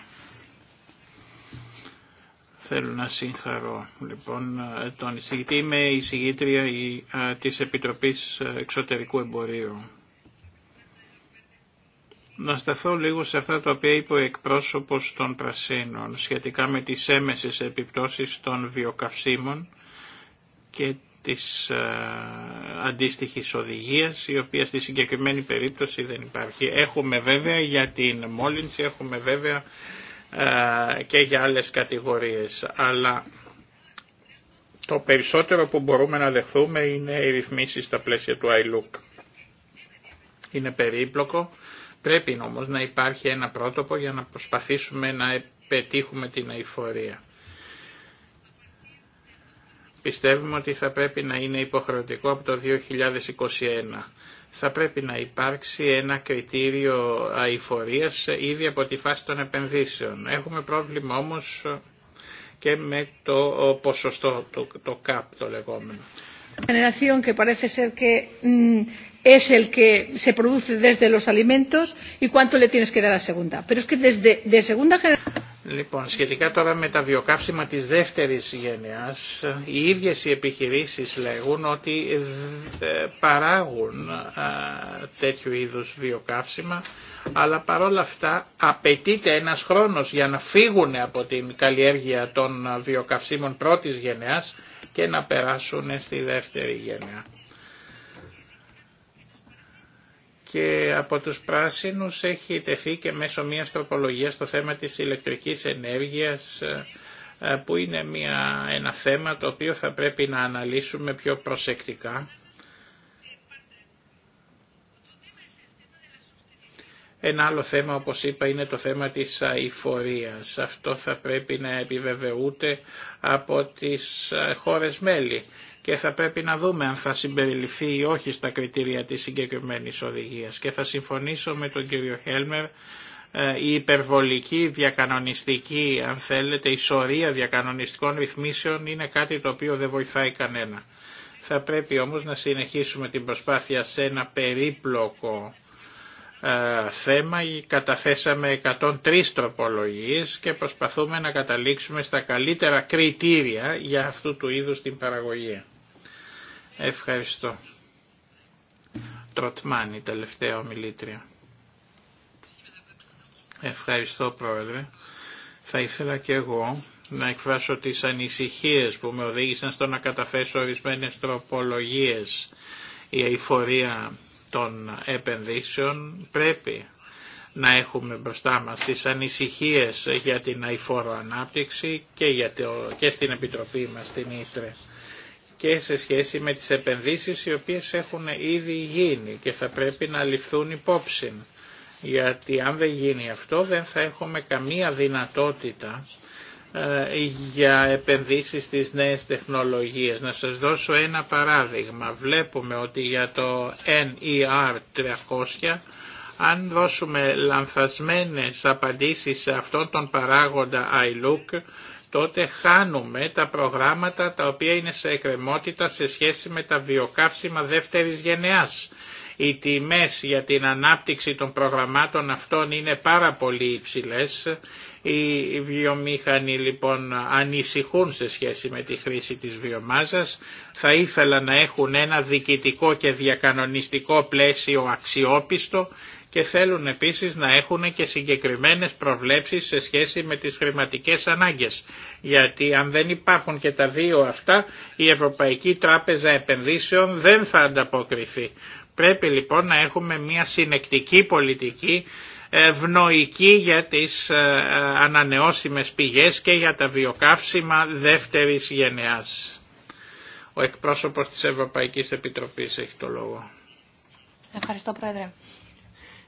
Θέλω να συγχαρώ λοιπόν ε, τον εισηγητή. Είμαι η εισηγήτρια ε, της Επιτροπής Εξωτερικού Εμπορίου. Να σταθώ λίγο σε αυτά τα οποία είπε ο εκπρόσωπος των Πρασίνων σχετικά με τις έμεσες επιπτώσεις των βιοκαυσίμων και της ε, αντίστοιχης οδηγίας η οποία στη συγκεκριμένη περίπτωση δεν υπάρχει. Έχουμε βέβαια για την μόλυνση, έχουμε βέβαια ε, και για άλλες κατηγορίες. Αλλά το περισσότερο που μπορούμε να δεχθούμε είναι οι ρυθμίσεις στα πλαίσια του iLook. Είναι περίπλοκο, πρέπει όμως να υπάρχει ένα πρότοπο για να προσπαθήσουμε να πετύχουμε την αηφορία. Πιστεύουμε ότι θα πρέπει να είναι υποχρεωτικό από το 2021 θα πρέπει να υπάρξει ένα κριτήριο αηφορίας ήδη από τη φάση των επενδύσεων. Έχουμε πρόβλημα όμως και με το ποσοστό, το, το ΚΑΠ το λεγόμενο. Generación que parece ser que es el que se produce desde los alimentos y cuánto le tienes que dar a segunda. Pero es que desde de segunda generación Λοιπόν, σχετικά τώρα με τα βιοκαύσιμα της δεύτερης γενιάς, οι ίδιες οι επιχειρήσεις λέγουν ότι ε, παράγουν τέτοιου είδους βιοκαύσιμα, αλλά παρόλα αυτά απαιτείται ένας χρόνος για να φύγουν από την καλλιέργεια των βιοκαυσίμων πρώτης γενιάς και να περάσουν στη δεύτερη γενιά. και από τους πράσινους έχει τεθεί και μέσω μιας τροπολογίας το θέμα της ηλεκτρικής ενέργειας ε, ε, που είναι μια, ένα θέμα το οποίο θα πρέπει να αναλύσουμε πιο προσεκτικά. Ένα άλλο θέμα, όπως είπα, είναι το θέμα της αηφορίας. Αυτό θα πρέπει να επιβεβαιούται από τις ε, χώρες μέλη και θα πρέπει να δούμε αν θα συμπεριληφθεί ή όχι στα κριτήρια της συγκεκριμένης οδηγίας. Και θα συμφωνήσω με τον κύριο Χέλμερ, ε, η υπερβολική διακανονιστική, αν θέλετε, η σωρία διακανονιστικών ρυθμίσεων είναι κάτι το οποίο δεν βοηθάει κανένα. Θα πρέπει όμως να συνεχίσουμε την προσπάθεια σε ένα περίπλοκο ε, θέμα καταθέσαμε 103 τροπολογίες και προσπαθούμε να καταλήξουμε στα καλύτερα κριτήρια για αυτού του είδους την παραγωγή. Ευχαριστώ. Τροτμάνη, τελευταία ομιλήτρια. Ευχαριστώ Πρόεδρε. Θα ήθελα και εγώ να εκφράσω τις ανησυχίες που με οδήγησαν στο να καταθέσω ορισμένες τροπολογίες. Η αηφορία των επενδύσεων πρέπει να έχουμε μπροστά μας τις ανησυχίες για την αηφόρο ανάπτυξη και, για το, και στην Επιτροπή μας, την Ήτρε και σε σχέση με τις επενδύσεις οι οποίες έχουν ήδη γίνει και θα πρέπει να ληφθούν υπόψη. Γιατί αν δεν γίνει αυτό δεν θα έχουμε καμία δυνατότητα ε, για επενδύσεις στις νέες τεχνολογίες. Να σας δώσω ένα παράδειγμα. Βλέπουμε ότι για το NER 300 αν δώσουμε λανθασμένες απαντήσεις σε αυτόν τον παράγοντα iLook τότε χάνουμε τα προγράμματα τα οποία είναι σε εκκρεμότητα σε σχέση με τα βιοκαύσιμα δεύτερης γενεάς. Οι τιμές για την ανάπτυξη των προγραμμάτων αυτών είναι πάρα πολύ υψηλές. Οι βιομηχανοί λοιπόν ανησυχούν σε σχέση με τη χρήση της βιομάζας. Θα ήθελα να έχουν ένα διοικητικό και διακανονιστικό πλαίσιο αξιόπιστο και θέλουν επίσης να έχουν και συγκεκριμένες προβλέψεις σε σχέση με τις χρηματικές ανάγκες. Γιατί αν δεν υπάρχουν και τα δύο αυτά, η Ευρωπαϊκή Τράπεζα Επενδύσεων δεν θα ανταποκριθεί. Πρέπει λοιπόν να έχουμε μια συνεκτική πολιτική ε, ευνοϊκή για τις ε, ανανεώσιμες πηγές και για τα βιοκαύσιμα δεύτερης γενεάς. Ο εκπρόσωπος της Ευρωπαϊκής Επιτροπής έχει το λόγο. Ευχαριστώ Πρόεδρε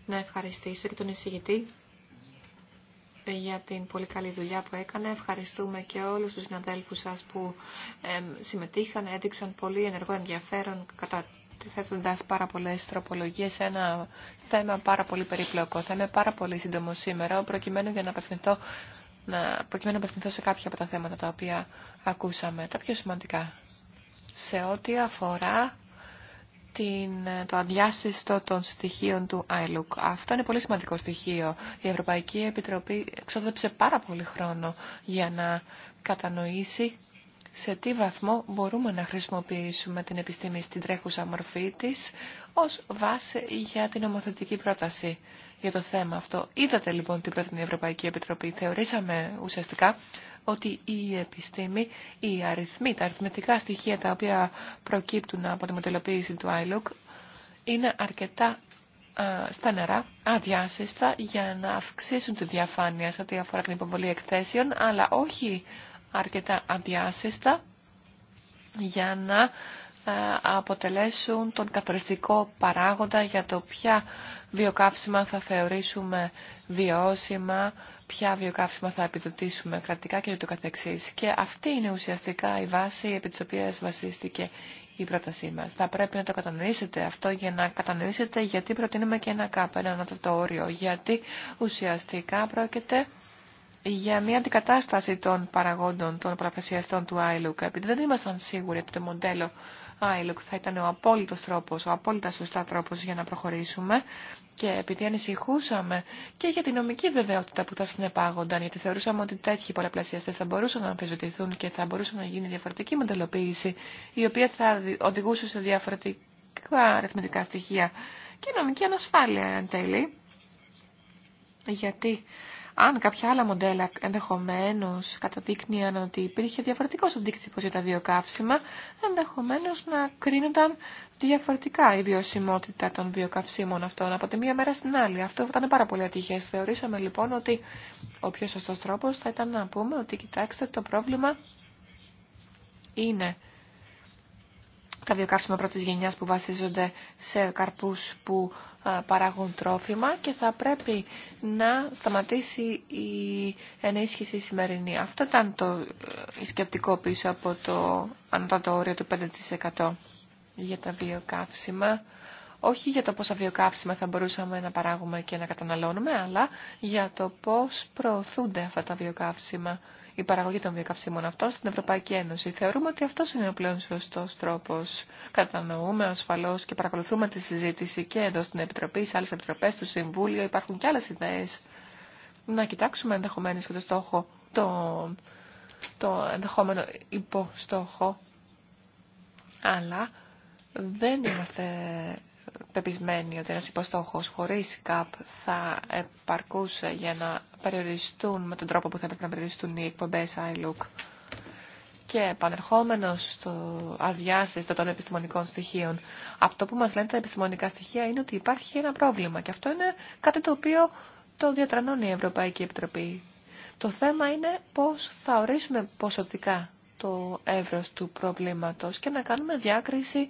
να ευχαριστήσω και τον εισηγητή για την πολύ καλή δουλειά που έκανε. Ευχαριστούμε και όλους τους συναδέλφους σας που συμμετείχαν, έδειξαν πολύ ενεργό ενδιαφέρον κατά πάρα πολλές τροπολογίε σε ένα θέμα πάρα πολύ περίπλοκο. Θα είμαι πάρα πολύ σύντομο σήμερα, προκειμένου για να απευθυνθώ, να, προκειμένου να απευθυνθώ σε κάποια από τα θέματα τα οποία ακούσαμε. Τα πιο σημαντικά. Σε ό,τι αφορά την, το αδιάσυστο των στοιχείων του iLook. Αυτό είναι πολύ σημαντικό στοιχείο. Η Ευρωπαϊκή Επιτροπή εξόδεψε πάρα πολύ χρόνο για να κατανοήσει σε τι βαθμό μπορούμε να χρησιμοποιήσουμε την επιστήμη στην τρέχουσα μορφή της ως βάση για την ομοθετική πρόταση για το θέμα αυτό. Είδατε λοιπόν την πρώτη Ευρωπαϊκή Επιτροπή. Θεωρήσαμε ουσιαστικά ότι η επιστήμη, οι αριθμοί, τα αριθμητικά στοιχεία τα οποία προκύπτουν από τη μοντελοποίηση του iLook είναι αρκετά στενερά, αδιάσυστα για να αυξήσουν τη διαφάνεια σε ό,τι αφορά την υποβολή εκθέσεων, αλλά όχι αρκετά αδιάσυστα για να αποτελέσουν τον καθοριστικό παράγοντα για το ποια βιοκαύσιμα θα θεωρήσουμε βιώσιμα, ποια βιοκαύσιμα θα επιδοτήσουμε κρατικά και το καθεξής. Και αυτή είναι ουσιαστικά η βάση επί της οποίας βασίστηκε η πρότασή μας. Θα πρέπει να το κατανοήσετε αυτό για να κατανοήσετε γιατί προτείνουμε και ένα κάπα, ένα το όριο. Γιατί ουσιαστικά πρόκειται για μια αντικατάσταση των παραγόντων, των παραπλασιαστών του ILUC, επειδή δεν ήμασταν σίγουροι ότι το μοντέλο ILOC θα ήταν ο απόλυτος τρόπος, ο απόλυτα σωστά τρόπος για να προχωρήσουμε και επειδή ανησυχούσαμε και για τη νομική βεβαιότητα που θα συνεπάγονταν, γιατί θεωρούσαμε ότι τέτοιοι πολλαπλασιαστές θα μπορούσαν να αμφισβητηθούν και θα μπορούσε να γίνει διαφορετική μοντελοποίηση, η οποία θα οδηγούσε σε διαφορετικά αριθμητικά στοιχεία και νομική ανασφάλεια εν τέλει. Γιατί αν κάποια άλλα μοντέλα ενδεχομένως καταδείκνυαν ότι υπήρχε διαφορετικός αντίκτυπος για τα βιοκαύσιμα, ενδεχομένως να κρίνονταν διαφορετικά η βιωσιμότητα των βιοκαυσίμων αυτών από τη μία μέρα στην άλλη. Αυτό ήταν πάρα πολύ ατυχές. Θεωρήσαμε λοιπόν ότι ο πιο σωστός τρόπος θα ήταν να πούμε ότι κοιτάξτε το πρόβλημα είναι τα βιοκαύσιμα πρώτης γενιάς που βασίζονται σε καρπούς που ε, παράγουν τρόφιμα και θα πρέπει να σταματήσει η ενίσχυση σημερινή. Αυτό ήταν το ε, σκεπτικό πίσω από το ανώτατο όριο του 5% για τα βιοκαύσιμα. Όχι για το πόσα βιοκαύσιμα θα μπορούσαμε να παράγουμε και να καταναλώνουμε, αλλά για το πώς προωθούνται αυτά τα βιοκαύσιμα η παραγωγή των βιοκαυσίμων αυτών στην Ευρωπαϊκή Ένωση. Θεωρούμε ότι αυτό είναι ο πλέον σωστό τρόπο. Κατανοούμε ασφαλώ και παρακολουθούμε τη συζήτηση και εδώ στην Επιτροπή, σε άλλε επιτροπέ, στο Συμβούλιο. Υπάρχουν και άλλε ιδέε. Να κοιτάξουμε ενδεχομένω και το στόχο, το, το ενδεχόμενο υποστόχο. Αλλά δεν είμαστε πεπισμένοι ότι ένας υποστόχος χωρίς ΚΑΠ θα επαρκούσε για να περιοριστούν με τον τρόπο που θα έπρεπε να περιοριστούν οι εκπομπές iLook. Και επανερχόμενος στο αδιάστητο των επιστημονικών στοιχείων, αυτό που μας λένε τα επιστημονικά στοιχεία είναι ότι υπάρχει ένα πρόβλημα και αυτό είναι κάτι το οποίο το διατρανώνει η Ευρωπαϊκή Επιτροπή. Το θέμα είναι πώς θα ορίσουμε ποσοτικά το εύρος του προβλήματος και να κάνουμε διάκριση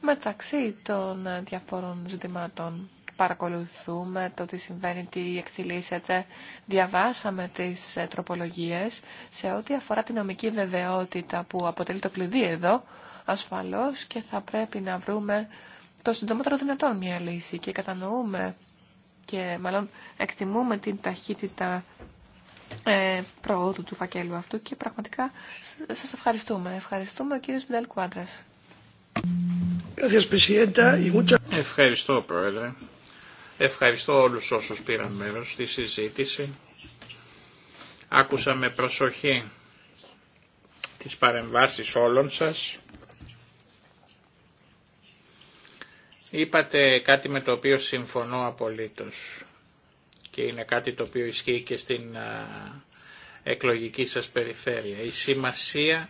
μεταξύ των ε, διαφόρων ζητημάτων. Παρακολουθούμε το τι συμβαίνει, τι εκτιλήσεται. Διαβάσαμε τις ε, τροπολογίες σε ό,τι αφορά την νομική βεβαιότητα που αποτελεί το κλειδί εδώ, ασφαλώς και θα πρέπει να βρούμε το συντομότερο δυνατόν μια λύση και κατανοούμε και μάλλον εκτιμούμε την ταχύτητα ε, προόδου του φακέλου αυτού και πραγματικά σας ευχαριστούμε. Ευχαριστούμε ο κύριος Μπινταλ Κουάντρας. Ευχαριστώ Πρόεδρε. Ευχαριστώ όλους όσους πήραν μέρος στη συζήτηση. Άκουσα με προσοχή τις παρεμβάσεις όλων σας. Είπατε κάτι με το οποίο συμφωνώ απολύτως και είναι κάτι το οποίο ισχύει και στην εκλογική σας περιφέρεια. Η σημασία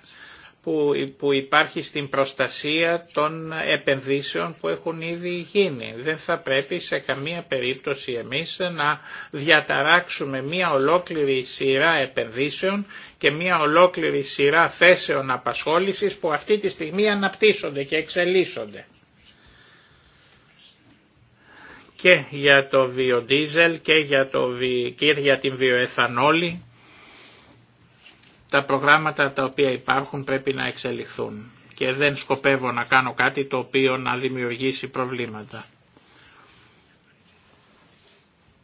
που υπάρχει στην προστασία των επενδύσεων που έχουν ήδη γίνει. Δεν θα πρέπει σε καμία περίπτωση εμείς να διαταράξουμε μία ολόκληρη σειρά επενδύσεων και μία ολόκληρη σειρά θέσεων απασχόλησης που αυτή τη στιγμή αναπτύσσονται και εξελίσσονται. Και για το βιοδίζελ και για, το, και για την βιοεθανόλη τα προγράμματα τα οποία υπάρχουν πρέπει να εξελιχθούν και δεν σκοπεύω να κάνω κάτι το οποίο να δημιουργήσει προβλήματα.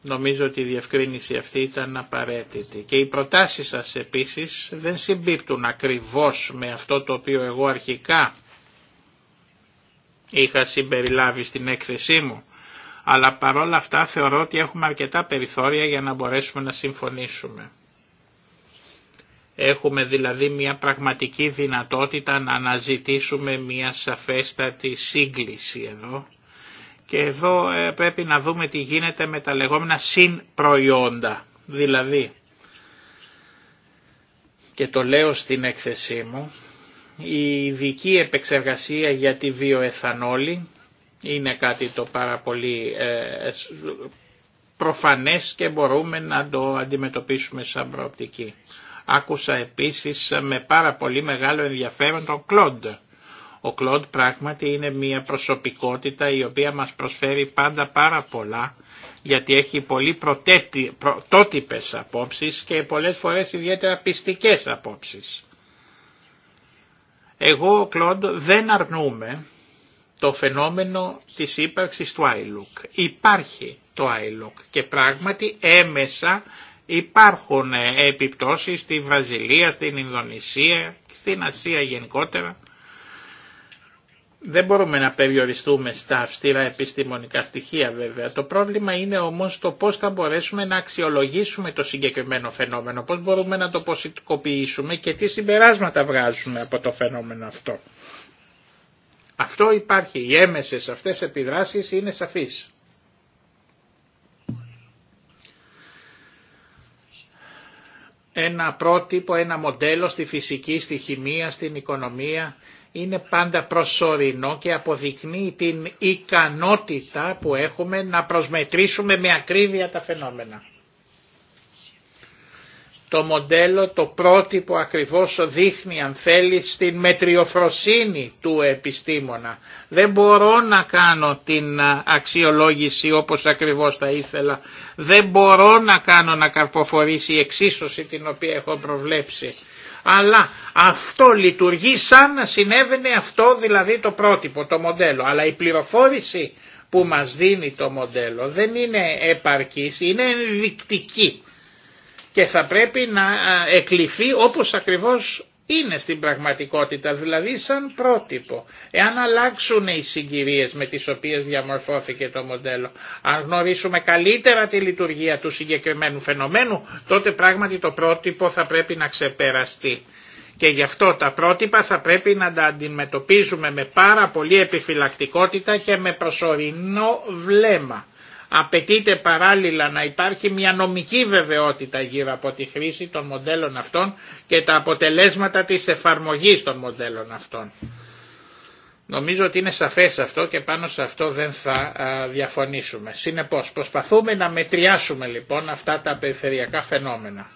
Νομίζω ότι η διευκρίνηση αυτή ήταν απαραίτητη. Και οι προτάσεις σας επίσης δεν συμπίπτουν ακριβώς με αυτό το οποίο εγώ αρχικά είχα συμπεριλάβει στην έκθεσή μου. Αλλά παρόλα αυτά θεωρώ ότι έχουμε αρκετά περιθώρια για να μπορέσουμε να συμφωνήσουμε. Έχουμε δηλαδή μια πραγματική δυνατότητα να αναζητήσουμε μια σαφέστατη σύγκληση εδώ. Και εδώ ε, πρέπει να δούμε τι γίνεται με τα λεγόμενα συμπροϊόντα. Δηλαδή, και το λέω στην έκθεσή μου, η ειδική επεξεργασία για τη βιοεθανόλη είναι κάτι το πάρα πολύ ε, προφανές και μπορούμε να το αντιμετωπίσουμε σαν προοπτική. Άκουσα επίσης με πάρα πολύ μεγάλο ενδιαφέρον τον Κλοντ. Ο Κλοντ πράγματι είναι μια προσωπικότητα η οποία μας προσφέρει πάντα πάρα πολλά γιατί έχει πολύ πρωτότυπες απόψεις και πολλές φορές ιδιαίτερα πιστικές απόψεις. Εγώ, ο Κλοντ, δεν αρνούμε το φαινόμενο της ύπαρξης του Άιλουκ. Υπάρχει το Άιλουκ και πράγματι έμεσα Υπάρχουν ε, επιπτώσεις στη Βραζιλία, στην Ινδονησία, στην Ασία γενικότερα. Δεν μπορούμε να περιοριστούμε στα αυστηρά επιστημονικά στοιχεία βέβαια. Το πρόβλημα είναι όμως το πώς θα μπορέσουμε να αξιολογήσουμε το συγκεκριμένο φαινόμενο, πώς μπορούμε να το ποσοτικοποιήσουμε και τι συμπεράσματα βγάζουμε από το φαινόμενο αυτό. Αυτό υπάρχει, οι έμεσες αυτές επιδράσεις είναι σαφείς. ένα πρότυπο, ένα μοντέλο στη φυσική, στη χημεία, στην οικονομία είναι πάντα προσωρινό και αποδεικνύει την ικανότητα που έχουμε να προσμετρήσουμε με ακρίβεια τα φαινόμενα το μοντέλο, το πρότυπο ακριβώς δείχνει αν θέλει στην μετριοφροσύνη του επιστήμονα. Δεν μπορώ να κάνω την αξιολόγηση όπως ακριβώς θα ήθελα. Δεν μπορώ να κάνω να καρποφορήσει η εξίσωση την οποία έχω προβλέψει. Αλλά αυτό λειτουργεί σαν να συνέβαινε αυτό δηλαδή το πρότυπο, το μοντέλο. Αλλά η πληροφόρηση που μας δίνει το μοντέλο δεν είναι επαρκής, είναι ενδεικτική και θα πρέπει να εκλειφθεί όπως ακριβώς είναι στην πραγματικότητα, δηλαδή σαν πρότυπο. Εάν αλλάξουν οι συγκυρίες με τις οποίες διαμορφώθηκε το μοντέλο, αν γνωρίσουμε καλύτερα τη λειτουργία του συγκεκριμένου φαινομένου, τότε πράγματι το πρότυπο θα πρέπει να ξεπεραστεί. Και γι' αυτό τα πρότυπα θα πρέπει να τα αντιμετωπίζουμε με πάρα πολύ επιφυλακτικότητα και με προσωρινό βλέμμα. Απαιτείται παράλληλα να υπάρχει μια νομική βεβαιότητα γύρω από τη χρήση των μοντέλων αυτών και τα αποτελέσματα της εφαρμογής των μοντέλων αυτών. Νομίζω ότι είναι σαφές αυτό και πάνω σε αυτό δεν θα διαφωνήσουμε. Συνεπώς προσπαθούμε να μετριάσουμε λοιπόν αυτά τα περιφερειακά φαινόμενα.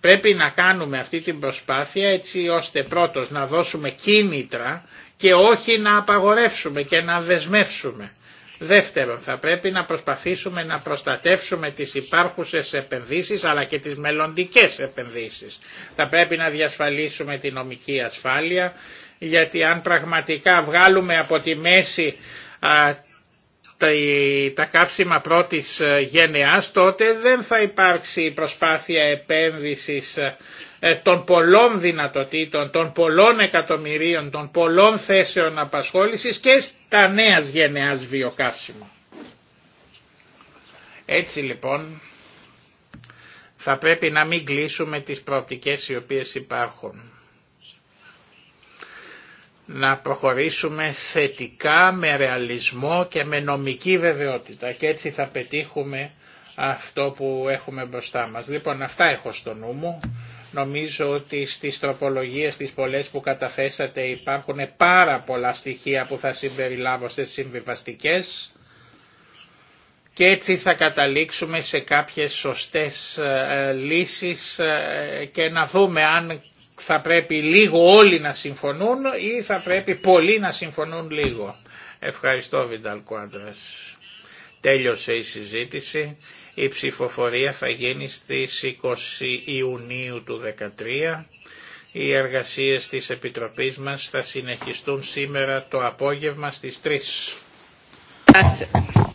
Πρέπει να κάνουμε αυτή την προσπάθεια έτσι ώστε πρώτος να δώσουμε κίνητρα και όχι να απαγορεύσουμε και να δεσμεύσουμε. Δεύτερον, θα πρέπει να προσπαθήσουμε να προστατεύσουμε τις υπάρχουσες επενδύσεις αλλά και τις μελλοντικές επενδύσεις. Θα πρέπει να διασφαλίσουμε την νομική ασφάλεια γιατί αν πραγματικά βγάλουμε από τη μέση τα κάψιμα πρώτης ε, γενεάς τότε δεν θα υπάρξει προσπάθεια επένδυσης ε, ε, των πολλών δυνατοτήτων, των πολλών εκατομμυρίων, των πολλών θέσεων απασχόλησης και στα νέα γενεάς βιοκάψιμα. Έτσι λοιπόν θα πρέπει να μην κλείσουμε τις προοπτικές οι οποίες υπάρχουν να προχωρήσουμε θετικά, με ρεαλισμό και με νομική βεβαιότητα και έτσι θα πετύχουμε αυτό που έχουμε μπροστά μας. Λοιπόν αυτά έχω στο νου μου. Νομίζω ότι στις τροπολογίες τις πολλές που καταθέσατε υπάρχουν πάρα πολλά στοιχεία που θα συμπεριλάβω στι συμβιβαστικές και έτσι θα καταλήξουμε σε κάποιες σωστές ε, λύσεις ε, και να δούμε αν θα πρέπει λίγο όλοι να συμφωνούν ή θα πρέπει πολλοί να συμφωνούν λίγο. Ευχαριστώ Βινταλ Κουάντρας. Τέλειωσε η συζήτηση. Η ψηφοφορία θα γίνει στις 20 Ιουνίου του 2013. Οι εργασίες της Επιτροπής μας θα συνεχιστούν σήμερα το απόγευμα στις 3.